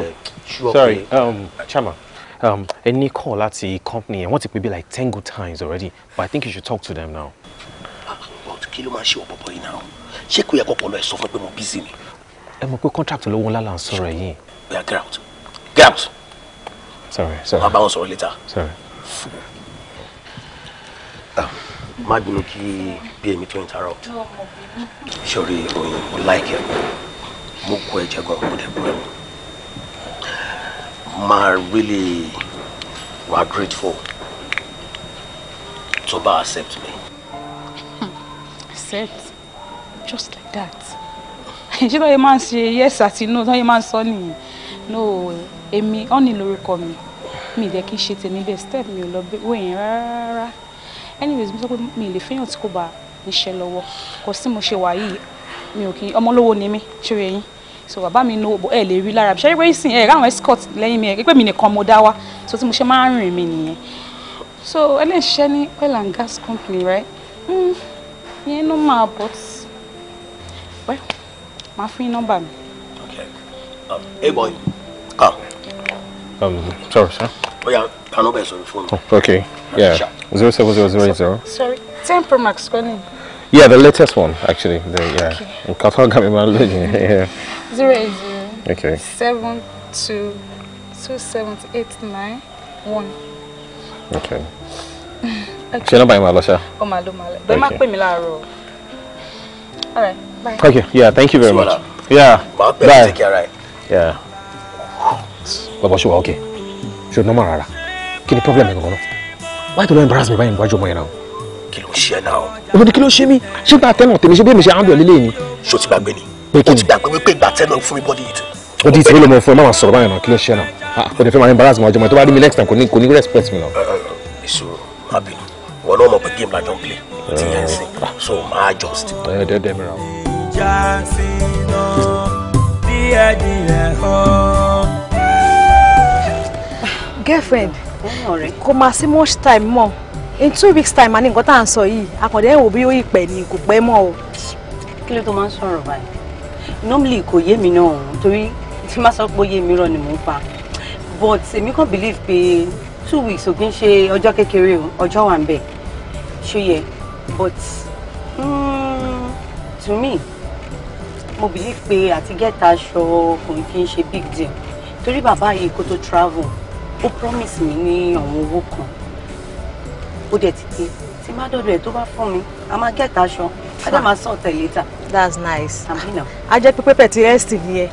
ṣú um, pé. sorry um, chama um, any call láti company yẹn wọ́n ti pè bí like ten good times already but i think you should talk to them now. but kí ló máa ṣe ọ̀pọ̀pọ̀ yìí náà ṣé kò yẹ kó pọlọ ẹ sọ fún pé mo busy ni. ẹ mọ̀ pé contract olówó ńlá là ń sọ̀rọ̀ yìí. oya get out get sorry sorry màá bá wọn sọ̀rọ̀ later. sorry. Ah, má bínú kí bí èmi tó interrupt. sori oyin mo like ẹ mo kó ẹ jẹ gan mo dẹ bú ẹ máa really wà grateful tó bá accept me. accept just like that [laughs] ṣé báyìí máa ń ṣe yes àti no báyìí máa ń sọ nìyẹn no èmi ọ̀nì lórúkọ mi mi ì jẹ́ kí n ṣe tèmi bẹ́ẹ̀ step mi ò lọ wé rárá anyways mo sọ pé mi ì lè fẹ́yàn tí kò bá níṣẹ́ lọ́wọ́ kò sí mo ṣe wà yìí mi ò kí ọmọlówó ni mí ṣé o yẹ yín so bàbá mi no ẹ lè rí lára mi ṣe é pé ìsìn ẹ ráwọn escort lẹ́yìn mi ẹ pé mi nìkan mo dá wá so tí mo ṣe máa ń rìn mi nìyẹn so ẹlẹ́ṣiṣẹ́ ní oil and gas company right hmm, ìyẹn ló máa bọ́ sí pẹ́ máa fún yín nọ́mbà mi. Um, hey boy come. Um, sorry sir. ó yá kaná bẹ̀ sórí fóònù. Oh, okay yeah zero seven zero zero eight zero. sorry ten pro max kọ́ ni. yeah the latest one actually the yeah nǹkan tó gàmí máa ń lò yẹn [laughs] yeah. zero eight zero. okay seven two two seven eight nine one. okay. [laughs] ṣé nọ́mbà yẹn máa lọ ṣá. ó máa lọ máa lọ bẹ́ẹ̀ má pè mí láàárọ̀ right. Bye. Okay. Yeah. Thank you very See much. Now. Yeah. Bye. Take care, right? Yeah. Bàbá ṣe wà okay. Ṣé o normal rárá? Kí ni problem yẹn gan-an? Why do you embarrass me báyìí níwájú ọmọ yẹn náà? Kí ló ń ṣe ẹ́ náà? Èmi ni kí ló ṣe mí? Ṣé gba àtẹnu tèmi ṣe bí èmi ṣe handle lílé ni? Ṣé o ti gbàgbé ni? Pé kí ni? O ti gbàgbé wípé gba àtẹnu fún mi bọ́dí yìí. Ó di ìtìlẹ́ lọ́mọ fún ẹ má máa sọ̀rọ̀ báyìí náà kí ló ṣe náà? Ó ah, dẹ̀ fẹ́ máa embarrass mi wájú ọmọ yẹn tó bá rí mi next time kò ní respect mi náà. Eh, eh, eh, ìṣòro, má bínú, wọ́n náà mọ̀ pé game la jọ ń play so máa adjust. girlfriend kò máa sí much time mọ́ in two weeks time a ní nǹkan tá à ń sọ yìí akọ̀dẹ́ wò bí ó yí pẹ̀ ní kò pẹ́ mọ́ o. kí ló tó máa ń sọ̀rọ̀ báyìí normally kò yé mi náà torí tí má sọ pé ó yé mi rọ ni mò ń pa but èmi kàn believe pé two weeks ò kí ń ṣe ọjọ́ kékeré o ọjọ́ wà ń bẹ̀ ṣó yẹ but um, to me mo believe pé àti get aṣọ ọkùnrin kì í ṣe big deal torí bàbá yìí kó tó travel ó promise mi ní àwọn owó kan ó dẹ̀ ti pé tí má dọ̀dọ̀ ẹ̀ tó bá fún mi a máa get aṣọ a dẹ̀ máa sọ ọ̀tẹ̀ later. that's nice. àmínà. a jẹ́ pípẹ́ pẹ̀tì ẹ́sìtì nìyẹn.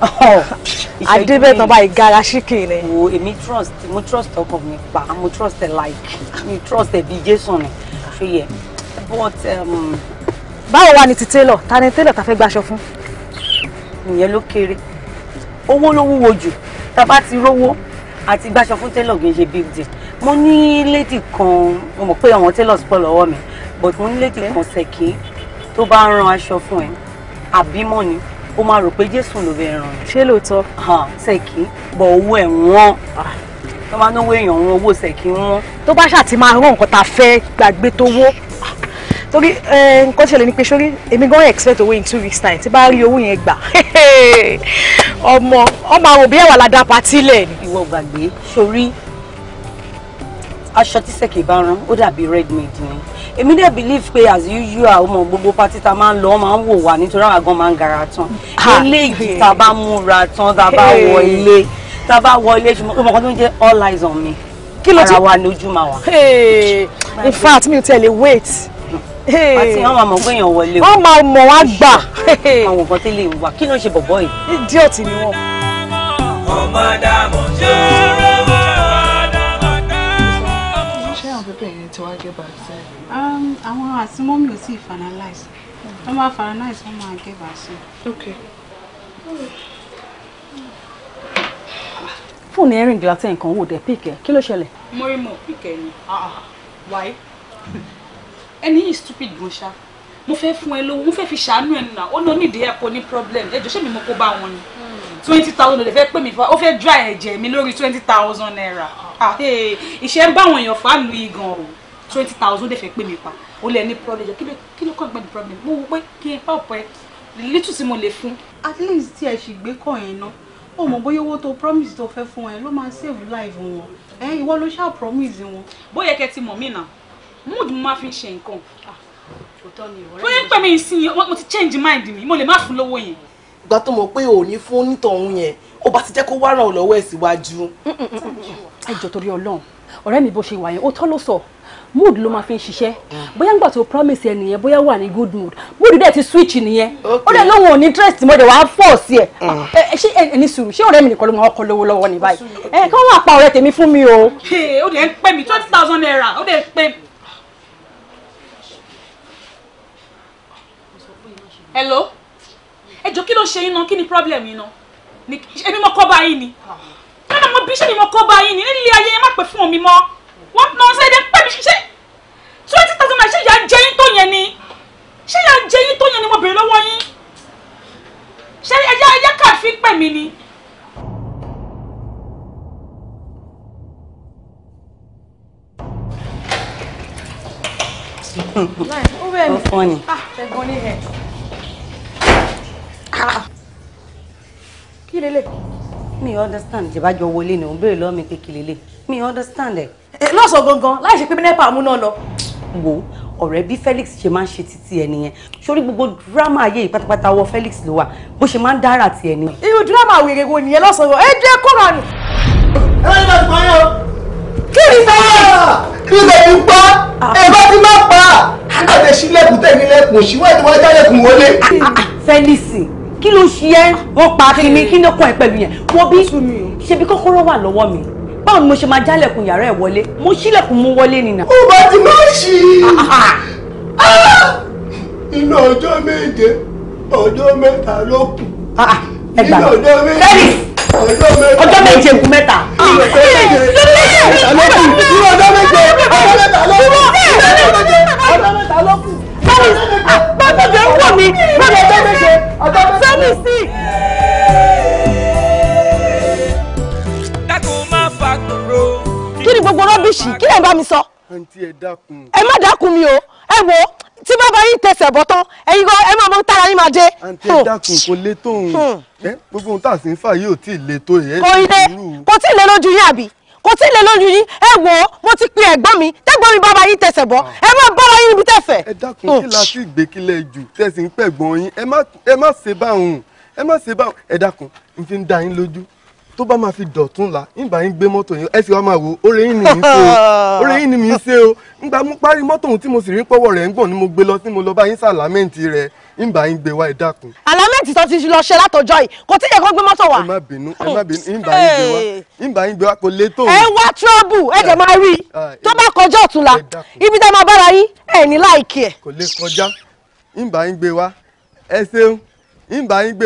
àdébẹ̀tàn báyìí gara ṣíkì ni. wo èmi trust mo trust ọkọ mi pa mo trust ẹ like mi trust ẹ bíi jésù ni ṣó yẹ but um, báwo wà ní ti tailor ta ni tailor ta fẹ́ gbaṣọ fún. ìyẹn ló kéré owó ló wúwo jù tá bá ti rówó àti gbaṣọ fún tailor kì í ṣe big deal mo ní lady kan mo mọ̀ pé àwọn tailors pọ̀ lọ́wọ́ mi but mo ní lady kan ṣèkí tó bá ń ran aṣọ fún ẹ àbímọ ni ó máa rò pé jésù ló bẹ ràn. ṣé lóòótọ́. ṣèkí bọ̀ owó ẹ̀ wọ́n tó bá náwó èèyàn wọn owó ṣèkí wọ́n. tó bá ṣàtì máa nǹkan tá a fẹ́ gbàgbé tó wó torí eh, nǹkan ṣẹlẹ̀ ni pé sórí èmi gan expect owó in two weeks time tí bá rí owó yẹn gbà [laughs] ọmọ ọmọ àwọn òbí ẹ̀wà ládàá patí lẹ̀ ni. ìwọ gbàgbé sórí aṣọ tí sẹ́kì bá rán ó dàbí red made ni èmi dẹ̀ believe pé as usual ọmọ gbogbo pátí ta máa ń lọ máa ń wò wá nítorí àwọn àgàn máa ń gara tán ilé ìgbì ta bá múra tán ta bá wọ ilé ta bá wọ ilé ṣùgbọ́n ọmọ kan tó ń jẹ́ all eyes on me kí ló ti ara wa ni ojú máa wà. in fact mi ò tẹ̀lé wait àti àwọn àmọ̀ pé èèyàn wọlé o. wọ́n máa mọ̀ wá gbà. àwọn nǹkan tí lè wà kí ló ń ṣe bọ̀bọ̀ yìí. idiot ni wọn. ọmọ dàmọ̀ ṣe rọwọ́ dàmọ̀. ṣé àwọn pépè yẹn ti wá gé bàtí. Um, àwọn àti mọ́mí ò tí ì wọ́n máa finalize wọ́n máa gé bàtí. okay. fóònù ẹ̀rìn gíláàtì nǹkan wò dé píkẹ́ kí ló ṣẹlẹ̀. mo rí mo píkẹ́ ni ah, ah. wáyé ẹni yìí stupid gan ṣá mo fẹ́ fún ẹ lówó mo fẹ́ fi ṣàánú ẹ nà ó ní onídìí ẹ ní problem ẹjọ́ ṣé mi mo kó bá wọn ni twenty thousand lè fẹ́ pè mí fa ó fẹ́ dry ẹ̀jẹ̀ mi lórí twenty thousand naira ah, ìṣe ń báwọn èèyàn fà lù í gan o twenty thousand lè fẹ́ pè mí pa ó lè ní problem ẹjọ́ kí ló kàn gbẹ́ ní problem mo wò pé kí n pàpọ ẹ little tí mo lè fún. at least tí ẹ sì gbé kàn yẹn ná ó mọ bóyá owó tó promise tó fẹ́ fún ẹ ló máa save life wọn ẹ ìwọ ló ṣáà promise wọn. bóyá kẹ́ ti mọ̀ mí náà mood mo máa fi ṣe nǹkan ah, torí pé mi ìsìn mo ti change mind mi mo lè má fún lówó yẹn. ìgbà tó mọ̀ pé ò ní fún nítọ̀hún yẹn ó bá ti jẹ́ kó wá ràn ọ́ lọ́wọ́ ẹ̀ síwájú. ẹ torí Ọlọ́run ọ̀rẹ́ mi bó ṣe wà yẹn ó tọ́ ló sọ mood ló máa fi ń ṣiṣẹ́ mm. bóyá ń gbà tó promise ẹnìyẹn bóyá wà ní good mood mood dẹ̀ ti switch nìyẹn ó dẹ̀ lóun ò ní interest mọ́ dẹ̀ wàá force ẹ̀ mm. ṣé ẹni sùúrù ṣé ọ̀rẹ́ mi nìkan ló máa kọ́ lówó lọ́wọ́ ní báyìí ẹ kí wọ́n máa pa ọ̀rẹ́ tèmi fún mi o. ó dẹ̀ ń pè mí twenty thousand naira ó dẹ̀ ń pè mí. hello ẹ jọ kí ló ṣe yín náà kí ni problem yín náà ni èmi mo kọ́ báyìí ni nínú àwọn bíṣẹ́ ni mo kọ́ báyìí ni nílé ayé ẹ má pè fún mi mọ́ wọ́n náà ṣe é pẹ́ mi ṣe 20.000 thousand naira ṣé ìyá jẹ yín tó yẹn ni ṣé ìyá jẹ yín tó yẹn ni mo béèrè lọ́wọ́ yín ṣé ẹyá ẹyá kàfí pè mí ni. ó bẹ́ẹ̀ ni ó fọ́ ni. Ah, ẹ̀gbọ́n ní ẹ̀. Ah. kí lélẹ̀ understand tí bá jọ wọlé ni òun béèrè lọ́wọ́ mi pé kí lélẹ̀ mi understand ẹ̀. lọ́sọ̀ gangan láì ṣe pé nepa mú náà lọ. wo ọ̀rẹ́ Felix ṣe máa ń ṣe títí ẹ nìyẹn sórí gbogbo dírámà ayé yìí pátápátá wọ Felix ló wà bó ṣe máa ń dára tiẹ̀ nìyẹn. irú dírámà wèrè wo nìyẹn lọ́sọ̀ gan ẹ jẹ́ kóra nù. Ah. ẹ bá ti máa pa yẹn ah. o. kí pa ẹ bá ti máa pa àtẹ̀sílẹ̀kùn tẹ̀mílẹ̀kùn òṣìwọ́ ẹ̀ tí wọ́n jálẹ̀kùn wọlé kí ló ṣe ẹ́ wọ́n pa kíni kí ló kọ́ ẹ pẹ̀lú yẹn wọ́n bí ṣebí kọ́kọ́rọ́ wà lọ́wọ́ mi báwo ni mo ṣe máa jálẹ̀kùn yàrá ẹ̀ wọlé mo ṣílẹ̀kùn mú wọlé nìyà. ó bá ti máa ṣí i ah, inú ah, ah. ọjọ́ méje ọjọ́ mẹ́ta ló kù inú ọjọ́ méje ọjọ́ méje kù mẹ́ta. ọjọ́ méje ọjọ́ méje ọjọ́ mẹ́ta ló kù sẹ́mi gbàgbọ́dọ̀ ń wọ̀ mí gbàgbọ́dọ̀ méje sẹ́mi sí. kí ni gbogbo rọ́bìṣì kí lè bá mi sọ. ẹ má dákun mi o ẹ wo tí bàbá yìí tẹsẹ̀ bọ́ tán ẹ̀yin kan ẹ máa mọ tára yín máa dé. àǹtí ẹ dákun kò lè tó òun hmm. gbogbo ohun tá a sì ń fà yìí tí ì lè tó ẹ. kò ilé kò tí ì lè lójú yín àbí kò tí ì lè lóyún yín ẹ wò ó mo ti pe ẹ̀gbọ́n mi tẹ́gbọ́n mi bàbá yín tẹsẹ̀ bọ́ ẹ má bọ́ra yín níbi tẹ̀fẹ̀. ẹ dákun kí la sí ìgbékilẹ̀ jù tẹ̀sí ń pẹ̀gbọ́n yín ẹ má ṣe báwọn ẹ má ṣe báwọn ẹ dákun n fi ń da yín lójú tó bá máa fi dọ̀tún la ìgbà yín gbé mọ́tò yín ẹ sì máa wò ó rẹ́yìn ni mi ṣe o ó rẹ́yìn ni mi ṣe o ńgbà mo parí mọ́tò ohun tí mo sì rí pọ́wọ́ rẹ̀ ń gbọ̀n ni mo gbé lọ tí mo lọ bá yín sàlámẹ́ǹtì rẹ̀ ìgbà yín gbé wá ẹ dákun. àlámẹ́ǹtì tó ti lọ ṣe látọjọ́ yìí kò tí yẹ kó gbé mọ́tò wá. ẹ má bínú ẹ má bínú ìgbà yín gbé wá ìgbà yín kò lè tó. ẹ wá tíráàbù ẹ dẹ̀ máa rí ah, eh, tó bá kọjá ọ̀tún la ibi tẹ́ ìgbà yín gbé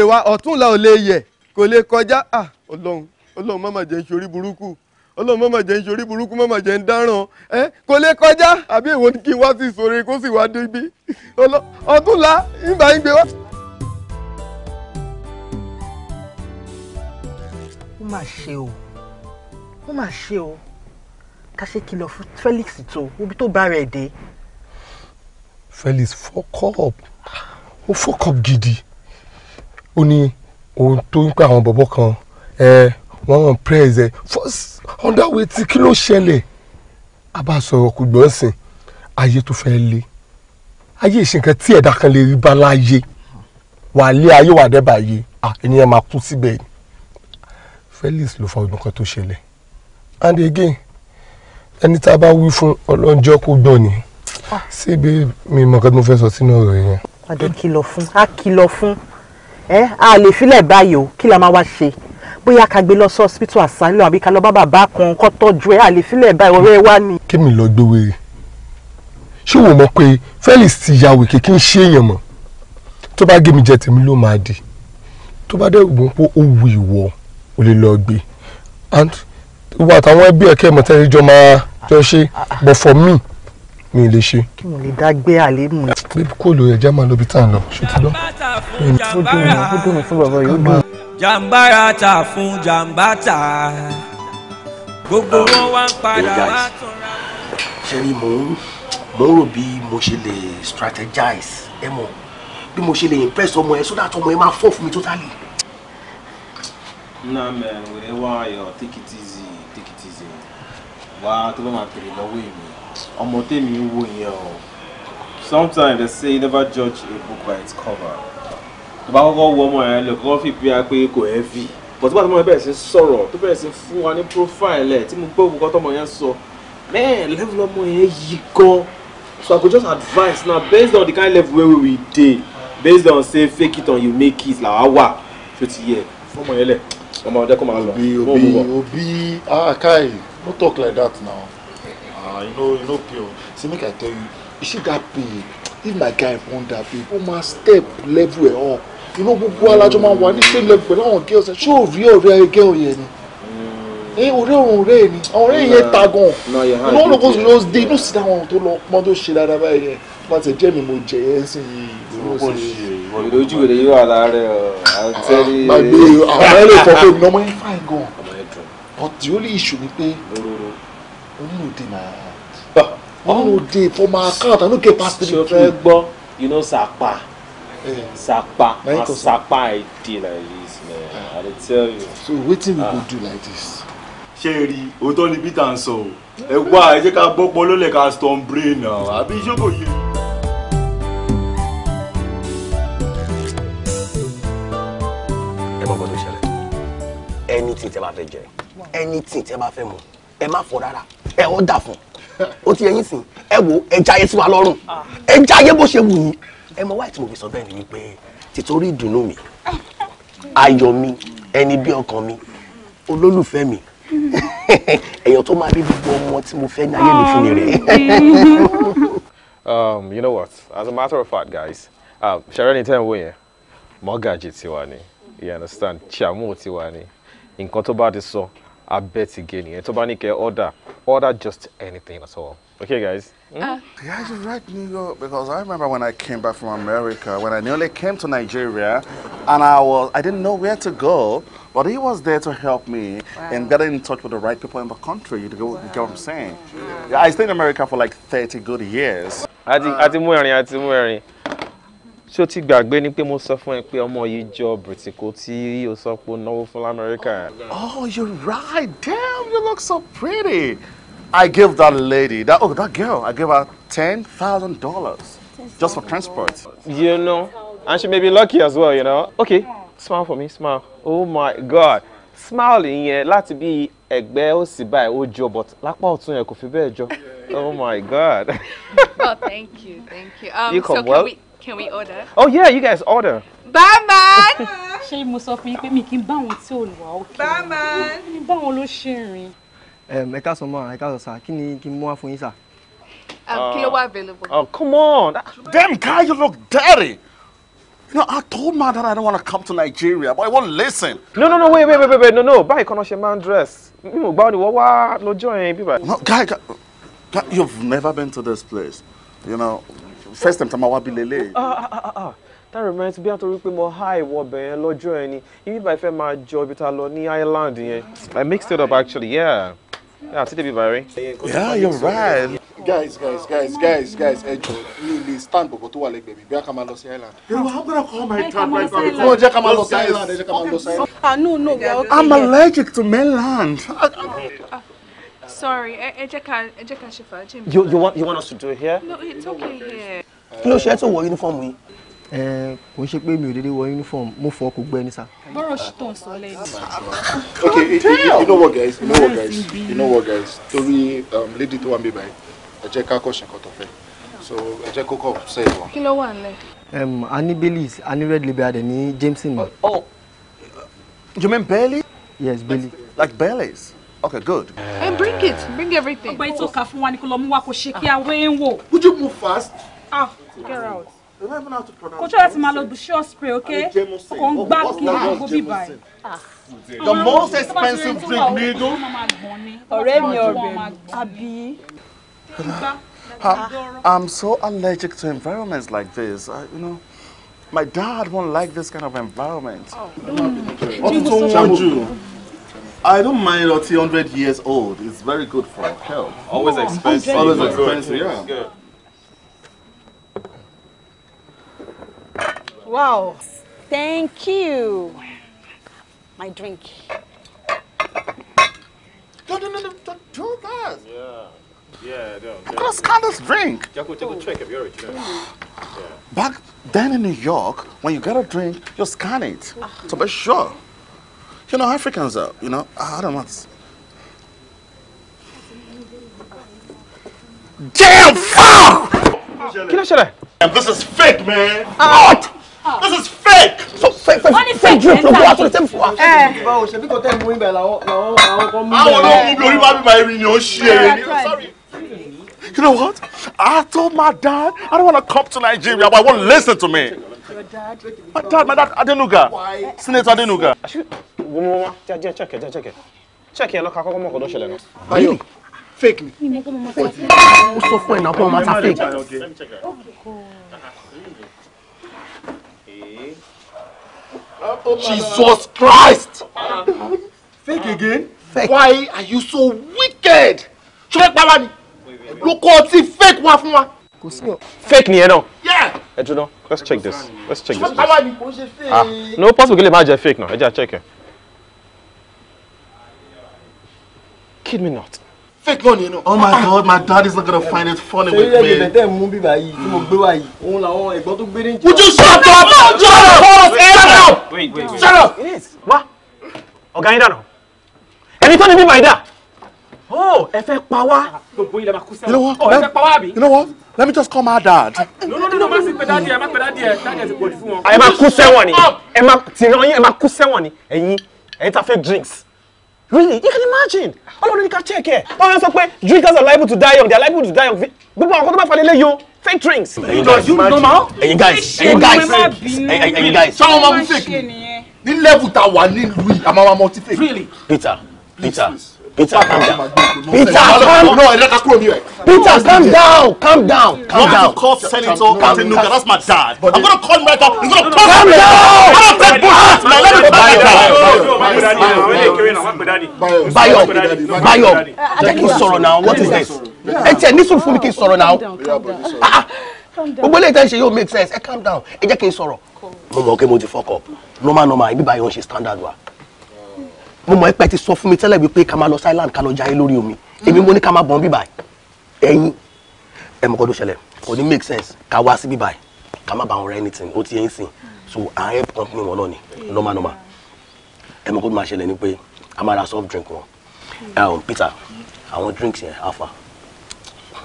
wá ẹ ò lè yẹ kò lè kọjá ah ọlọ́run ọlọ́run má mà jẹ́ ń ṣorí burúkú ọlọ́run má mà jẹ́ ń ṣorí burúkú má mà jẹ́ ń dáràn ẹ kò lè kọjá àbí èwo ni kí n wá sí ìṣòro kó sì wá dé ibi ọ̀túnla ìgbà yín gbé wá. ó mà ṣe o ó mà ṣe o ká ṣe kìlọ̀ fún Felix tó ibi tó bá rẹ̀ dé. Felix fuck up ó fuck up gidi ó ní ohun tó ń pè àwọn bọ̀bọ̀ kan ẹ wọ́n wọ́n praise ẹ first under wetin kí ló ṣẹlẹ̀ abáṣọ̀rọ̀ kò gbọ́n sìn ayé tó fẹ́ lé ayé ìṣìnkàn tí ẹ̀dá kan lè rí bá láàyè wà á lé ayé wà dẹ́ báyé ènìyàn máa kú síbẹ̀ ni Felix ló fa ọgbọ́n kan tó ṣẹlẹ̀ and again ẹni tá a bá wí fún ọlọ́njọ́ kó gbọ́n ni síbi ah. mi mọ̀ kí mo fẹ́ sọ sínú ọ̀rọ̀ yẹn. adé kìlọ̀ fún a kìlọ̀ fún ẹ a lè filẹ̀ báyìí o kí la máa wá ṣe bóyá ká gbé lọ sí hospital àsálò àbí ká lọ bá bàbá kan kó tọ́jú ẹ àlefílẹ̀ bá ọ̀rẹ́ wa ni. kí mi lọ gbé wèrè ṣé wò mọ̀ pé Felix ti ya wèké kí n ṣe èèyàn mọ̀ tó bá gé mi jẹ tèmi ló máa di tó bá dẹ̀ wò pé ó wu ìwọ ò lè lọ gbé and ìwọ àtàwọn ẹbí ẹ̀kẹ́ mọ̀tẹ́rì jọ máa jọ ṣe but for me mi lè ṣe. kí mo lè dágbé àlébù. bíbí kò lóye jẹ́ máa lóbi tá à ń lọ ṣùgbọ́n. ó dùn mí ó dùn mí fún bàbá yìí dùn mí jàǹbá ra ta fún jàǹbá ta gbogbo wọn wá ń padà wá tún ra. ṣe ni mò ń mò ń rò bí mo ṣe lè strategize ẹ mọ bí mo ṣe lè impress ọmọ ẹ so that ọmọ ẹ máa fọ́ fún mi totally. nna mẹ wẹ́ẹ́ wá ayọ̀ take it easy take it easy wá tó bá máa tèrè lọ́wọ́ èmi ọmọ tèmi ń wo yẹn o sometimes they say never judge a book by its cover tó bá kọ́kọ́ wọ ọmọ yẹn lè kọ́kọ́ fi pé pé kò ẹ́ fi bọ̀tí bàtí ọmọ yẹn bẹ̀rẹ̀ sí sọ̀rọ̀ tó bẹ̀rẹ̀ sí fún wa ní profile ẹ̀ tí mo gbé òkú tọmọ yẹn sọ man level ọmọ yẹn yí gan so i go just advise now based on the kind level wey we dey based on say fake it or you make it làwa wà tó ti yẹ fọmọ yẹn lẹ ọmọ ọdẹ kó máa lọ mọ òun bọ. obi akai ah, no talk like that now ah you no you no pure see make i tell you you see that pay if my guy born that pay o ma step level up inú gbogbo alájọ máa wà ní same level pẹ̀lú àwọn girls ẹ̀ ṣé ò rí ọ̀rẹ́ girl yẹn ni ọ̀rẹ́ òun ọ̀rẹ́ ni àwọn ọ̀rẹ́ yẹn ta gan inú ọ̀rọ̀ kò ló dé inú sí àwọn tó lọ pọ́n tó ṣe dáadáa báyìí yẹn bá ti jẹ́ mi mo jẹ yẹn sí i ìlójú rẹ̀ yóò wà láàárẹ̀ ọ̀ àtẹ́rí. àgbè àwọn ẹlẹ́ ìfọ̀fẹ́ mi ọmọ yẹn fine gan but the only issue ni pé òun ò dé my heart ah. òun ò dé for my account I no get past you know sapa sapa na sapa i like this man ah. i dey tell you. so wetin we go ah. do like this. ṣé ẹ rí òótọ́ ni peter ń sọ o ẹ wá ẹ jẹ́ ká gbọ́pọ̀ lólè ká storm brain àbí iṣẹ́ kò yé. ẹ mọ̀ gbọ́dọ̀ ṣẹlẹ̀ anything tẹ́ bá fẹ́ jẹ anything tẹ́ bá fẹ́ mu ẹ má fọ rárá ẹ ọ́ dà fún ó ti ẹyin sìn ẹ wo ẹ jayé sí wa lọ́rùn ah. ẹ jayé bó ṣe wù yín ẹ mọ wáyé mo fi sọ bẹ́ẹ̀ ni wípé títorí ìdùnnú mi ayọ̀ mi ẹni bí ọkàn mi olólùfẹ́ mi èèyàn tó máa rí gbogbo ọmọ tí mo fẹ́ ní ayé mi fún mi rẹ̀. Um, you know what? As a matter of fact, guys, um, ṣẹ̀rẹ́ ni tẹ́wọ̀n yẹn mọ́gàjì tiwa ni you understand chiamu tiwa ni nǹkan tó bá ti sọ abẹ́ ti gé nìyẹn tó bá ní kẹ́ order order just anything at all. Okay, guys? Mm? Yeah, you right, New York, because I remember when I came back from America, when I nearly came to Nigeria, and I was I didn't know where to go, but he was there to help me wow. and get in touch with the right people in the country. You get, what I'm saying? Wow. Yeah, I stayed in America for like 30 good years. Àti àti mú ẹ̀rín àti mú ẹ̀rín. ti gbàgbé ni pe mo sọ fún ẹ pé ọmọ yìí jọ Bìrìtìkó tí o sọ pé ó náwó fún Oh, you're right. Damn, you look so pretty. I gave that lady, that oh, that girl, I gave her ten thousand dollars just for transport. You know, and she may be lucky as well. You know. Okay, smile for me, smile. Oh my God, smiling. smile to be a girl, òsì buy ó job, but lápá ọ̀tún yẹn kò coffee bẹ́ẹ̀ job. Oh my God. oh, [laughs] thank you, thank you. Um, you come so well. Can we Can we order? Oh yeah, you guys order. Bye man. She must fún yín making mi kì í bá àwọn tí ò lù ẹ ká sọ mọ́ ẹ ká sọ sà kí ni kí n mú wá fún yín sà. Ah, ah. kí ló wà available. oh come on damn guy you look dirty. You know, I told man that I don't want to come to Nigeria, but he won't listen. No, no, no, wait, wait, wait, wait, wait. no, no. Buy a náà dress. Mi ò gbọ́ ni wọ́n wá lọ́jọ́ yẹn No, guy, guy, guy, you've never been to this place. You know, first time tamawa bi lele. Ah, ah, ah, ah, ah. That reminds me, I have to pé mo há ìwọ bẹ̀yẹn lọ́jọ́ yẹn ni, ibi bá ìfẹ́ máa jọ ibi tá a lọ ní Ireland I mixed it up actually, yeah. Yeah, ti débi bàárẹ̀. Yeah, you're right. Guys, guys, guys, guys, guys, ẹ jọ mi stand bọ̀bọ̀ tó wà lẹ́gbẹ̀ẹ́ mi, bí a kà máa lọ sí island. Yorùbá, how gonna call my dad right now? Kò jẹ́ ká máa island, ẹ jẹ́ ká island. Ah, no, no, we okay. I'm allergic to mainland. Ah, ah, sorry, ẹ jẹ́ ká ẹ You you want you want us to do it here? No, it's okay here. No, ló ṣe é tó wọ yúnífọ̀mù ẹ kò ń ṣe pé mi ò dédé wọ uniform mo fọ kò gbẹni sa. bọ́rọ̀ ṣì tó sọ lẹ́yìn. okay it, you know what guys you know what guys you know what guys torí um, lady tó wà ń bí báyìí ẹ jẹ́ ká kọ́ ṣe nǹkan tó fẹ́ so ẹ jẹ́ kó kọ́ ṣe ìwọ. kí ló wà nílẹ̀. a ní baileys a ní red label a ní jameson ma. Oh, oh you mean bailey. yes bailey. like baileys. Okay, good. And bring it. Bring everything. Ọgbà ìtọ́ka fún wa ni kò lọ mú wa kò ṣe kí awé ń wò. Would you move fast? Ah, get out kò tí o láti máa lọ bu sure spray okay? kò ń gbá kí n gbó bíbá ah. the most expensive drink ni idú. ọ̀rẹ́ mi ọ̀rẹ́ mi àbí. I'm so allergic to environments like this. I, you know, my dad won't like this kind of environment. Ọtí tó wọ́n you? I don't mind ọtí 100 years old. It's very good for health. Always oh, expensive. Always expensive, yeah. Wow. Thank you. My drink. No, no, no, no, do that. Yeah. Yeah, no. no Cross Candace drink. Jaco, Jaco, oh. check if you're rich. Back then in New York, when you get a drink, you scan it to be sure. You know, Africans are, you know, I don't want Damn, fuck! Can I shut up? This is fake, man. Uh, what? You know what? I told my dad I don't want to come to Nigeria, but I won't listen to me. Your dad? My dad, my dad, Adenuga. Why? Senator Adenuga. Wo mo check it, check it. Check it, lọ́ka kọ́kọ́ mọ̀ kọ́ tó ṣẹlẹ̀ náà. Bayo, fake ni. Mo sọ fún ẹ̀ náà pé mo máa ta fake. Oh, Jesus Christ. Fake again? Fake. Why are you so wicked? Ṣé pa wá ni? Lóko ọtí fake wá fún wa. Kò sí o. Fake nìyẹn náà. Yeah. Ẹ dúró, let's check this. Let's check this. Ṣé pa wá ni? Kò ṣe fake. Ah, no possible kí lè máa jẹ fake náà. Ẹ jẹ́ à check ẹ. Kid me not fake money you know. oh my god my dad is not gonna find it funny with me. ṣé ilé ìbẹ̀tẹ̀ mú bíbá yìí tí mo gbé wá yìí òun làwọn ẹ̀gbọ́n tó gbé ní jẹ́. would you shut up shut up wait, wait, wait. shut up wá ọ̀gá yín dànù ẹni tó ní bíbá yìí dà oh ẹ fẹ́ pa wá. gbogbo ilẹ̀ máa kú sẹ́wọ̀n you know what ẹ fẹ́ pa wá àbí. you know what let me just call my dad. no no no no má sì pé dáadé ẹ má pé dáadé ẹ dáadé ẹ ti pọ̀ jù fún wọn. ẹ máa kú sẹ́wọ̀n ni ẹ máa tìrọ̀ yín ẹ máa kú sẹ́wọ̀n ni ẹ̀yin ẹ̀yin tá fẹ́ drinks really you can imagine ọlọ́run ní ká check ẹ̀ ọlọ́run sọ pé drinkers are liable to die young they are liable to die young gbogbo àwọn kan tó bá falẹ̀ lé yo fake drinks. ẹ̀yin guys ẹ̀yin guys ẹ̀yin guys ẹ̀yin guys sáwọn máa ń fake ní level tá a wà nílùú yìí a máa máa multi fake. Peter Peter. Peter calm down Peter calm down Peter calm down calm down calm down. call senator Captain Nuka that's my dad I'm gonna call him right now he's gonna call calm me. down I don't take bullshit now let me calm down. Bayo Bayo jẹ́ kí n sọ̀rọ̀ now what is this ẹ tiẹ̀ ní sùn fún mi kí n sọ̀rọ̀ now gbogbo ilé ìtàn ṣe yóò make sense ẹ calm down ẹ jẹ́ kí n sọ̀rọ̀ mo mọ̀ ọ́ pé mo ti fuck up normal normal ibi báyọ̀ ń ṣe standard wa mo mọ̀ ẹ́pẹ́ ti sọ fún mi tẹ́lẹ̀ wípé ká máa lọ silent ká lọ jayé lórí omi èmi mo ní ká máa bọ̀n bíbà ẹ̀yin ẹ̀ mọ̀kọ́ tó ṣẹlẹ̀ kò ní make sense ká wá sí bíbà ká má bá wọn anything ó ti yẹn sìn so I ń help company wọn náà ni normal normal ẹ̀ mọ̀kọ́ tó máa ṣẹlẹ̀ ni pé a máa ra soft drink wọn um, Peter àwọn drinks yẹn alpha.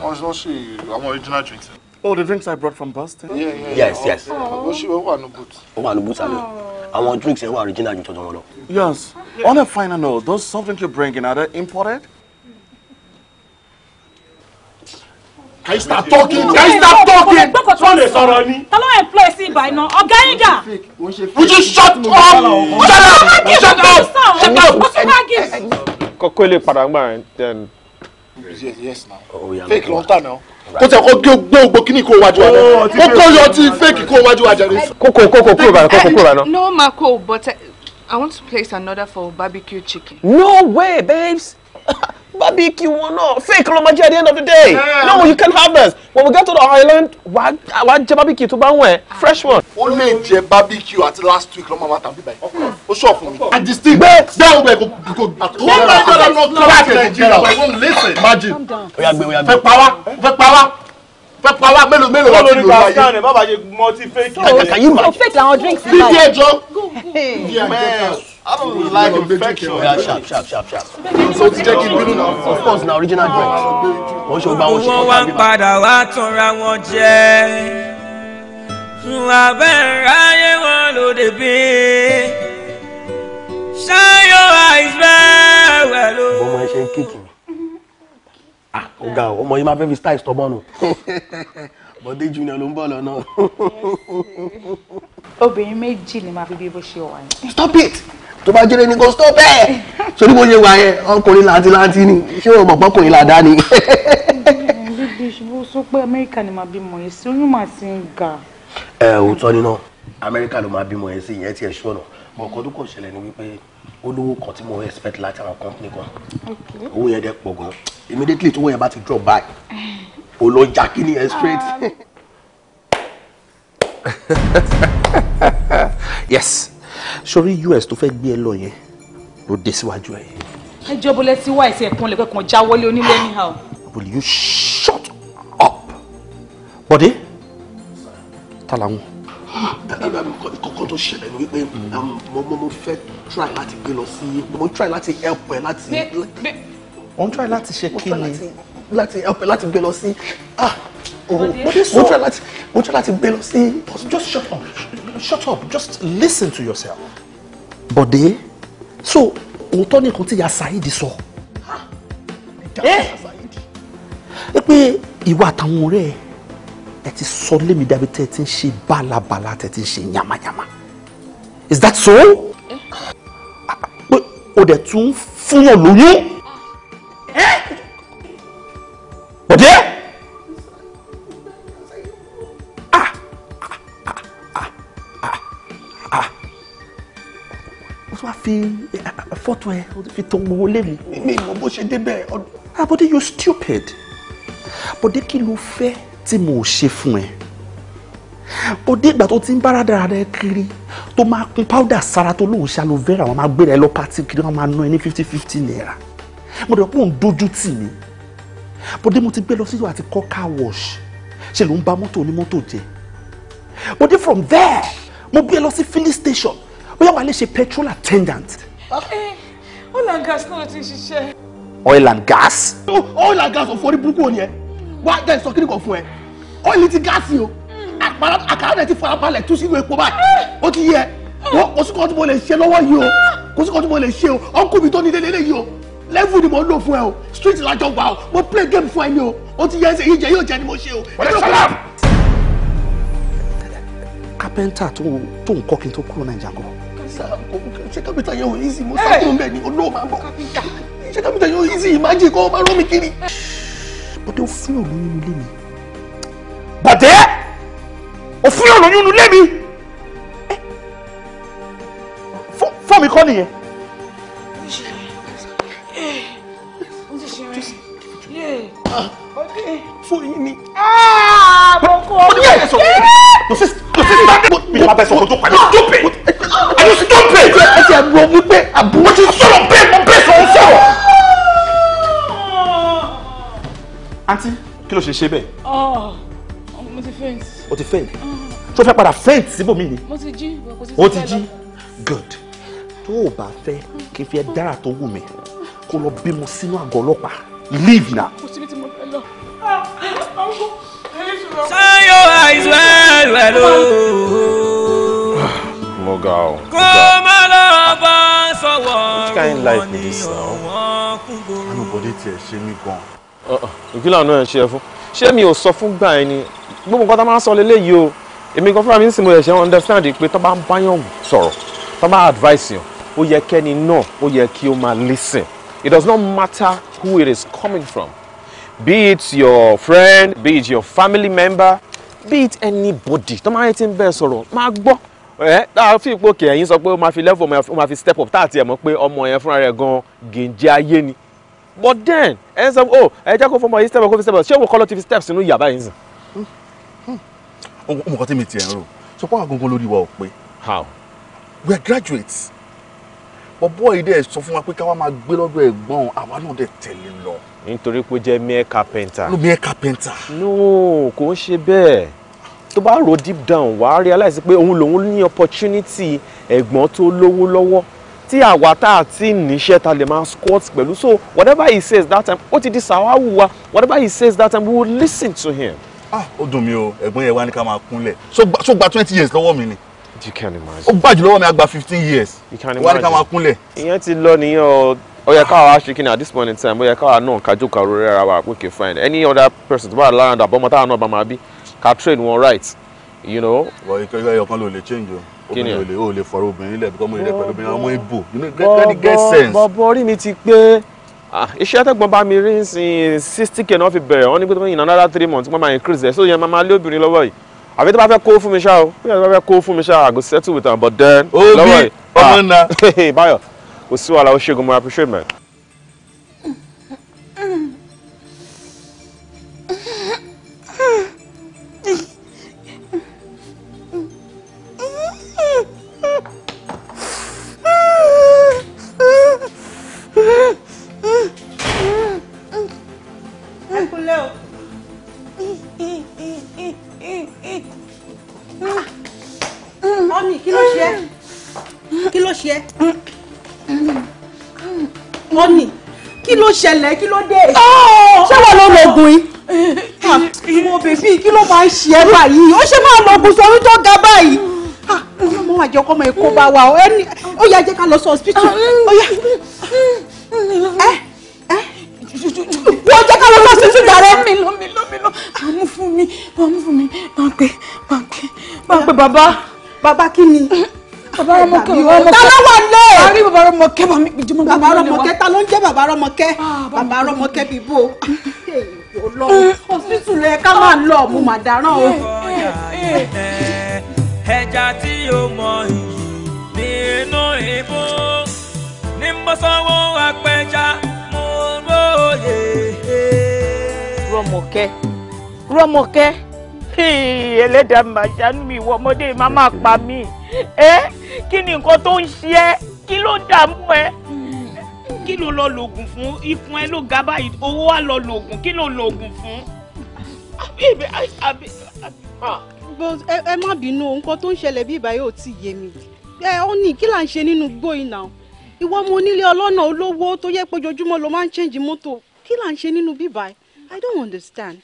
wọ́n sọ sí àwọn original drinks. Oh, the drinks I brought from Boston? Yeah, yeah. yeah. Yes, yes. Oh, she was no boots. Oh, no boots, I know. I want drinks and original you told Yes. On a final note, those something drinks you're bringing, are they imported? Can you start talking? Can you start talking? Wọ́n lè sọ̀rọ̀ ni. Ta ló employ sí ibà iná? Ọ̀gá yín dà. Would you shut up? Shut up! Shut up! Shut up! Kọ́kọ́ ilé padà ń gbà yẹn yes yes na oh, fake ló ń tà náà kó tẹ kó gbé gbogbo kíní kó wájú wa náà oh, kó kó yọ ti fake kó wájú wa jàre. kókó kókó kúrò bá kókó kúrò bá náà. no ma ko but uh, I want to place another for barbecue chicken. no way babes barbecue wọn náà fake ló máa jẹ́ at the end of the day yeah. no you can have this when we get to the island wàá wàá jẹ barbecue to bá ń wẹ̀ fresh one. ó lè jẹ barbecue àti last week lọ́mọ máa tàbí báyìí ó sọ fún mi. and the stick gbé Down, bẹ́ẹ̀ go. kò àtúntò. one thousand and one thousand naira for one lesson. imagine fẹ́ pa wá fẹ́ pa wá pẹpẹ wa mélòó mélòó wa ti lò láyé. kọ́lórí bàbá yẹ mọ ti fake. kàkàkà yìí mà. o fake làwọn drinks ní báyìí. bíbí ẹjọ́. I don't like infection. Yeah, sharp, sharp, sharp, sharp. So ti jẹ́ kí n bínú Of course na original drink. Wọ́n ṣe gba wọn ṣe kọ́ta bíbá. Owó wa padà wá tanra wọn jẹ́. Ńlá bẹ́ẹ̀ ráyé wọn lóde bí. Ṣáyọ̀ àìsàn wẹ̀ ló. Bọ́mọ ẹ ṣe ń kíkì ó ga ọ ọmọ yìí máa fẹ́ fi style stubborn o [laughs] bọ́dé junior ló ń bọ̀ lọ́nà. obìnrin méjì ni màá fi bí bó ṣe wà yẹn. stop it tó bá jẹ́rẹ́ ni kò stop ẹ̀ sórí bó ṣe wà yẹn ọkùnrin láti láti ni ṣé o mọ̀ pọ́kùnrin làdá ni. bíbí ìṣubú sọ pé amẹ́ríkà ni màá bímọ yẹn sí oyún màá ti ń ga. ẹ òótọ́ ni náà amẹ́ríkà ló máa bímọ yẹn sí ìyẹn tiẹ̀ ṣọ́nà mọ̀ọ́kọ́ tó kọ̀ ṣẹlẹ̀ ni wípé olówó kan tí mo expect láti àwọn company kan owó yẹn dẹ pọ̀ gan immediately tí owó yẹn bá ti drop by o lọ jà straight. Ah. [laughs] yes sori us tó fẹ́ gbé ẹ lọ yẹn ló dé síwájú ẹ. ẹ jọ bolẹ tí wáyé sí ẹkùn lẹkọọ kan já wọlé onílé anyhow. will you shut up bọ́dé tá làwọn kọ́kọ́ tó ṣẹlẹ̀ ni wípé um, mo mo fẹ́ try láti gbé lọ sí mo try láti help ẹ láti. mo try láti ṣe kí ni. láti help ẹ láti gbé lọ sí ah, oh, mo try láti mo try láti gbé lọ sí. just shut up shut up just listen to yourself. Bọ̀dé so òótọ́ ni nǹkan tí ìyá Saheed sọ. ẹ ah, eh! pé ìwà àtàwọn ọ̀rẹ́ ẹ̀ ẹ ti sọ lé mi dàbí tẹ́ ẹ ti ń ṣe bálabàla tẹ́ ẹ ń ṣe yamayama is that so? pé o dẹ̀ tún fún yàn lóyún. bọ̀dé. o tún wá fi eh, fọ́tò ẹ o fi tó gbogbo lé mi. ò mọ bó ṣe débẹ̀. Ah, bọ̀dé you stupid. bọ̀dé kí ló fẹ́ tí mo ṣe fún ẹ ó dé ìgbà tó ti ń bára dáradára kiri tó máa kún powder sára tó lóun ṣe aloe vera wọn máa gbé rẹ lọ pati kiri wọn máa ná ẹ ní fifty fifty naira mo dẹ̀ pé òun dojú tì mí bóde mo ti gbé lọ sílùú àti kọ́ car wash ṣe ló ń ba mọ́tò onímọ́tò jẹ bóde from there mo gbé lọ sí filling station bóyá wàá lè ṣe petrol attendant. oil and gas náà ti ṣiṣẹ́. oil and gas. oil and gas ọ̀fọ̀ orí burúkú ò ní ẹ wá jẹ́ ìsọ kíni kan fún ẹ ọ́ìlì ti gáàsì o àkàrà rẹ̀ ti farabalẹ̀ tú sínú epo báyìí ó ti yẹ kò sí kan tí mo lè ṣe lọ́wọ́ yìí o kò sí kan tí mo lè ṣe o ọ̀nkù mi tó ní délé yìí o level ni mo ń lò fún ẹ o street lájọ gbà o mo play game fún ẹ ni o ó ti yẹ ẹsẹ̀ yìí jẹ yóò jẹ ni mo ṣe o. wọlé sọlá. kápẹ́ńtà tó ń kọ́ kí n tó kúrò nàìjà kọ́. ṣé kápẹ́ńtà yẹn ò easy mo sá kúrò mẹ́ni olóò máa bọ̀ ṣé kápẹ́ńtà o máa bàtẹ́ ó fún yàn lóyún nulẹ̀ mi bàtẹ́ ó fún yàn lóyún nulẹ̀ mi eh. fọ́ mi kọ́ nìyẹn. fún yín ni. Ah, mo ní ẹ̀yẹ sọ̀rọ̀ kò sí sáńdé bó mi máa bẹ sọ̀rọ̀ tó pàdé tó pè é tó pè é. ẹ ti ẹ̀ lọ wípé àbúrò ti sọ̀rọ̀ bẹ́ẹ̀ mo bẹ́ẹ̀ sọ̀rọ̀ sọ̀rọ̀. àǹtí kí ló ṣe ṣe bẹ́ẹ̀. Ah, oh, mo ti faint. o ti faint. Ah. ṣó fẹ́ padà faint síbòmí ni. mo ti jí o ti jí good tó o bá fẹ́ kí n fi ẹ dára tó wù mí kó lọ bímọ sínú àgọ́ ọlọ́pàá leave now. kò síbi tí mo fẹ́ lọ. Turn your eyes well, well, oh. Ah, mo ga o. Kó má lọ bá sọ̀wọ́. Which kind life be this now? Anubode tiẹ̀ ṣe mí gan-an ìkìlọ̀ náà ẹ̀ ń ṣe ẹ fún ṣé mi ò sọ fún gbà ẹ ni gbogbo nǹkan tá a máa ń sọ lélẹ́ yìí o èmi kan fúnra mi ń sìn mo lè ṣe understand pé tó bá ń báyàn sọ̀rọ̀ tó bá advice yàn ó yẹ kẹ́ni náà ó yẹ kí ó máa listen it does not matter who it is coming from be it your friend be it your family member be it anybody tó máa ń ti ń bẹ́ẹ̀ sọ̀rọ̀ máa gbọ́ ẹ táà fi ipò kẹ̀yìn sọ pé ó máa fi level ó máa fi step up táà tiẹ̀ mọ̀ pé ọmọ yẹn fúnra rẹ̀ gan-an gèǹjẹ́ ayé ni but then ẹ ń sọ oh ẹ jẹ́ kó fọmọ yìí step up kó fi step up ṣé òun kọ́ ló ti fi steps sínú yàrá yìí sìn. ohun kan tí mi tiẹ̀ ń rò sọ pé àgọ́gọ́ lórí wa ò pé. how. we are graduates bọ́bọ́ yìí dẹ̀ sọ fún wa pé káwa máa gbé lọ́dọ̀ ẹ̀gbọ́n àwa náà dẹ̀ tẹ̀lé lọ. nítorí pé ó jẹ́ mere carpenter. ló mere carpenter. no kò ń ṣe bẹ́ẹ̀ tó bá rò deep down wàá realize pé òun lòun ní opportunity ẹ̀gbọ́n tó lówó lọ́wọ́ tí àwa tá a ti níṣẹ́ ta lè máa squat pẹ̀lú so whatever he says that time ó ti di sàwáwù wa whatever he says that time we will listen to him. ah ó dùn mí o ẹ̀gbọ́n yẹn wá ní ká máa kúnlẹ̀ so gba twenty years lọ́wọ́ mi ni. you can imagine. ó gbàjù lọ́wọ́ mi àgbà fifteen years. you can imagine wá ní ká máa kúnlẹ̀. ìyẹn ti lọ nìyẹn o ó yẹ káwa ṣe kí at this point in time ó yẹ káwa náà kájú kàró rẹ̀ ra wa we can find any other person tó bá lára àbọ̀mọ́ táwọn náà bá máa bí ká train wọn right you know. wọ́n ikọ̀ ẹ̀yọ̀kan ló lè change o obìnrin ò lè ò lè fọ̀rọ̀ obìnrin lẹ̀ bíkọ́ mo lè pẹ̀lú obìnrin ọmọ ibo gẹ́gẹ́ get sense. bọ̀bọ̀ orí mi ti pé ah, iṣẹ́ tẹ́gbọ́n bá mi rí ń sin sixty k náà fi bẹ̀rẹ̀ wọ́n ní pé in another three months wọ́n máa increase ẹ̀ so yẹn máa máa lé obìnrin lọ́wọ́ yìí àbí tó bá fẹ́ kó fún mi ṣá o bí wọ́n fẹ́ kó fún mi ṣá i go settle with am but then lọ́wọ́ yìí. obi ọmọ náà. Ah, [laughs] báyọ̀ kò sí wàhálà ó ṣègùn mo appreciate man. oògùn yìí. [laughs] Ah, ìwọ bèbí kí ló máa ń ṣe ẹ báyìí ó ṣe máa lọ oògùn sọrí tó ga báyìí. ọmọ ah, àjọ kọ́ mọ ẹ̀kọ́ bá wa ọ ẹni ó yá jẹ́ ká lọ sí hospital ó yá ẹ eh, ẹ eh, wọ́n jẹ́ ká lọ lọ sí ìsìnkà rẹ. mi lọ mi lọ mi lọ bá mú fún mi bá mú fún mi bá ń pè bá ń pè bá ń pè bàbá. bàbá kí ni bàbá Rọ́mọkẹ́ ọmọkẹ ta ló wà lé àárín bàbá Rọ́mọkẹ́ bàbá Rọ́mọkẹ́ ta ló ń jẹ bàbá Rọ́mọkẹ́ ah, bàbá Rọ́mọkẹ́ bíbó Ọlọ́run hospital ẹ ká máa lọ mo mà dáràn o. ẹja tí o mọ iyì nínú ìbò ní mọ́sánwó apẹja mo lóye. rọmọkẹ rọmọkẹ ẹlẹ́dàá màjánú mi ìwọ ọmọdé má má pa mí ẹ kí ni nǹkan tó ń ṣe ẹ́ kí ló dààmú ẹ kí ló lọ lògùn fún ikùn ẹ ló ga báyìí owó wa lọ lògùn kí ló lògùn fún. ẹ má bínú nǹkan tó ń ṣẹlẹ̀ bí ìbáyé ò tí yé mi ẹ ó ní kí là ń ṣe nínú gbóyìn náà ìwọ ọmọ onílé ọlọ́nà olówó tó yẹ pé ojoojúmọ́ ló máa ń change mọ́tò kí là ń ṣe nínú bíbá i don't understand.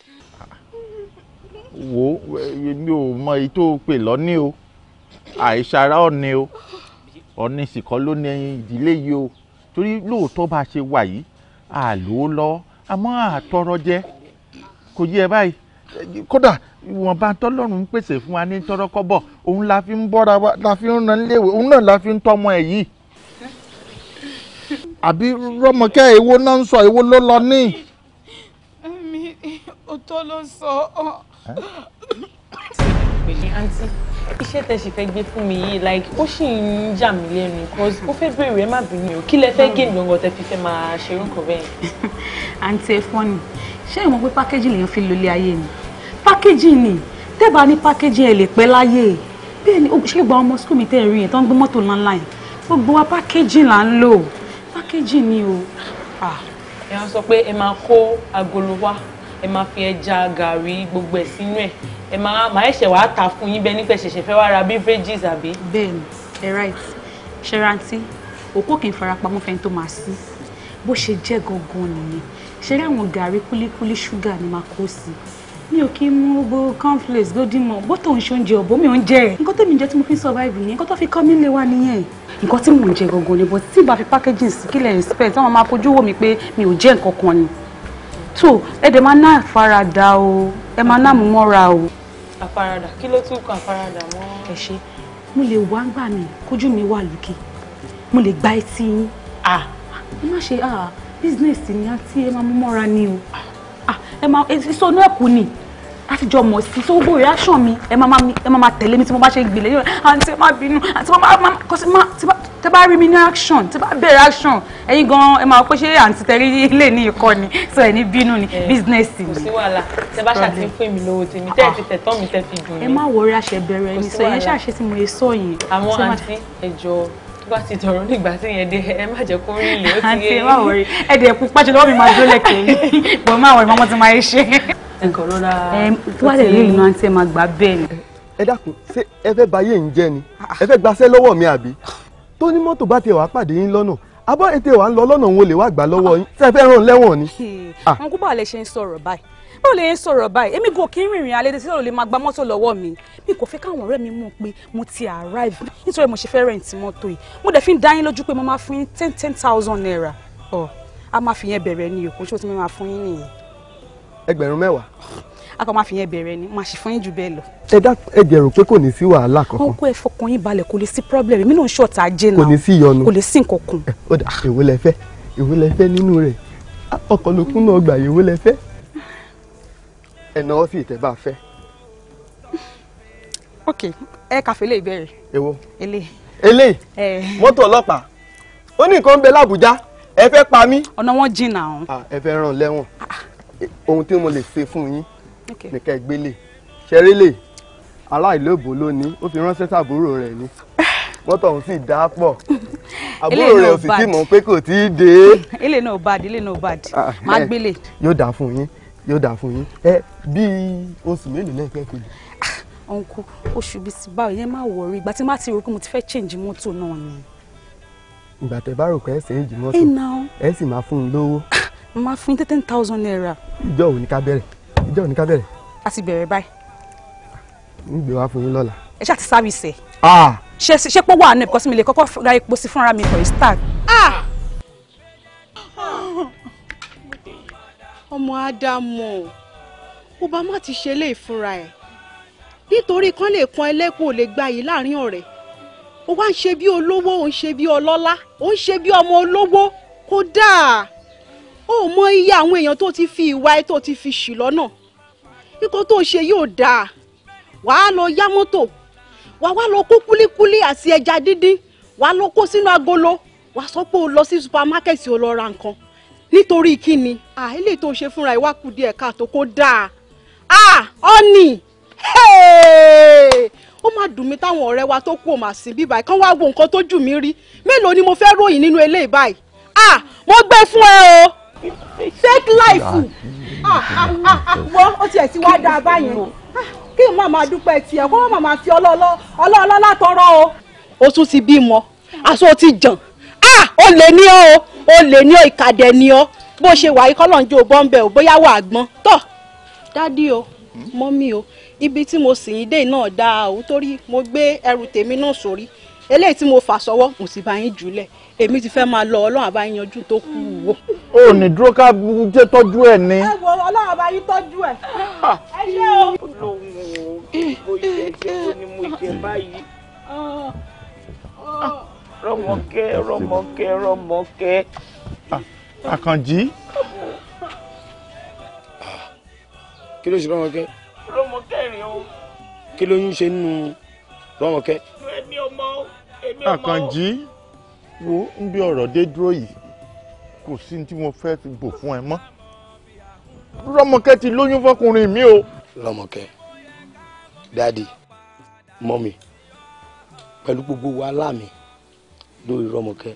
wo mi ò mọ èyí tó pè lọ́ní o àìsàrà ọ̀ni o ọ̀ni sì kọ́ ló ìdílé yìí o torí lóòótọ́ bá a ṣe wà yìí àlò lọ àmọ́ àtọrọ jẹ kò yẹ báyìí kódà ìwọ̀nba tọ́lọ́run ń pèsè fún wa ní tọ́rọ́ kọ́bọ̀ òun la fi ń bọ́ra wa la fi ń ran léwe òun náà la fi ń tọ́mọ ẹ̀ yìí àbí rọ́mọkẹ́ èwo náà ń sọ èwo ló lọ ní. mi ò tó ló sọ ọ pè ní àǹtí iṣẹ́ tẹ́ sì fẹ́ gbé fún mi yìí like ó sì ń yà mí lẹ́nu because ó fẹ́ bèrè ẹ má bínú o kí lẹ fẹ́ gé ìgbọ̀ngàn tẹ́ fi fẹ́ máa ṣe orúkọ bẹ́ẹ̀. àǹtí [laughs] ẹ fọ́n ni ṣé ìmọ̀ pé pákéjì lèèyàn fi lólé ayé ni pákéjì ni tẹ́bà ní pákéjì ẹ̀ lè pẹ́ láyé bẹ́ẹ̀ ni ṣé gba ọmọ skul mi tẹ́ ẹ̀ rí yẹn tó ń gbé mọ́tò ńláńlá yẹn gbogbo wa pákéjì là ń lò pákéjì ni o. èèyàn ah. sọ pé ẹ máa kó agolo wá ẹ máa fi ẹja gàrí gbogbo ẹ̀ sínú ẹ̀ ẹ máa máa ẹ̀ṣẹ̀ wàá ta fún yín bẹ́ẹ̀ nípa ẹ̀ṣẹ̀ṣẹ̀ fẹ́ wá ra beverages àbí. bẹ́ẹ̀ni ẹ right ṣẹrántí òkú kì í farapamọ́ fẹ́ni tó máa sí bó ṣe jẹ́ gangan nìyẹn ṣeré àwọn gàrí kúlíkúlí ṣúgà ni máa kó sí mi ò kí ń mú gbogbo cornflakes golden mọ bó tó ń ṣe oúnjẹ ọ̀bọ mi ò ń jẹ ẹ̀ nǹkan tèmi jẹ́ tí mo fi ń survive yẹn nǹkan tó fi kọ́ mi lé wa nìyẹn nǹkan tí mò ń jẹ gangan ni but tí ìbá fi packaging sí kílẹ̀ expect àwọn máa fojú wò mí pé mi ò jẹ́ nǹkan kan ni tó ẹ dẹ̀ máa ná àfaradà o ẹ máa ná àmúmọ́ra o àfaradà kí ló tún kan àfaradà mọ́. ẹ ṣe mo lè wá gbà mí kójú mi wà lókè mo lè gba etí yín. ẹ má ṣe business ni àti ẹ máa mú mọ́ra ni o ẹ máa ìsọnú ẹ̀kú ni láti jọ mọ̀ sí so gbogbo reaction mi ẹ máa ẹ máa tẹ̀lé mi tí mo bá ṣe gbìlẹ̀ yóò àǹtí má bínú àǹtí má kọ́ sí má tẹ bá rí mi ní action tẹ bá bẹ̀rẹ̀ action ẹ̀yin gan ẹ máa pé ṣé àǹtí tẹ̀rí ilé ní ikọ́ ni so ẹ̀ ní bínú ni eh, business ni. kò sí wàhálà tẹ bá ṣàtì ń pè mí lówó tèmi tẹ́ ẹ ti tẹ̀tọ́ mi tẹ́ fi dùn mí. ẹ má wọrí àṣẹ bẹ̀rẹ̀ ẹni sọ yẹn ṣàṣẹ tí mo lè sọ yìí. àwọn àǹtí ẹjọ tó bá ti tọrọ nígbà tí yẹn dé ẹ má jẹ kó rí ilé ó ti yé. àǹtí ẹ má wọrí ẹ dẹ̀ pupa jùlọ mi máa dólẹ̀ kẹ́yìn [laughs] bọ̀ má wọrí mọ́mọ́ ti máa ṣe ẹ̀kọ́ rọra tó wà lẹ́yìn ìlú àǹtí ẹ̀ máa gbà bẹ́ẹ̀ ni. ẹ dákun ṣé ẹ fẹ́ bayé ń jẹ́ ni ah. ẹ fẹ́ gbaṣẹ́ lọ́wọ́ mi àbí tó ní mọ́tò bá tiẹ̀ wá pàdé yín lọ́nà abọ́ ètè wa ń lọ lọ́nà òun ò lè wá gbà lọ́wọ́ yín ṣé fẹ́ ràn lẹ́wọ̀n ni. wọn kú báwo lẹ ṣe ń sọ̀rọ̀ báyìí báwo lè ń sọ̀rọ̀ báyìí èmi kò kí ń rìnrìn alẹ́ tí lọ́rọ̀ lè máa gba mọ́tò lọ́wọ́ mi mi kò fẹ́ káwọn ọ̀rẹ́ mi mú un pé mo ti arrive nítorí mo ṣe fẹ́ rẹ̀ǹtì mọ́tò yìí mo dẹ̀ fi ń dá yín lójú pé mo máa fún yín ten ten thousand naira ọ̀ a máa fi yẹn bẹ̀rẹ̀ ni o kò ṣe ti máa fún yín nìyẹn ẹgbẹ̀rún mẹ́wàá. a kò máa fi yẹn bẹ̀rẹ̀ ni màá sì fún yín jù bẹ́ẹ̀ lọ. ẹ dá ẹ jẹ́ rò pé kò ní sí wàhálà kankan. wọn kó ẹ fọkàn yín balẹ̀ kò lè sí problem mi náà ń ṣọ̀tà ajé náà kò ní sí ìyọnu kò lè sí nǹkan kan. ó dà èwo lẹ fẹ́ èwo lẹ fẹ́ nínú rẹ̀ ọkọlùkún náà gbà èwo lẹ fẹ́ ẹ náwó sí ìtẹ́ bá fẹ́. ok ẹ kàfé lè bẹ̀rẹ̀. èwo ele. ele mọ́tò ọlọ́pàá ó ní nǹkan ń bẹ lábújá ẹ fẹ́ pa mí. ọ̀nà wọn jìnnà. ẹ fẹ́ ràn lẹ́wọ̀n. Ah, ah ohun tí mo lè ṣe fún yín nìkan ìgbélé ṣẹrẹlẹ aláìlóòbó lónìí ó fi ránṣẹ́ sàbúrò rẹ̀ ni [sighs] mọ́tò ọ̀hún sì dá pọ̀ [laughs] àbúrò rẹ̀ ò sì tí mọ̀ pé kò tí ì dé. ilé [laughs] náà bad ilé náà bad ah, má eh, gbélé. yóò dà fún yín yóò dà fún yín ẹ eh, bíi oṣù mélòó lẹ́yìn fẹ́ kejì uncle oṣù bíi ti báyìí yẹn má wọrí ìgbà tí má ti rò pé mo ti fẹ́ change mọ́tò náà ni. ìgbà tẹ bá rò pé ẹ ṣe é jì mọ́tò ẹ sì máa fún un lówó. [laughs] mo máa fún yín ten thousand naira. ìjọ òní ká bẹ̀rẹ̀ ìjọ òní ká bẹ̀rẹ̀. a ti bẹ̀rẹ̀ báyìí. ń gbé wá fún yín lọ́la. ẹ ṣáà ti sáwìsì ẹ. ṣe ṣe pé wà á ẹ̀kọ́ sí mi lè kọ́kọ́ ra epo sí fúnra mi for a start. Ah! ọmọ ádámù ó bá má ti ṣe léè fúnra ẹ̀ nítorí kan lè kan ẹlẹ́pọ̀ ò lè gba yìí láàrin ọ̀rẹ́ ó wá ń ṣe bí olówó ó ń ṣe bí ọlọ́lá ó ń ṣe bí ọmọ olówó kódà ó mọ iye àwọn èèyàn tó ti fi ìwà ẹ tó ti fi ṣì lọ́nà nǹkan tó ṣe yóò dáa wàá lọ yá mọ́tò wàá wá lọ kó kúlíkúlí àti ẹja díndín wàá lọ kó sínú agolo wàá sọ pé o lọ sí supermarket o lọ ra nǹkan nítorí kí ni àìlè tó ṣe fúnra ìwà kù díẹ̀ káàtó kó dáa ọ́nì ó máa dùn mí táwọn ọ̀rẹ́ wa tó kú ò máa sìn bí báyìí kán wáá wo nǹkan tó jù mí rí mélòó ni mo fẹ́ ròyìn nínú eléyìí báyìí mo gbé fún ẹ o. Take life ah, ah, ah, wọ́n ó tiẹ̀ ti wá dáa báyẹn kí n má máa dúpẹ́ tiẹ̀ kó má máa fi ọlọ́ọ̀lọ́ látọrọ o. o tún ti bímọ aṣọ ti jàn ó lè ní ọ o ó lè ní ọ ìkàdẹ ní ọ bó ṣe wà ikọ́ lọ́njọ́ bọ́ńbẹ́ ò bóyá wà gbọ́n tọ̀ dádì o mọ́mí o ibi tí mo sì ń dé náà dáa o torí mo gbé ẹrù tèmi náà sórí eléyìí tí mo fà sọ́wọ́ mo sì bá yín jùlẹ̀ èmi ti fẹ́ máa lọ ọlọ́run àbá yanjú tó kù wò. ó ní dúró ká jẹ́ tọ́jú ẹ̀ ni. ẹ wo ọlọ́run àbá yín tọ́jú ẹ̀. ẹ ṣé o. lòun ò ìbòjẹ́jẹ́ ó ní mo jẹ báyìí. rọmọkẹ́ rọmọkẹ́ rọmọkẹ́. Ah, àkànjí. kí ló ṣe rọmọkẹ́. rọmọkẹ́ rèé o. kí ló ń ṣe nínú rọmọkẹ́. èmi ò mọ̀ èmi àkànjí wo ń bí ọ̀rọ̀ dé dúró yìí kò sí ní tí mo fẹ́ ti bò fún ẹ mọ́ Rọ́mọkẹ́ ti lóyún fọkùnrin mi o. Rọ́mọkẹ́ dáàdi mọ́mi pẹ̀lú gbogbo wàhálà mi lórí Rọ́mọkẹ́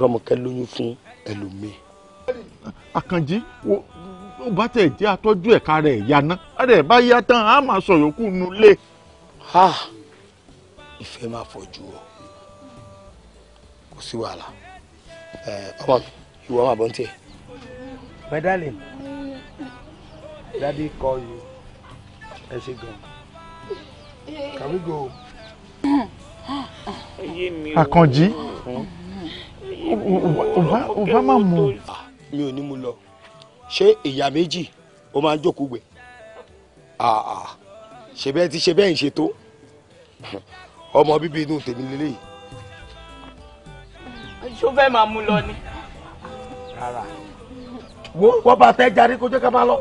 Rọ́mọkẹ́ lóyún fún ẹlòmíì. Àkànjí wo ó bá tẹ̀ jẹ́ atọ́jú ẹ̀ka rẹ̀ yaná ẹ̀rẹ̀ bá yá tán á máa sọ yòókù nulẹ̀. ìfẹ́ máa fọ́ ju ọ sí wàhálà ọmọ mi ìwọ máa bọ́ ń tiẹ̀. my darling daddy call you ẹ ṣe gan can we go. àkànjí ò bá má mú. Ah, mi ò ní mú lọ ṣé ìyá méjì ó máa ń jókòó gbé ah, ah. ṣe bẹ́ẹ̀ ti ṣe bẹ́ẹ̀ ń ṣe tó ọmọ bíbí inú tèmi lélẹ́yìí ṣó fẹ́ máa mú lọ ni. rárá wo wọ́n bá tẹ́ jarí kó jẹ́ ká máa lọ.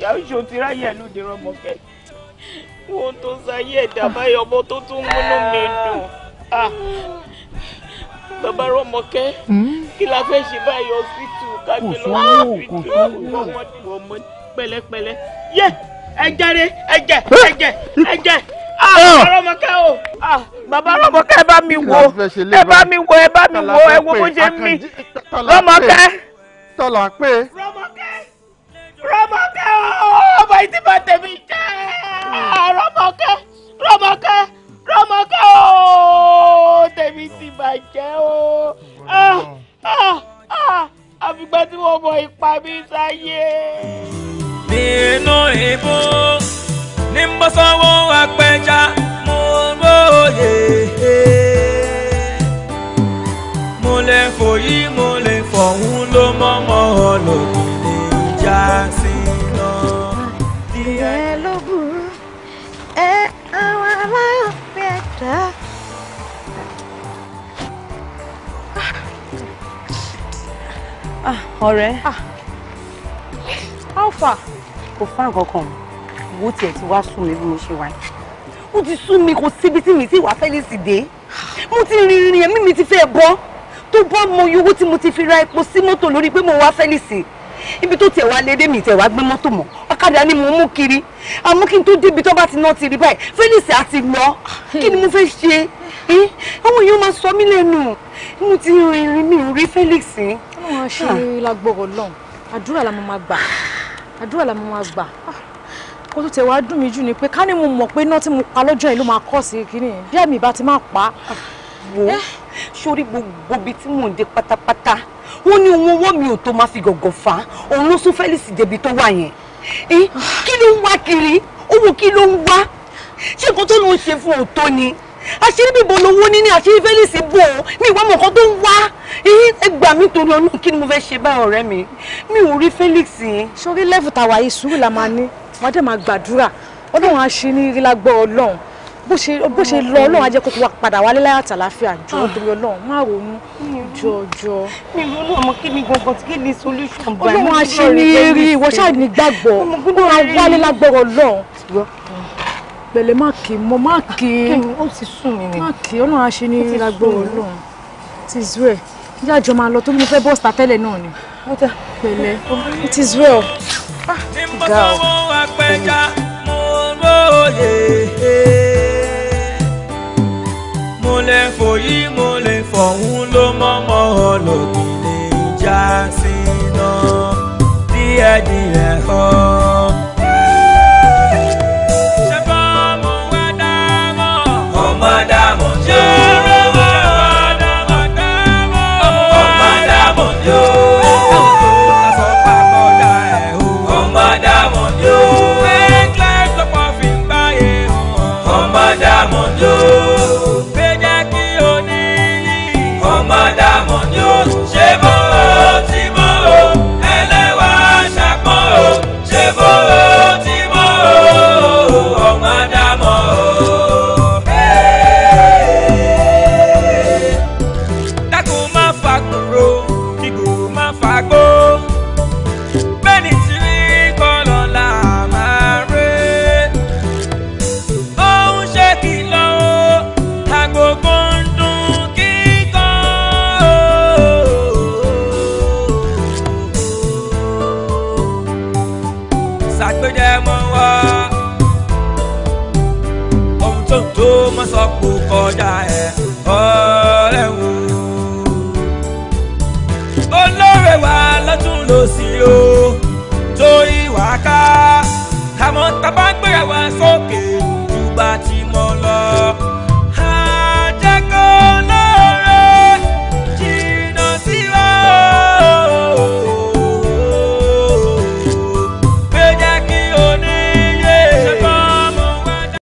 yàrá ìṣó ti ráyè ẹ̀ lóde rọmọkẹ́ wọn tó sáyé ẹ̀dá báyọ̀ ọmọ tó tún múnú mi dùn. bàbá rọmọkẹ́ kí la fẹ́ ṣe báyìí ọsítù kájú lọ ọsítù ọmọ pẹ̀lẹ́pẹ̀lẹ́ yẹ ẹjẹ rẹ ẹjẹ ẹjẹ ẹjẹ. Ah, ah! bàbá Rọ́mọkẹ́ ah, ẹ bá mi wo ẹ bá mi wo ẹ bá mi wo ẹ wo bó ṣe ń mí Rọ́mọkẹ́. tọ́lá pé. Rọ́mọkẹ́ Rọ́mọkẹ́ oh, ọmọ ìdí bá tẹ̀mí jẹ́ Rọ́mọkẹ́ Rọ́mọkẹ́ Rọ́mọkẹ́ ooo oh, tẹ̀mí ti bàjẹ́ ooo oh. àfìgbà tí wọ́n mọ ipa mi sáyé. nínú ìbò. Ah, alpha kò fá nǹkan kan wo tiẹ̀ ti wá sùn mí bí mo ṣe wà yìí ó ti sún mi kò síbi tí mi ti wà Felix dé mo ti rin ìrìn ẹ̀mí mi ti fẹ́ bọ́ tó bá mọ iye owó tí mo ti fi ra epo sí mọ́tò lórí pé mo wá Felix ibi tó tiẹ̀ wá lédè mi tiẹ̀ wá gbé mọ́tò mọ́ ọ̀kadà ni mo mú kiri àmọ́ kí n tó débi tó bá ti ná ti rí báyìí Felix àti lọ kí ni mo fẹ́ ṣe àwọn èèyàn máa sọ mí lẹ́nu mo ti rin ìrìn mi rí Felix ọlọ́run á ṣe ah. lágbọ́rọ̀ lọ́hùn àdúrà la mo máa gbà àdúrà la mo máa gbà ah, kó tó tẹ̀ wá dùn mí jù ni pé ká ní mo mọ̀ pé iná tí mo pa lọ́jọ́ yìí ló máa kọ́ sí kínní bí àmì ìbá ti máa pa á. Ah, wo eh? sórí gbogbo ibi tí mò ń dé pátápátá wọn ní ohun owó mi ò tó máa fi gọ̀gọ̀ fà á òun ló sún Felix débi tó wà yẹn eh, kí ló ń wá kiri owó kí ló ń wá ṣé nǹkan tó ló ń ṣe fún òótọ́ ni àṣírí bíbo lówó níní àṣírí felix bò ó ní ìwà mọ̀ọ́kọ́ tó ń wá ẹ gbà mí torí ọlọ́run kí ni mo fẹ́ ṣe báyìí ọ̀rẹ́ mi mi ò rí felix yẹn. sórí lẹ́fù tàwa yìí sùúrù la máa ní wọn dẹ̀ máa gbàdúrà ọlọ́run á ṣe ní rí lágbọ́ ọlọ́run bó ṣe bó ṣe lọ ọlọ́run á jẹ́ kó ti wá padà wálé láyà tàlàáfíà jọ ah. torí ọlọ́run má ronú jọjọ. mi ò lọ ọmọ kí ni gbọ̀ngàn tí kí ni solution bá ọlọ́run á ṣe ní rí ìwọ ṣáà ní gbàgbọ́ ó wálé lágbọ́ ọlọ́run pẹ̀lẹ́ má kì í mo má kì í ó ti sùn mí ni má kì í ọlọ́run aṣe ní ìragbọ́ ọlọ́run ti zu ẹ̀ ní àjọ máa lọ tó mo fẹ́ bọ́ọ̀sì tẹ́lẹ̀ náà ni pẹ̀lẹ́ ó ti zu ẹ̀ o ga o pẹ̀lẹ́. mo lè fò yí mo lè fọ̀hún ló mọ́mọ́ ọlọ́dún lè já sí náà díẹ̀díẹ̀.